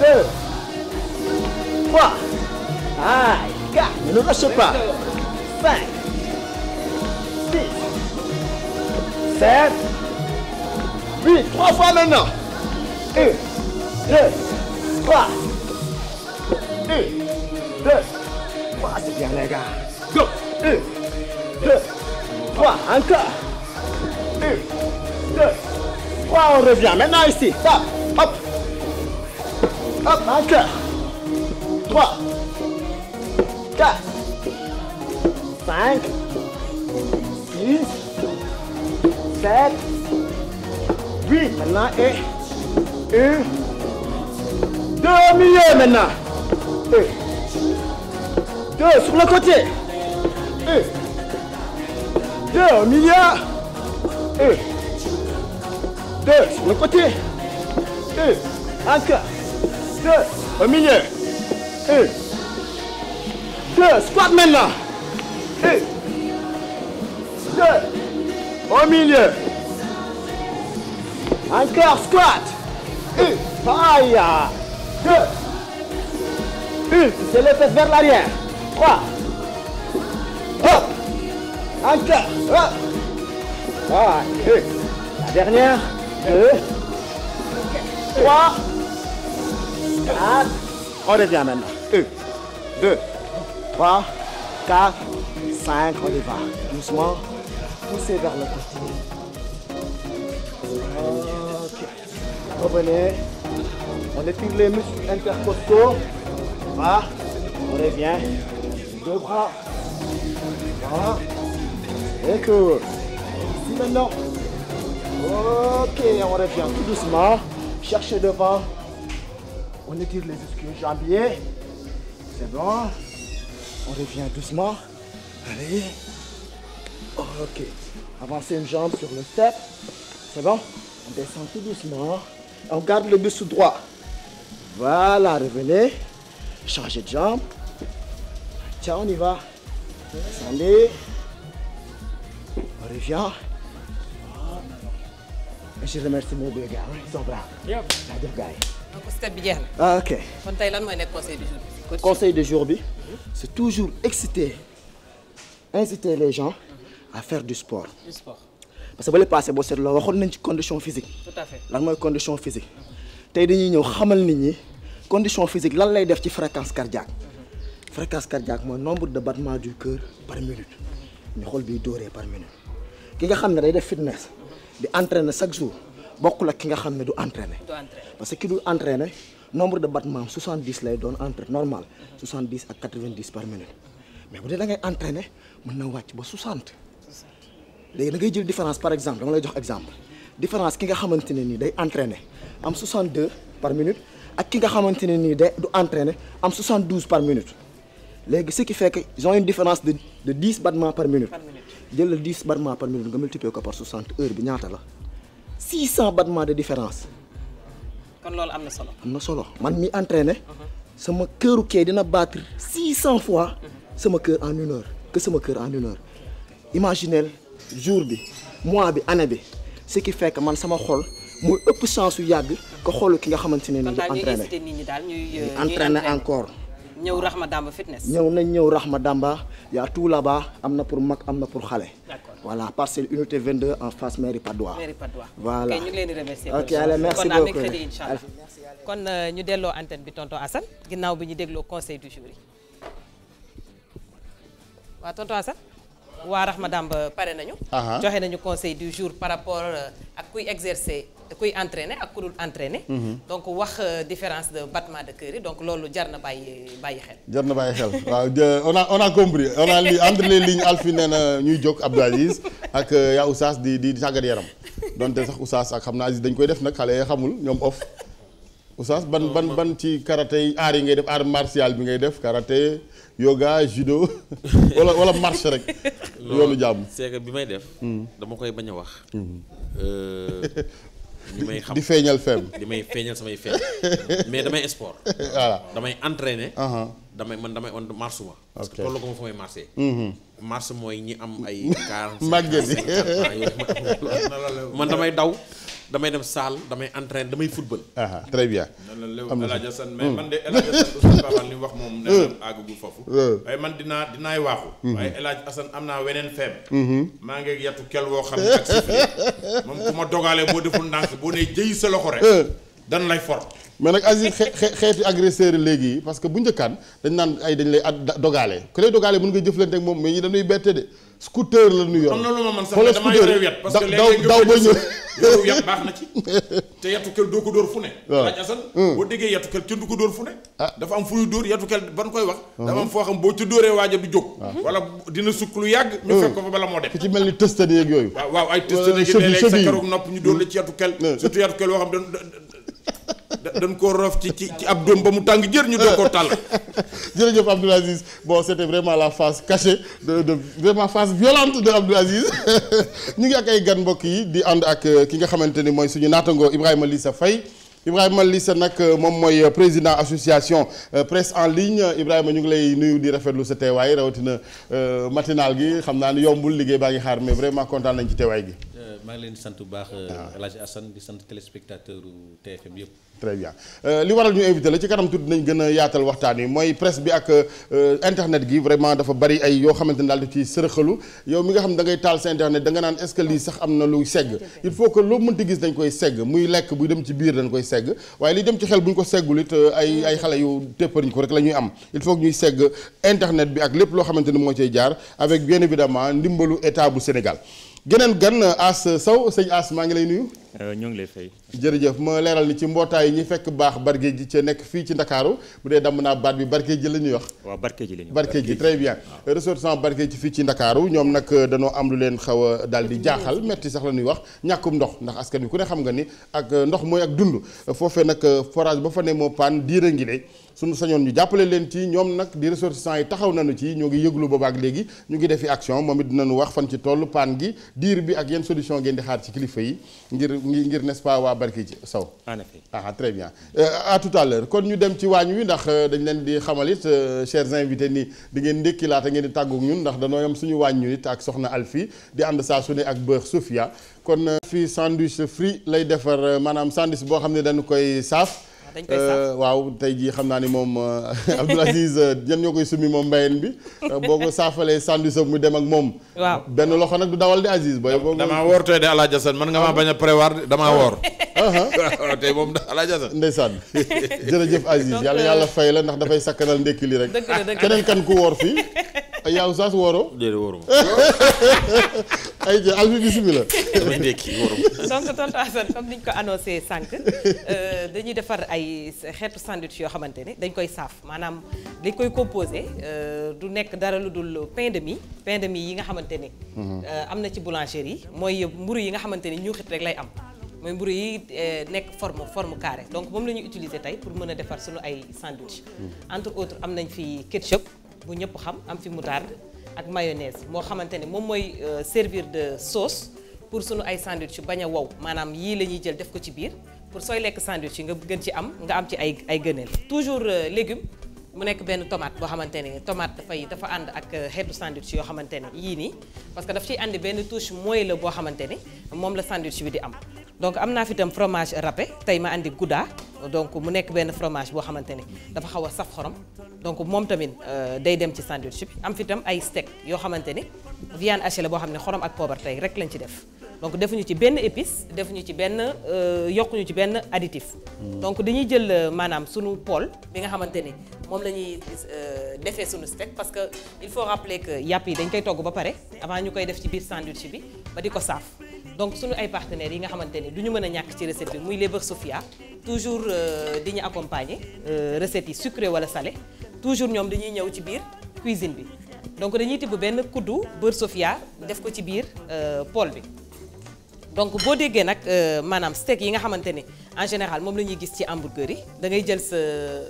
Speaker 17: deux, trois, aïe, quatre, ne le lâche pas, cinq, six, sept, huit, trois fois maintenant, une, deux, trois, une, deux, trois, c'est bien les gars, go, une, deux, trois, encore, une, deux, trois, on revient, maintenant ici, tape, hop, Hop, un cœur. 3, 4, 5, 6, 7, 8. Maintenant, et 1, 2 au milieu maintenant. 1, 2 sur le côté. 1, 2 au milieu. 1, 2 sur le côté. 1, encore. Au milieu. Un. Deux. Squat maintenant. Un. Deux. Au milieu. Encore squat. Un. Aïe. Deux. Une. C'est les fesses vers l'arrière. Trois. Hop. Encore. Hop. Aïe. Ah, La dernière. Deux. Trois. On revient maintenant. Un, deux, trois, quatre, cinq, on y va. Doucement, vers le côté. Ok. Revenez. On On revient. on revient tout doucement. Cherchez devant. On étire les ischios jambiers. C'est bon. On revient doucement. Allez. Ok. une jambe sur le step. C'est bon. On descend tout doucement. On garde le buste droit. Voilà, revenez. Changez de jambe. Tiens, on y va. Descendez. On revient. Et je remercie mes deux gars. Ils sont braves. Yep. Les deux gars. donc ah, bi ah, ok
Speaker 6: tey lan mooy nekk conseil du jour
Speaker 17: bi. conseil du jour bi c'est toujours exciter inciter les gens à faire du sport. du sport parce que ba le passé boo seetloo waxoon nañ ci condition physique. tout à fait lan mooy condition physique. tey dañuy ñëw xamal nit ñi condition physique lan lay def ci fréquence cardiaque. fréquence cardiaque mooy nombre de battements du cœur par minute ñu xool biy dóoree par minute ki nga xam ne day def fitness di entraîner chaque jour. bokkul ak ki nga xam ne du entraîné. parce que ki du entraîné nombre de battements 70 lay doon entre normal 70 ak 90 par minute mais bu dee da ngay entraîné mën na wàcc ba 60. léegi da ngay jël différence par exemple dama lay jox exemple différence ki nga xamante ne nii day entraîné am 62 par minute ak ki nga xamante ne nii day du entraîné am 72 par minute léegi ce qui fait que ils ont une différence de bi ñaata la. 600 battements de différence.
Speaker 6: kon loolu am na solo.
Speaker 17: am na solo man mi entraîné. sama këru kee dina battre 600 fois. sama kër en une heure sama kër en une heure jour bi mois bi année bi ce ki fekk man sama xol mooy ëpp chance yu yàgg. ko xolu ki nga xamante ne nii. di entraîné
Speaker 6: daal ñuy entraîné euh, encore. ñëw Rahma Damba fitness. ñëw
Speaker 17: nañ ñëw Rahma Damba y' a tout là am na pour mag am na pour xale. voilà parcelle unité 22 en face mairie Padois. mairie Padois voilà ñu
Speaker 6: kon euh, ñu delloo antenne bi tonton Assane ginnaaw bi ñu dégloo conseil du jury. waaw tonton Assane. waa Rahma Damba pare nañu. joxe nañu conseil du jour par rapport euh, ak kuy exercer. kuy entraîner ak ku dul entraîner. Mhm. donc wax euh, différence de battement de cœur donc loolu jar na bàyyi bàyyi xel.
Speaker 1: jar na bàyyi xel waaw on a on a compris on a li entre les lignes Alfi nee na ñuy jóg Abdou Aziz ak euh, yaa Oustaz di di tàggat yaram donte sax Oustaz ak xam naa Aziz dañ koy def nag xale yi xamul ñoom off Oustaz ban ban ban ci karaté aar yi ngay def art martial bi ngay def karaté yoga judo *laughs* wala wala marche rek. yoonu jàmm c'est bi
Speaker 9: may def.
Speaker 3: Hmm. dama koy bañ a wax. Hmm. Euh, li may xam di feeñal fem. li may feeñal samay fem *laughs* mais damay sport. voilà damay entraîner. Uh-huh. damay man damay on marche ma. parce que tollu ko ma fa may marché. Mm-hmm. marche mooy ñi am ay. quarante màgget yi man damay daw. damay dem salle damay entraîne damay football. très bien. am na solo mais hmm. man de El Hadj Assane Oustaz Pape li wax moom. nee na hmm. àggagu
Speaker 2: foofu. Hmm. waaye man dinaa dinaay waaxu. waaye El Hadj am naa weneen feem. maa ngi yatu kel woo xam ne ak *laughs* moom ku ma dogalee boo deful ndànk boo nee jëy sa loxo rek. dan lay for.
Speaker 1: mais nag Aziz xeeti agresseur léegi parce que bu njëkkaan dañ naan ay dañ lay at dogaale ku lay dogaale mën nga jëflante ak de scooter la ñu yor. am na lu ma mën sax damay yore wet parce que léeg-léeg
Speaker 2: *laughs* te yatu kel doo ko dóor fu ne laaj asan hmm. boo déggee yatu kel kenn du ah. dafa am fu door dóor yatu kel ban koy wax hmm. dafa am foo xam boo ci dóoree waaja du jóg ah. wala dina sukk lu yàgg ñu hmm. fekk ko fa moo
Speaker 1: dem ku ni tëstani yeeg yooyu nopp
Speaker 2: ñu dóor la ci yatu kel surtout yatu kel xam dañ koo roof ci ci ci ab doom ba mu tàng jër ñu doog koo tàll. *laughs* jërëjëf Abdoul
Speaker 1: Aziz bon c' vraiment la face cachée de de vraiment face violente de Abdoul Aziz *laughs* ñu ngi ak ay gan mbokk yi di ànd ak euh, ki nga xamante ni mooy suñu naatangoo Ibrahima Lissa Faye Ibrahima Lissa nag euh, moom mooy euh, président association presse en ligne Ibrahima ñu ngi lay nuyu di rafetlu sa teewaay rawatina matinal gi xam naa ni yombul liggéey baa ngi xaar mais vraiment kontaan nañ ci teewaay
Speaker 10: gi. maa ngi di sant bu baax ah. El euh, Hadj sant téléspectateur TFM yëpp.
Speaker 1: très bien euh, li waral ñu invité la ci kanam tudd nañ gën a yaatal waxtaan wi mooy presse bi ak euh, internet gi vraiment dafa bari ay yoo xamante ne daal di ciy sërëxalu yow mi nga xam da ngay taal sa internet da nga naan est-ce sax am na luy segg il faut que loo mënti gis dañ koy segg muy lekk buy dem ci biir dañ koy segg waaye li dem ci xel bu ñu ko seggul it ay ay xale yu téppariñ ko rek la ñuy am il faut que ñuy segg internet bi ak lépp loo xamante ni moo cay jaar avec bien évidemment ndimbalu état bu Sénégal geneen gan As Sow sëñ As maa ngi lay nuyu.
Speaker 14: Euh, ñoo ngi lay fay.
Speaker 1: jërëjëf ma leeral ni ci mbootaay yi ñi fekk baax barke ji ca nekk fii ci Ndakaaru bu dee damm naa baat bi barke ji la ñuy wax. waaw barke ji la ñuy wax barke ji très bien. ressortissant barke ji fii ci Ndakaaru ñoom nag danoo am lu leen xaw a daal di jaaxal metti sax la ñuy wax ñàkkum ndox ndax askan bi ku ne xam nga ni ak ndox mooy ak dund foofee nag forage ba fa ne moo paan diir ngi de suñu sañoon ñu jàppale leen ci ñoom nag di ressortissants yi taxaw nañu ci ñoo ngi yëglu boobaak léegi ñu ngi defi action moom it dinañu wax fan ci toll paan gi diir bi ak yenn solution ngeen di xaar ci kilifa yi ngir ngir n'est-ce pas waa barki ci saw ah très bien euh, à tout à l'heure kon ñu dem ci waañ wi ndax euh, dañ leen di xamal it euh, chers invités ni di ngeen ndékki laata ngeen di tàggu ñun ndax danoo yam suñu waañ ñu it ak soxna Alfi di ànd saa su ne ak beurre Sofia kon fii sandwich free lay defar maanaam sandwich boo xam ne dañu koy saaf Euh, waaw tey jii xam naa ni moom euh, *laughs* Abdoul Aziz euh, yan ñoo koy summi moom mbayeen bi boo ko saafalee sandi sa mu dem ak moom. benn loxo nag du dawal di Aziz. booy
Speaker 2: boo damaa woor tey de El Hadj Assane man nga maa bañ a prévoir damaa woor. waaw *laughs* uh-huh. *laughs* tey moom El Hadj Assane. ndeysaan
Speaker 1: jërëjëf Aziz yàlla yàlla fay la ndax dafay sakkanal ndékki li rek. dëgg la keneen kan ku woor fii. yaa oustaz wooroo. déedéet wooruma. *laughs* ay jë albi bisimilah. damay ndekki wooruma.
Speaker 6: *laughs* donc tonton Assane comme niñ ko annoncé sànq euh, dañuy defar ay xeetu sandwich yoo xamante ne dañ koy saaf maanaam dañ koy composé euh, du nekk dara lu dul pain de mie pain de mie yi nga xamante ne. Euh, am na ci boulangerie yi mooy mburu yi nga xamante ne ñuuxit rek lay am. mooy mburu yi nekk forme forme carré donc moom la ñuy utiliser tey pour mën a defar suñu ay sandwich hmm. entre autres am nañ fi ketchup. bu ñëpp xam am fi moutarde ak mayonnaise moo xamante ne moom mooy euh, servir de sauce pour sunu ay sandwich bañ a wow maanaam yii la ñuy jël def ko ci biir pour sooy lekk sandwich yi nga gën ci am nga am ci ay ay gëneel toujours euh, légume mu nekk benn tomate boo xamante ne tomate dafay dafa ànd ak euh, xeetu sandwich yoo xamante ne yii nii parce que daf ciy àndi benn touche mooy la boo xamante ni moom la sandwich bi di am donc am naa fitam itam fromage râpé tey ma andi gouda donc mu nekk benn fromage boo xamante ni dafa xaw a saf xorom donc moom tamit euh, day dem ci sandwich bi am fi ay steak yoo xamante ni viande hachée la boo xam ne xorom ak poobar tey rek lañ ci def donc defuñu ci benn épice defuñu ci benn euh, yokkuñu ci benn additif. Hmm. donc dañuy jël euh, maanaam sunu pool bi nga xamante ni moom la ñuy defee sunu steak parce que il faut rappeler que yàpp yi dañ koy togg ba pare avant ñu koy def ci biir sandwich bi ba di ko saaf. donc suñu ay partenaires yi nga xamante ni du ñu mën a ñàkk ci recette bi muy les beurre Sofia toujours euh, di ñu accompagner euh, recettes yi sucré wala sale toujours ñoom dañuy ñëw ci biir cuisine bi donc dañuy tibb benn kuddu beurre Sofia def ko ci biir euh, pool bi donc boo déggee nag maanaam steak yi nga xamante ni en général moom la ñuy gis ci hamburger yi da jël sa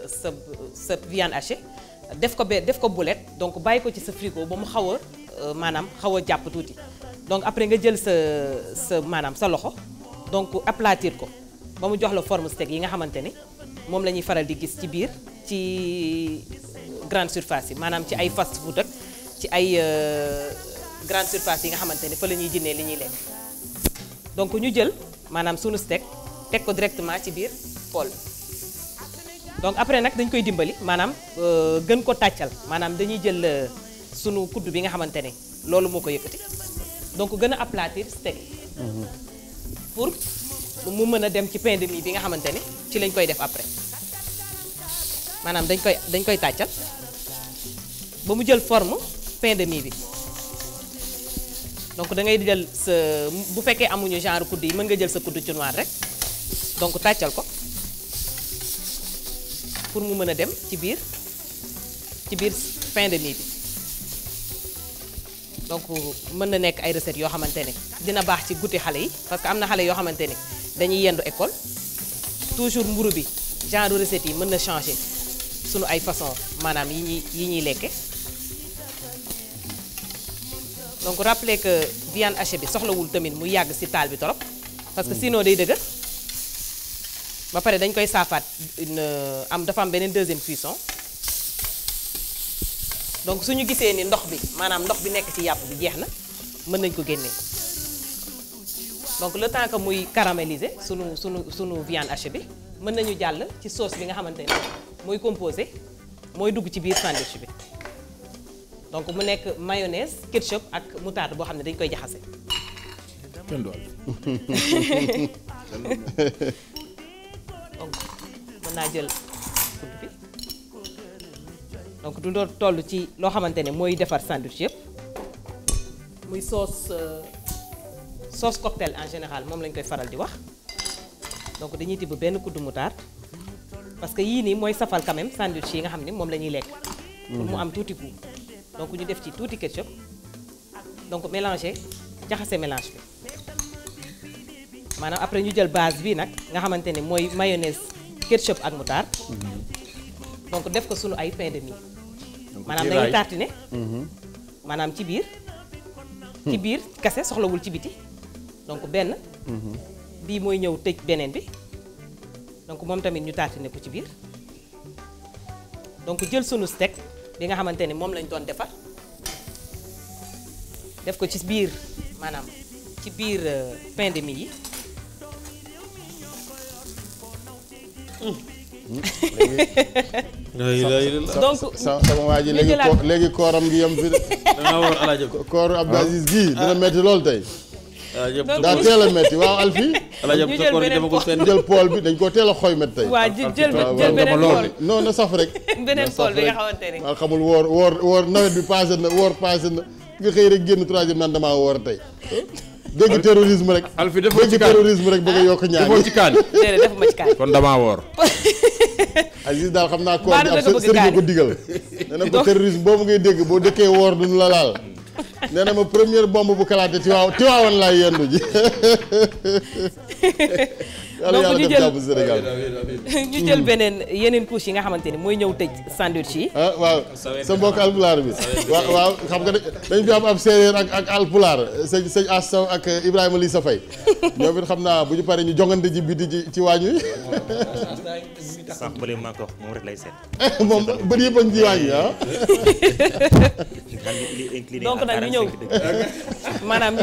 Speaker 6: sa sa viande hachée def ko be def ko boulette donc bàyyi ko ci sa frigo ba mu xaw a Euh, maanaam xaw a jàpp tuuti donc après nga jël sa sa maanaam sa loxo donc aplatir ko ba mu jox la forme steak yi nga xamante ne moom la ñuy faral di gis ci biir ci grande surface yi maanaam ci ay fast food ak ci ay euh, grande surface yi nga xamante ne fa la ñuy jëndee li ñuy lekk donc ñu jël maanaam sunu steak teg ko directement ci biir poêle donc après nag dañ koy dimbali maanaam euh, gën ko tàccal maanaam dañuy jël. sunu kudd bi nga xamante ne loolu moo ko yëkkati donc gën a aplatir steak pour mu mën a dem ci pain de mie bi nga xamante ne ci lañ koy def après maanaam dañ koy dañ koy tàccal ba mu jël forme pain de mie bi donc da ngay jël sa bu fekkee amuñu genre kudd yi mën nga jël sa kudd cunoir rek donc tàccal ko pour mu mën a dem ci biir ci biir pain de mie bi donc mën na nekk ay recettes yoo xamante ne dina baax ci goûter xale yi parce que am na xale yoo xamante ne dañuy yendu école toujours mburu bi genre recette yi mën na changer sunu ay façon maanaam yi ñuy yi ñuy lekke donc rappele que viande hachée bi soxlawul tamit mu yàgg ci taal bi torop parce que hmm. sinon day dëgër ba pare dañ koy saafaat euh, am dafa am beneen deuxième cuisson donc suñu gisee ni ndox bi maanaam ndox bi nekk ci yàpp bi jeex na mën nañ ko génnee donc le temps que muy caraméliser suñu suñu sunu viande hachée bi mën nañu jàll ci soos bi nga xamante ne mooy composé mooy dugg ci biir sandwich bi donc mu nekk mayonnaise ketchup ak moutarde boo xam ne dañ koy jaxase. *laughs* donc mën naa jël kudd bi. donc du doon toll ci loo xamante ne mooy defar sandwich yëpp
Speaker 4: muy soos euh,
Speaker 6: soos cocktail en général moom lañ koy faral di wax donc dañuy tibb benn kuddu moutarde parce que yii nii mooy safal quand sandwich yi nga xam ne moom la ñuy lekk. mu mhm. am tuuti goût donc ñu def ci tuuti ketchup donc mélanger jaxase mélange bi maanaam après ñu jël base bi nag nga xamante ne mooy mayonnaise ketchup ak moutarde mhm. donc def ko sunu ay pain de mie. maanaam dañuy tartiner mhm. maanaam ci biir ci biir kase soxlawul ci biti donc benn mhm. bii mooy ñëw tëj beneen bi donc moom tamit ñu ne ko ci biir donc jël sunu steak bi nga xamante ni moom lañ doon defar def ko ci biir maanaam ci biir euh, pain de mie yi mm.
Speaker 1: donc sama waa ji léegi léegi kooram gi yem fi de. da ngaa woor alaaji kooru Abdou ah. Aziz gii ah. metti lool tey. daa teel metti waaw Alfi. *laughs* jël beneen pool bi dañ koo teel a xooy metti tey. waaw saf rek. *laughs* beneen pool bi nga xamul woor woor nawet bi passé na woor passé na nga xëy rek génn troisième naan damaa woor tey. *laughs* dégg terrorisme rek. alfi defoo ci kaan dégg terrorisme rek bëgg yokk ñaari. defoo ci kaan déedéet
Speaker 2: defuma ci kaan. kon damaa woor.
Speaker 1: *laughs* Aziz daal xam naa. koor bi ab ko digal. nee ko terrorisme boobu ngay dégg boo dëkkee woor duñu la laal. *laughs* nee na ma première bombe bu kalaate tiwaaw tiwaawoon laay yendu ji. *laughs*
Speaker 6: donc ñu jël ñu jël beneen yeneen couche yi xamante ni mooy ñëw tëj sandwich yi. Ah, sa mbokk alpulaar waaw xam nga dañ fi am ab ak ak alpulaar sëñ sëñ Assaw ak
Speaker 1: Ibrahima Lissa Faye *laughs* ñoom it bu ñu paree ñu jongante ji biti ji ci waañ wi.
Speaker 14: sax *laughs* bële lay seet. *laughs* moom bëri yëpp a ngi ah.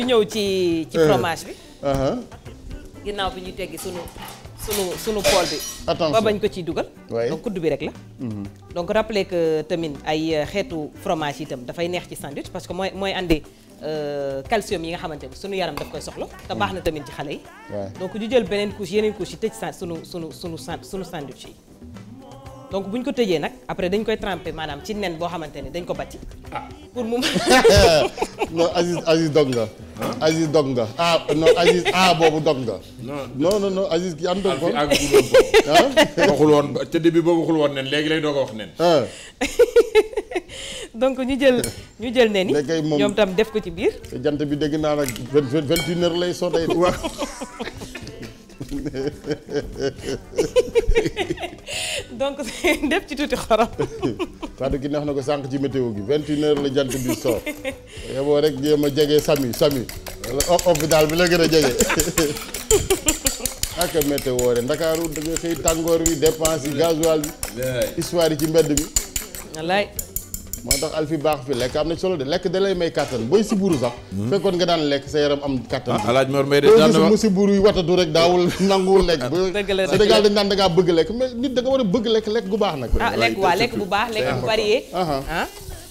Speaker 6: ñëw ci eh. fromage bi. Uh-huh. ginnaaw bi ñu teggi sunu sunu sunu pool bi. attention ba bañ ko ciy dugal. donc kuddu bi rek la. Mhm. donc rappelez que tamit ay euh, xeetu fromage yi itam dafay neex ci sandwich parce que mooy mooy andi euh, calcium yi nga xamante ni sunu yaram daf koy soxla. te baax na tamit ci xale yi. donc ñu jël beneen couche yeneen couche yi te sa sunu sunu sunu sandwich yi. donc bu ñu ko tëjee nag après dañ koy trempé maanaam ci nen boo xamante ne dañ ko batti ah. pour mu.
Speaker 1: *laughs* non Aziz Aziz dog nga. Aziz dog nga ah non ah, boobu dog nga. non non non Aziz ki àndul ko ak
Speaker 2: *laughs* waxul woon ca léegi lay doog a wax
Speaker 1: ah. *laughs* donc ñu jël ñu jël nen yi. ñoom tam def ko ci biir. jant bi dégg naa nag vingt vingt une lay sotee. *laughs*
Speaker 6: donc *laughs* def ci tuuti
Speaker 1: xorom. Fatou *laughs* ki neex na ko sànq ci météo gi vingt une heure la jant bi soo yeboo rek jéem a jege sami sami daal bi la gën a jege. ak météo Ndakaaru da nga xëy tàngoor dépense yi gasoil bi. histoire yi ci mbedd bi. wallaay. moo tax al fi baax fi lekk am na solo de lekk da lay may kàttan booy siburu sax hmm. fekkoon nga daan lekk sa yaram am kàttan ah, alaaj Mor Mbaye daan mu siburu yi watatu rek daawul *laughs* nanguwul lekk Sénégal dañ daan da bëgg lekk mais nit da war a bëgg lekk lekk gu baax nag ah, lekk waa lekk bu baax lekk bu varié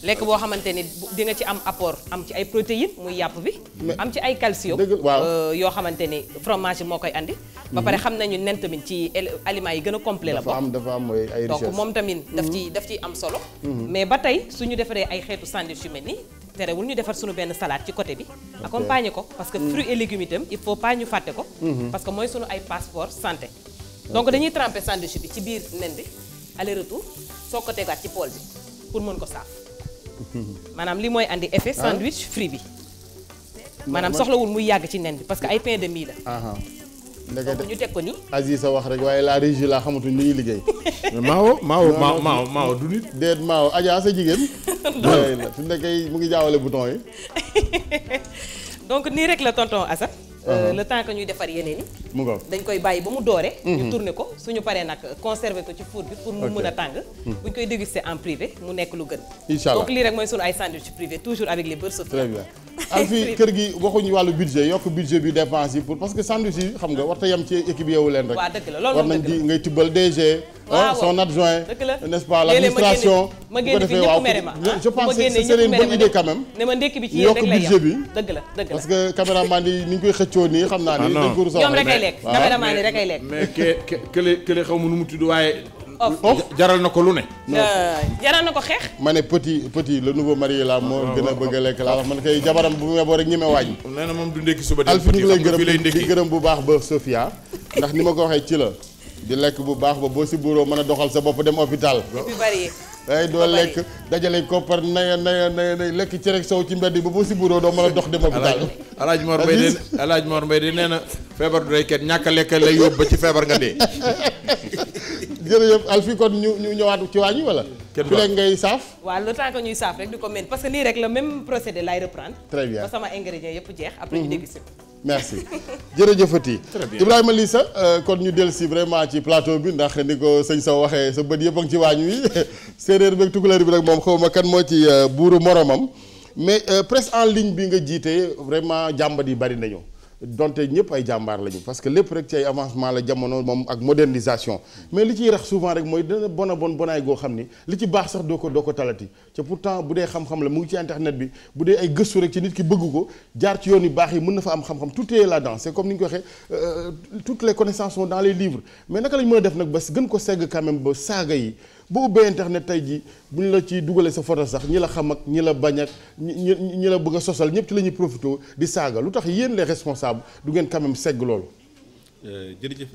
Speaker 6: lekk boo xamante ni di nga ci am apport am ci ay protéines muy yàpp bi. am ci ay calcium. Euh, yoo xamante ni fromage moo koy indi ba pare mhm. xam nañu nen tamit ci aliment yi gën a complet la. dafa am
Speaker 1: dafa am ay richesse donc moom
Speaker 6: tamit. daf mhm. ci daf ciy am solo. Mhm. mais ba tey suñu defaree ay xeetu sandwich yu mel nii. terewul ñu defar suñu benn salaat ci côté bi. accompagner ko parce que fruits et légumes itam il faut pas fàtte ko. parce que mooy suñu ay passeport santé. donc dañuy tremper sandwich bi ci biir nen bi aller retour soo ko tegaat ci poêle bi pour mën ko saaf. maanaam li mooy andi effet ah. sandwich frit bi maanaam soxlawul muy yàgg ci nen bi parce que ay pain de mie la ah, ah. ndekete ñu teg ko ni
Speaker 1: Aziz sa wax rek waaye la régie laa xamatuñ li ñuy liggéey. maawo maawo maawo maawo du nit. déet maawo Adja sa jigéen. *laughs* doy la fi mu ngi jaawale bouton yi.
Speaker 6: *laughs* donc nii rek la tonton Assane. Euh, uh-huh. le temps que ñuy defar yeneen
Speaker 1: yi.
Speaker 12: dañ
Speaker 6: koy bàyyi ba mu doore. Mhm. ñu tourner ko suñu paree nag conserver ko ci four bi pour mu mën a tàng. Mhm. bu ñu koy déguster en privé mu nekk lu gën. incha allah donc lii rek mooy sunu ay sandwich privé toujours avec les beurres sautés. Alphie
Speaker 1: kër gi waxuñu wàllu budget yokk budget bi dépense yi pour parce que sandwich yi xam nga war ta yem ci équipe yeewu leen rek war nañ di ngay tibbal DG son adjoint n'est-ce pas l'administration ma génn fi ñëpp mere ma je ne ma ndékki
Speaker 6: bi ci yéen rek yokk budget
Speaker 1: bi parce que caméraman yi ni ñu koy xëccoo nii xam naa ni dañ ko rusa
Speaker 2: ñoom rek ay lekk caméraman yi rek ay lekk xaw ma nu mu tudd waaye Oh, jaral na ko lu ne.
Speaker 1: Euh,
Speaker 6: jaral na ko xeex.
Speaker 2: ma ne petit petit
Speaker 1: le nouveau marié la moo ah, gën a bëgg a lekk laa wax man kay jabaram bu ma boo rek ñi ma wàññi.
Speaker 2: moom du ndékki suba dem petit
Speaker 1: xam nga lay ndékki di gërëm bu baax ba Sofia ndax ni ma ko waxee ci la di lekk bu baax ba boo si buuroo mën a doxal sa bopp dem hôpital. day doo lekk dajale koppar naya naya naya lekk ci rek sow ci mbedd yi ba bu si bureau doo mën a dox dem hôpital
Speaker 2: alaaj Mor Mbaye de alaaj Mor Mbaye de nee na feebar du reykat ñàkk a lekk la yóbbu ba ci feebar nga dee
Speaker 1: *laughs* jërëjëf Alphie kon ñu ñu ñëwaat ci waañ yi wala ku nekk ngay saaf
Speaker 6: waaw le temps que ñuy saaf rek di ko mel parce que nii rek le même procédé lay reprendre très sama ingrédients yëpp jeex après ñu mhm. déguster
Speaker 1: merci *laughs* jërëjëfati Ibrahima Lissa euh, kon ñu del si vraiment ci plateau bi ndax ni ko sëñ Sow waxee sa bët yëpp a ci waañ wi *laughs* séeréer beeg tukulóor bi rek moom xaw ma kan moo ci euh, buuru moroomam mais euh, presse en ligne bi nga jiite vraiment jàmbat yi bari nañu donte ñëpp ay jàmbaar lañu parce que lépp rek ci avancement la jamono moom ak modernisation mais li ciy rax souvent rek mooy dina bon a bon bonaay goo xam ni li ci baax sax doo ko doo ko talati te pourtant bu dee xam-xam la mu ngi ci internet bi bu dee ay gëstu rek ci nit ki bëgg ko jaar ci yoon yu baax yi mën na fa am xam-xam tout est là-dedans c'est comme ni ñu ko waxee euh, toutes les connaissances sont dans les livres mais naka lañ mën a def nag ba gën ko segg quand même ba saaga yi boo ubbee internet tey jii bu ñu la ci dugalee sa photo sax ñi la xam ak ñi la bañ ak ñi ñi la bëgg a sosal ñëpp ci la ñuy profité di saaga lu tax yéen les responsables du ngeen quand même segg loolu.
Speaker 10: Euh, jërëjëf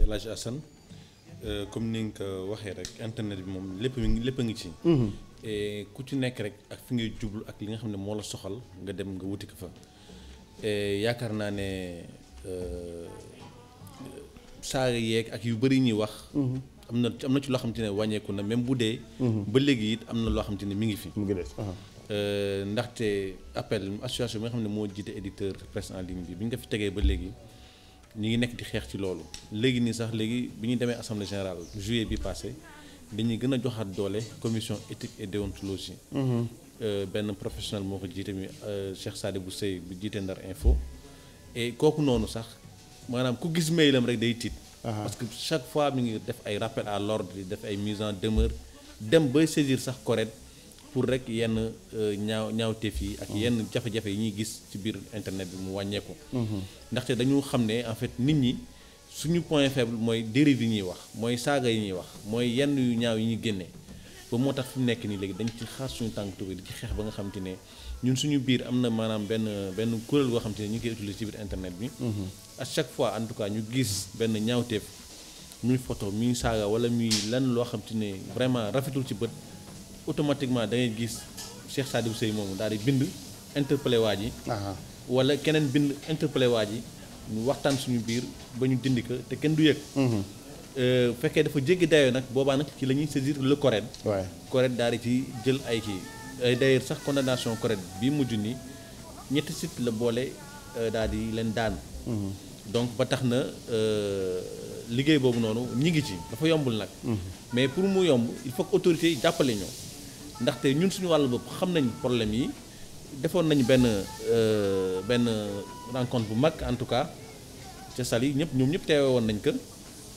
Speaker 10: El euh, comme ni nga ko waxee rek internet bi moom lépp lépp a ngi ci. Mhm. et ku ci nekk rek ak fi ngay jublu ak li nga xam ne moo la soxal nga dem nga wuti ko fa yaakaar naa ne euh, saaga yeeg ak yu bari ñuy wax. Mhm. am na ci loo xam te ne wàññeeku na même bu dee. Mhm. ba léegi it am na loo xam te ne mi ngi fi. mu ngi des euh, ndaxte appel association bi nga xam ne moo jiite éditeur presse en ligne bi bi ñu fi tegee ba léegi ñu ngi nekk di xeex ci loolu. léegi nii sax léegi bi ñu demee assemblée générale juillet bi passé dañuy gën a joxaat doole commission éthique et déontologie. Mhm. Euh, benn professionnel moo ko jiite mi euh, Cheikh Sadibou Seye bu jiite Ndar Info. e kooku noonu sax maanaam ku gis mailam Uh-huh. parce que chaque fois mi ngi def ay rappel à l'ordre def ay mise en demeure dem bay saisir sax CORED pour rek yenn euh, ñaaw ñaawteef yi ak uh-huh. yenn jafe-jafe yi ñuy gis ci biir internet bi mu wàññeeku. Uh-huh. ndaxte dañu xam ne en fait nit ñi suñu point faible mooy dérive yi ñuy wax mooy saaga yi ñuy wax mooy yenn yu ñaaw yi ñuy génnee ba moo tax mu nekk nii léegi dañ ci xaar suñu tànk tubi di ci xeex ba nga xam ne ñun suñu biir am na maanaam benn benn kuréel goo xam ne ñu ngi ci biir internet bi à chaque fois en tout cas ñu gis benn ñaawteef muy photo muy saaga wala muy lan loo xam te ne vraiment rafetul ci bët automatiquement da gis Cheikh Sadibou Seye moomu daal di bind interpellé waa ji wala keneen bind interpellé waa ji ñu waxtaan suñu biir ba ñu dindi ko te kenn du yëg mhm. euh, bu fekkee dafa jéggi dayoo nag boobaa nag ci la ñuy saisir le CORED. waaw CORED daal di ci jël ay kii ay euh, d'ailleurs sax condamnation CORED bi mujj nii ñetti site la boole euh, daal di leen donc ba tax na euh, liggéey boobu noonu ñi ngi ci dafa yombul nag. Mhm. mais pour mu yomb il faut que autorités yi jàppale ñoo ndaxte ñun suñu wàllu bopp xam nañ problème yi defoon nañ benn euh, benn rencontre bu mag en tout cas ca Saly ñëpp ñoom ñëpp teewe woon nañ kër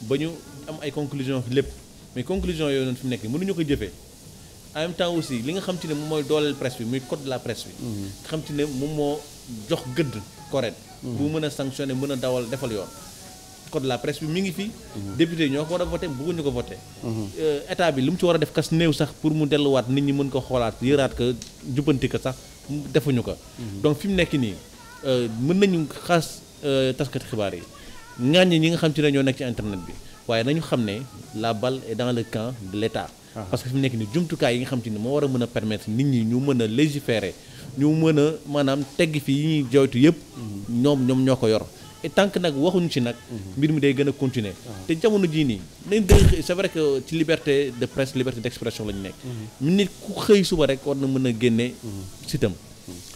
Speaker 10: ba ñu am ay conclusion lépp mais conclusion yooyu noonu fi mu nekk mënuñu ko jëfee en même temps aussi li nga xam ci ne moom mooy dooleel presse bi muy code la presse bi. Mhm. nga xam ci ne moom moo jox gëdd correct bu mën a sanctionné mën a dawal defal yoon code la presse bi mi ngi fi. député yi ñoo ko war a voté bëgguñu ko voté euh, état bi lu mu ci war a def kas néew sax pour mu delluwaat nit ñi mën ko xoolaat yëraat ko jubbanti ko sax defuñu ko donc fi mu nekk nii euh, mën nañu xas euh, taskati xibaar yi ŋàññi ñi nga xam ci ne ñoo nekk ci internet bi waaye nañu xam ne la bal est dans le camp de l' état ah. parce que fi mu nekk nii jumtukaay yi nga xam ci ne moo war a mën a permettre nit ñi ñu mën a légiférer ñu mën a maanaam tegg fi yi ñuy joytu yëpp ñoom ñoom ñoo ko yor et tant que nag waxuñu ci nag mbir mi day gën a continuer te jamono jii nii nañ dëgg c'est vrai que ci liberté de presse liberté d'expression la ñu nekk mi nit ku xëy suba rek war na mën a génne sitam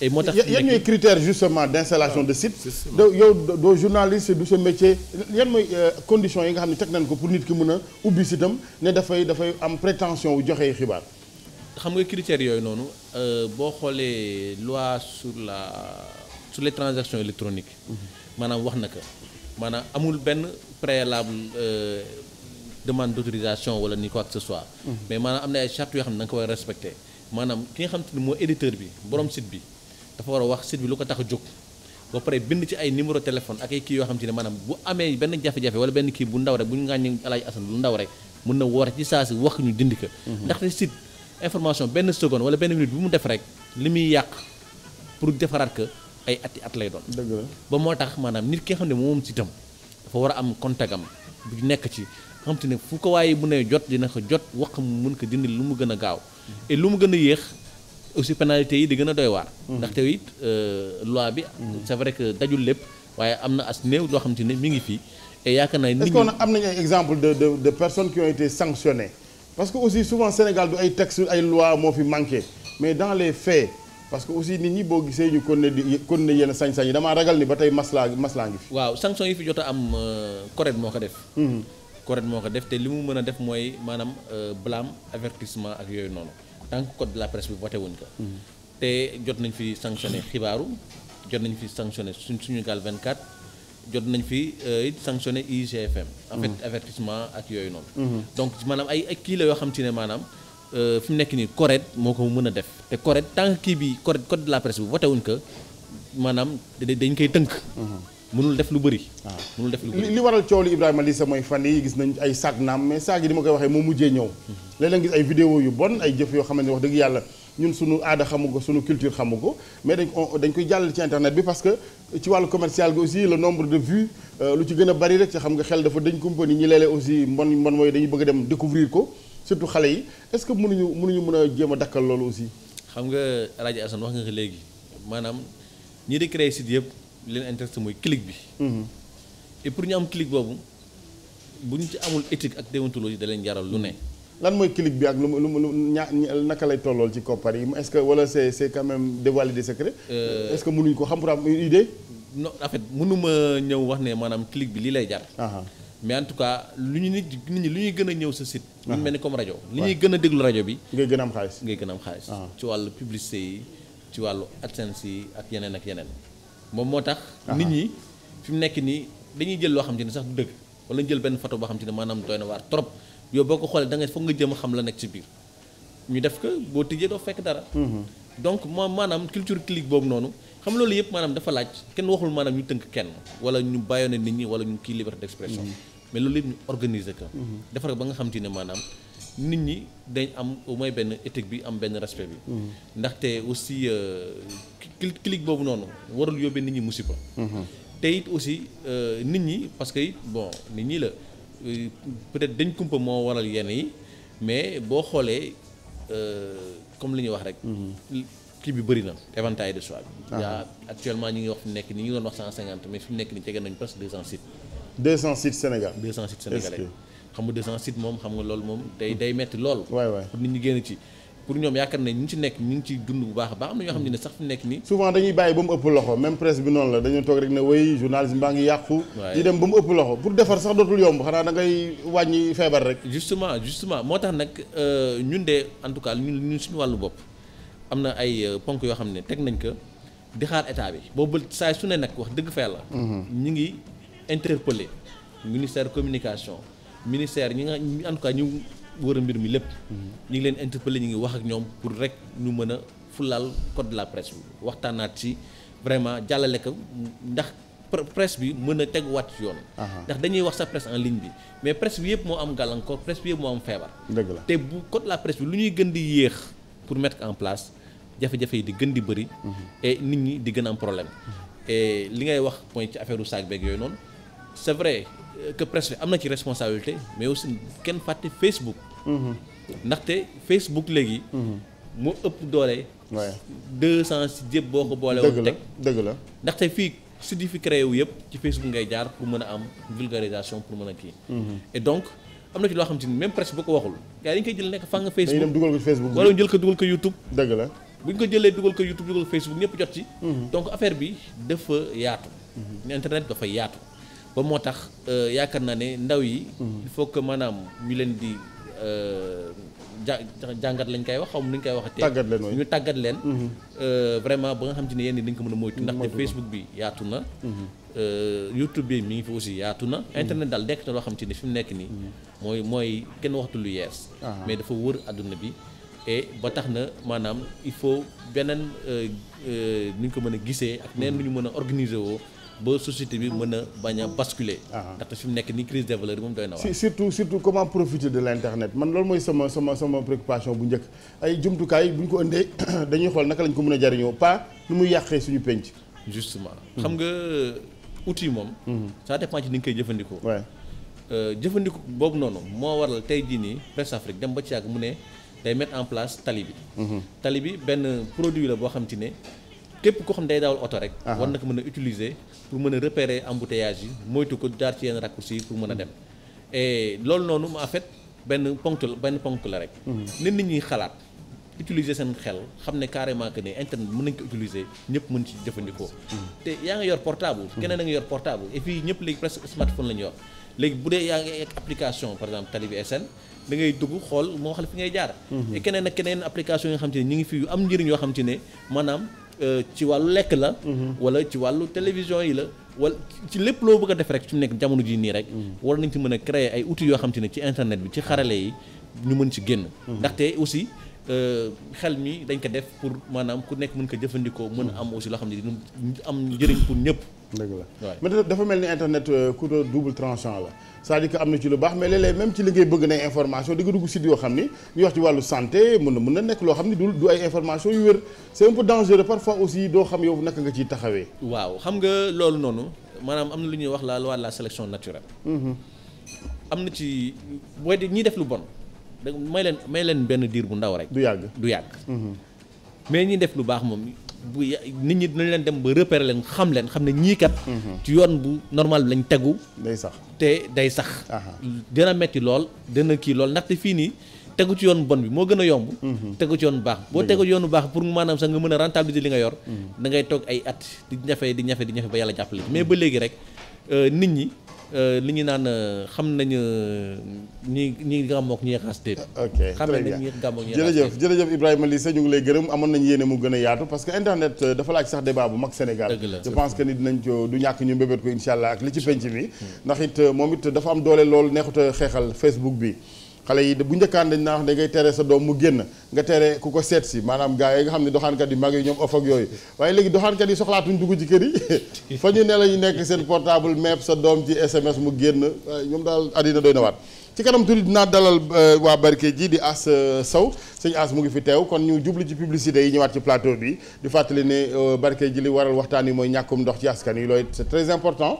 Speaker 10: et moo tax yan ñooy
Speaker 1: critère justement d'installation de site de yow doo journaliste du sa métier yan euh, yi nga xam ne teg nañ ko pour nit ki mën a ubbi sitam ne dafay dafay am prétention wu joxe xibaar
Speaker 10: xam nga critères yooyu noonu euh, boo xoolee loi sur la sur les transactions électroniques maanaam wax na ko maanaam amul benn préalable euh, demande d'autorisation wala ni quoi que ce soit mais maanaam am na ay yoo xam ne da nga ko war a respecté maanaam ki nga xam te ne mooy éditeur bi borom site bi dafa war a wax site bi lu ko tax jóg ba pare bind ci ay numéro téléphone ak ay kii yoo xam te ne maanaam bu amee benn jafe-jafe wala benn kii bu ndaw rek bu ñu ngàññi Alaaji Asan lu ndaw rek mën na woote ci saa si wax ñu dindi ko mhm. information benn seconde wala benn minute bu mu def rek li muy yàq pour defaraat ko ay ati at lay doon. dëgg ba moo tax maanaam nit ki nga xam ne moom ci itam dafa war a am contact am bu nekk ci xam ne fu ko waaye bu ne jot dina ko jot wax mu ko dindi lu mu gën a gaaw lu mu gën a yéex. aussi pénalité yi di gën a doy waar. Mm-hmm. ndaxte it euh, loi bi. Mm-hmm. c'est vrai dajul lépp waaye am na as néew loo xam te ne mi ngi fii et naa. nit ñi
Speaker 1: am nañu ay exemple de de de personnes qui ont été sanctionnées. parce que aussi souvent Sénégal du ay texte ay loi moo fi manqué mais dans les faits parce que aussi nit ñi boo gisee ñu kon ne di kon ne yenn sañ-sañ yi damaa ragal ni ba tey maslaa maslaa ngi fi.
Speaker 10: waaw sanction yi fi jot a am euh, CORED moo ko def. Mm-hmm. CORED moo ko def te li mu mën a def mooy maanaam euh, blâme avertissement ak yooyu noonu tant code de la presse bi voté wuñ ko. Mm-hmm. te jot nañ fi sanctionné xibaaru jot nañ fi sanctionné suñ suñu gaal 24. jot nañ fi euh, it sanctionné IGFM. en fait mm-hmm. avertissement ak yooyu noonu. Mm-hmm. donc maanaam ay kii la yoo xam ci ne maanaam euh, fi nekk nii CORED moo ko mën a def te CORED tant que kii bi CORED code de la presse bi voté wuñ ko maanaam dañ koy tënk. Mm-hmm. mënul def lu bëri. waaw ah. mënul def lu bëri
Speaker 1: li waral coow li Ibrahima Lissa mooy fan yi gis nañ ay saag naam mais saag ma koy waxee moo mujjee ñëw. léeg-léeg gis ay vidéo yu bon ay jëf yoo xamante ne wax dëgg yàlla ñun suñu aada xamu ko suñu culture xamu ko mais dañ koy jàllale ci internet bi parce ci wàllu commercial gi aussi le nombre de vues euh, lu ci gën a bari rek ci xam nga xel dafa dañ kumpa ni ñi léeg aussi mbon mbon mooy dañuy bëgg a dem découvrir ko surtout xale yi est-ce que mënuñu mënuñu mën a jéem a dakkal loolu aussi.
Speaker 10: xam nga El Hadj wax nga ko léegi maanaam ñi di créer site yëpp li leen intéressé mooy clic bi. Mhm. et pour ñu am clic boobu bu ñu ci amul éthique ak déontologie da leen jaral lu ne.
Speaker 1: lan mooy clic bi ak lu ma lu mu ñaa naka lay tollool ci koppar yi est-ce que wala c'est c'est quand même dévoilé des euh, est-ce que mënuñ ko xam pour am une idée.
Speaker 10: non en fait mënuma ñëw wax ne maanaam clic bi lii lay jar. mais en tout cas lu ñu nit nit ñi lu ñuy gën a ñëw sa sit mu mel ni comme rajo li ñuy gën a déglu rajo bi. ngay gën a am xaalis ngay gën a am xaalis. ci wàllu publicité yi ci wàllu AdSense yi ak yeneen ak yeneen. moom moo tax. nit ñi fi mu nekk nii dañuy jël loo xam te ne sax du wala jël benn photo boo xam ne maanaam doy na waar trop. yow boo ko xoolee da nga nga jëm xam la nekk ci biir ñu def ko boo tëjee doo fekk dara. Mhm. donc moom maanaam culture clique boobu noonu xam loolu yëpp maanaam dafa laaj kenn waxul maanaam ñu tënk kenn wala ñu bàyyoone nit ñi wala ñu kii liberté d'expression. Mhm. mais loolu yëpp ñu organiser ko. Mhm. defar ko ba nga xam te ne maanaam nit ñi dañ am au moins benn éthique bi am benn respect bi. ndaxte aussi euh, clique boobu noonu warul yóbbee nit ñi musiba. te it aussi euh, ñi parce que peut-être dañ kumpa moo waral yenn yi mais boo xoolee euh, comme li ñuy wax rek. kii bi bëri na éventail de choix ah. yaa actuellement ñi ngi wax nekk ni ñu doon wax 150 mais fi nekk nii jege nañu presque 200 sites. 200 sites Sénégal. 200 sites sénégalais xam nga 200 sites moom xam nga loolu moom. day day metti lool. waay waay pour nit pour ñoom yaakaar nañ ñu ci nekk ñu ngi ci dund bu baax a baax am na ñoo xam ne sax fi nekk nii
Speaker 1: souvent dañuy bàyyi ba mu ëpp loxo même presse bi noonu la dañu toog rek ne wéy journalisme baa ngi yàqu di dem ba mu ëpp loxo pour defar sax dootul yomb xanaa da wàññi feebar rek
Speaker 10: justement justement moo tax nag euh, ñun de en tout cas ñun ñun suñu wàllu bopp am na ay euh, ponk yoo xam ne teg nañ ko di xaar état bi boobu saa su ne nag wax dëgg fa yàlla mm-hmm. ñu ngi interpellé ministère communication ministère wër mbir mi lépp. Mhm. ñi ngi leen interpellé ñu ngi wax ak ñoom pour rek ñu mën a fulaal code de la press bi waxtaanaat ci vraiment jàllale ko ndax presse bi mën a teguwaat ci yoon. ndax dañuy wax sa presse en ligne bi mais presse bi yëpp moo am gàllankoor presse bi yëpp moo am feebar. dëgg la te bu code la presse bi lu ñuy gën di yéex pour mettre en place jafe-jafe yi di gën di bëri. Mhm. nit ñi di gën am problème. Mhm. et li ngay wax mooy ci affaire u saag beeg yooyu noonu. c'est vrai euh, que presse am na ci responsabilité mais aussi kenn fàtte Facebook. Mhm. ndaxte Facebook léegi. Mhm. moo ëpp doole. waaye deux cent si boo ko boole woon teg dëgg la ndaxte fii su di fi créé wu yëpp ci Facebook ngay jaar pour mën a am vulgarisation pour mën a kii. Mhm. et donc am na ci loo xam te ni même bu ko waxul gars yi koy jël nekk fang Facebook dañu dem dugal ko Facebook wala ñu jël ko
Speaker 12: dugal ko YouTube. dëgg la
Speaker 10: bu ñu ko jëlee dugal ko YouTube dugal ko Facebook ñëpp jot ci. donc affaire bi yaatu. ba moo tax euh, yaakaar naa ne ndaw yi. Mhm. il maanaam ñu leen di euh, ja jàngat lañ koy wax xaw ma nu ñu koy waxatee. tàggat leen ñu tàggat leen. Mhm. Euh, vraiment ba nga xam te ne yéen dañ ko mën a moytu. ndaxte Facebook bi yaatu na. Mhm. YouTube bi mi ngi fi yaatu na. internet daal dekk na loo xam te ne fi nekk nii. mooy mooy kenn waxtu lu yees. Ah. mais dafa wër àdduna bi. et ba tax na maanaam il faut beneen nu ñu ko mën a gisee. ak neen lu ñu mën a organiser woo. ba société bi mën a bañ a basculer. Ah. ndaxte fi mu nekk ni crise des valeurs moom doy na waar.
Speaker 1: surtout surtout comment profiter de l' internet man loolu mooy sama sama sama préoccupation bu njëkk ay jumtukaay bu ñu ko indee *coughs* dañuy xool naka lañ ko mën a jariñoo pas nu muy yàqee suñu penc.
Speaker 10: justement hmm. xam nga euh, outil moom. Hmm. ça dépend ci ni nga koy jëfandikoo. Euh, jëfandiku boobu noonu moo waral tey jii nii Presse Afrique dem ba ci ak mu ne day mettre en place tali bi. Hmm. tali bi benn produit la boo xam ne képp koo xam day daawal oto rek. Ah. war na ko mën a utiliser. pour mën a repérer embouteillage yi moytu ko jaar ci yenn raccourci pour mën a dem et noonu en fait benn ponk benn ponk la rek. Mhm. nit nit xalaat utiliser seen xel xam ne carrément que ne internet mën nañ ko utiliser ñëpp mën ci jëfandikoo. Mhm. te yaa ngi yor portable. Mhm. keneen a ngi yor portable et puis ñëpp léegi presque smartphone la yor léegi bu dee yaa ngi ak application par exemple Talibi SN da dugg xool moo xam fi ngay jaar. keneen ak keneen Euh, ci wàllu lekk la. Mm-hmm. wala ci wàllu télévision yi la. wala ci lépp loo bëgg a def rek ci mu nekk jamono ji nii rek. Mm-hmm. war nañ ci mën a créer ay outils yoo xam te ne ci internet bi ci xarale yi ñu mën ci génn. Mm-hmm. ndaxte aussi euh, xel mi dañ ko def pour maanaam ku nekk mën ko jëfandikoo mën a am aussi loo xam ne dina am njëriñ pour ñëpp. dëgg la mais dafa mel ni
Speaker 1: internet euh, couteau double tranchant la. c'est-à-dire am na ci lu baax mais léeg-léeg même ci li ngay bëgg nay information di nga dugg site yoo xam ni ñuy wax ci wàllu santé mën na mën na nekk loo xam ni du du ay information yu wér c'est un peu dangereux parfois aussi doo xam
Speaker 10: yow naka nga ciy taxawee waaw xam nga loolu noonu maanaam am na lu ñuy wax la loi de la sélection naturelle mhm. am na ci booy di ñiy def lu bon may leen may leen benn diir bu ndaw rek du yàgg du yàgg mhm. mais ñi def lu baax moom nit ñi dinañ leen dem ba repérer leen xam leen xam ne ñii kat. Mhm. ci yoon bu normal bi lañ tegu. day sax te day sax. dina metti lool dina kii lool ndaxte fii nii. tegu ci yoon bon bi moo gën a yomb mhm. tegu ci yoon baax boo tegu ci yoon baax pour maanaam sax nga mën a rentabiliser li nga yor mhm. da ngay toog ay at di ñafe di ñafe di ñafe ba yàlla jàppale mais ba léegi rek euh, nit ñi Euh, li ñu naan euh, xam nañu euh, ñi ñi gàmmook ñi xas déet. Ah, ok xam nañ ñi gàmmook ñi xas déet jërëjëf
Speaker 1: jërëjëf Ibrahima Lissé ñu ngi lay gërëm amoon nañu yéene mu gën a yaatu parce que internet dafa laaj sax débat bu mag Sénégal. je pense que ni dinañ ko du ñàkk ñu mbébét ko incha allah ak li ci penc mi. Hmm. ndax it moom it dafa am doole lool neexut a xeexal Facebook bi. xale yi bu njëkkaan dañ naa wax da ngay tere sa doom mu génn nga tere ku ko seet si maanaam gars yi nga xam ne doxaankat yu mag yi ñoom of ak yooyu waaye léegi doxaankat yi soxlaatuñ dugg ci kër yi *laughs* fa ñu ne la ñu nekk seen portable mepp sa doom ci SMS mu génn ñoom daal àddina doy na waat ci kanam tuuti dinaa dalal euh, waa barke ji di as euh, saw sëñ as mu ngi fi teew kon ñu jublu ci publicité yi ñëwaat ci plateau bi di fàttali ne euh, barke ji li waral waxtaan yi mooy ñàkkum ndox ci askan yi loolu c'est très important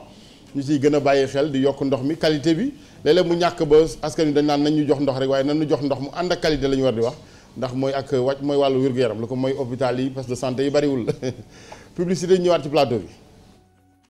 Speaker 1: ñu si gën a bàyyi xel di yokk ndox mi qualité bi léeg-léeg mu ñàkk ba askan wi dañ naan nañ ñu jox ndox rek waaye nan ñu jox ndox mu ànd ak qualité la ñu war di wax ndax mooy ak wàcc mooy wàllu wér-gu-yaram la ko mooy hôpital yi parce que santé yi bariwul *laughs* publicité yi ñëwaat ci plateau bi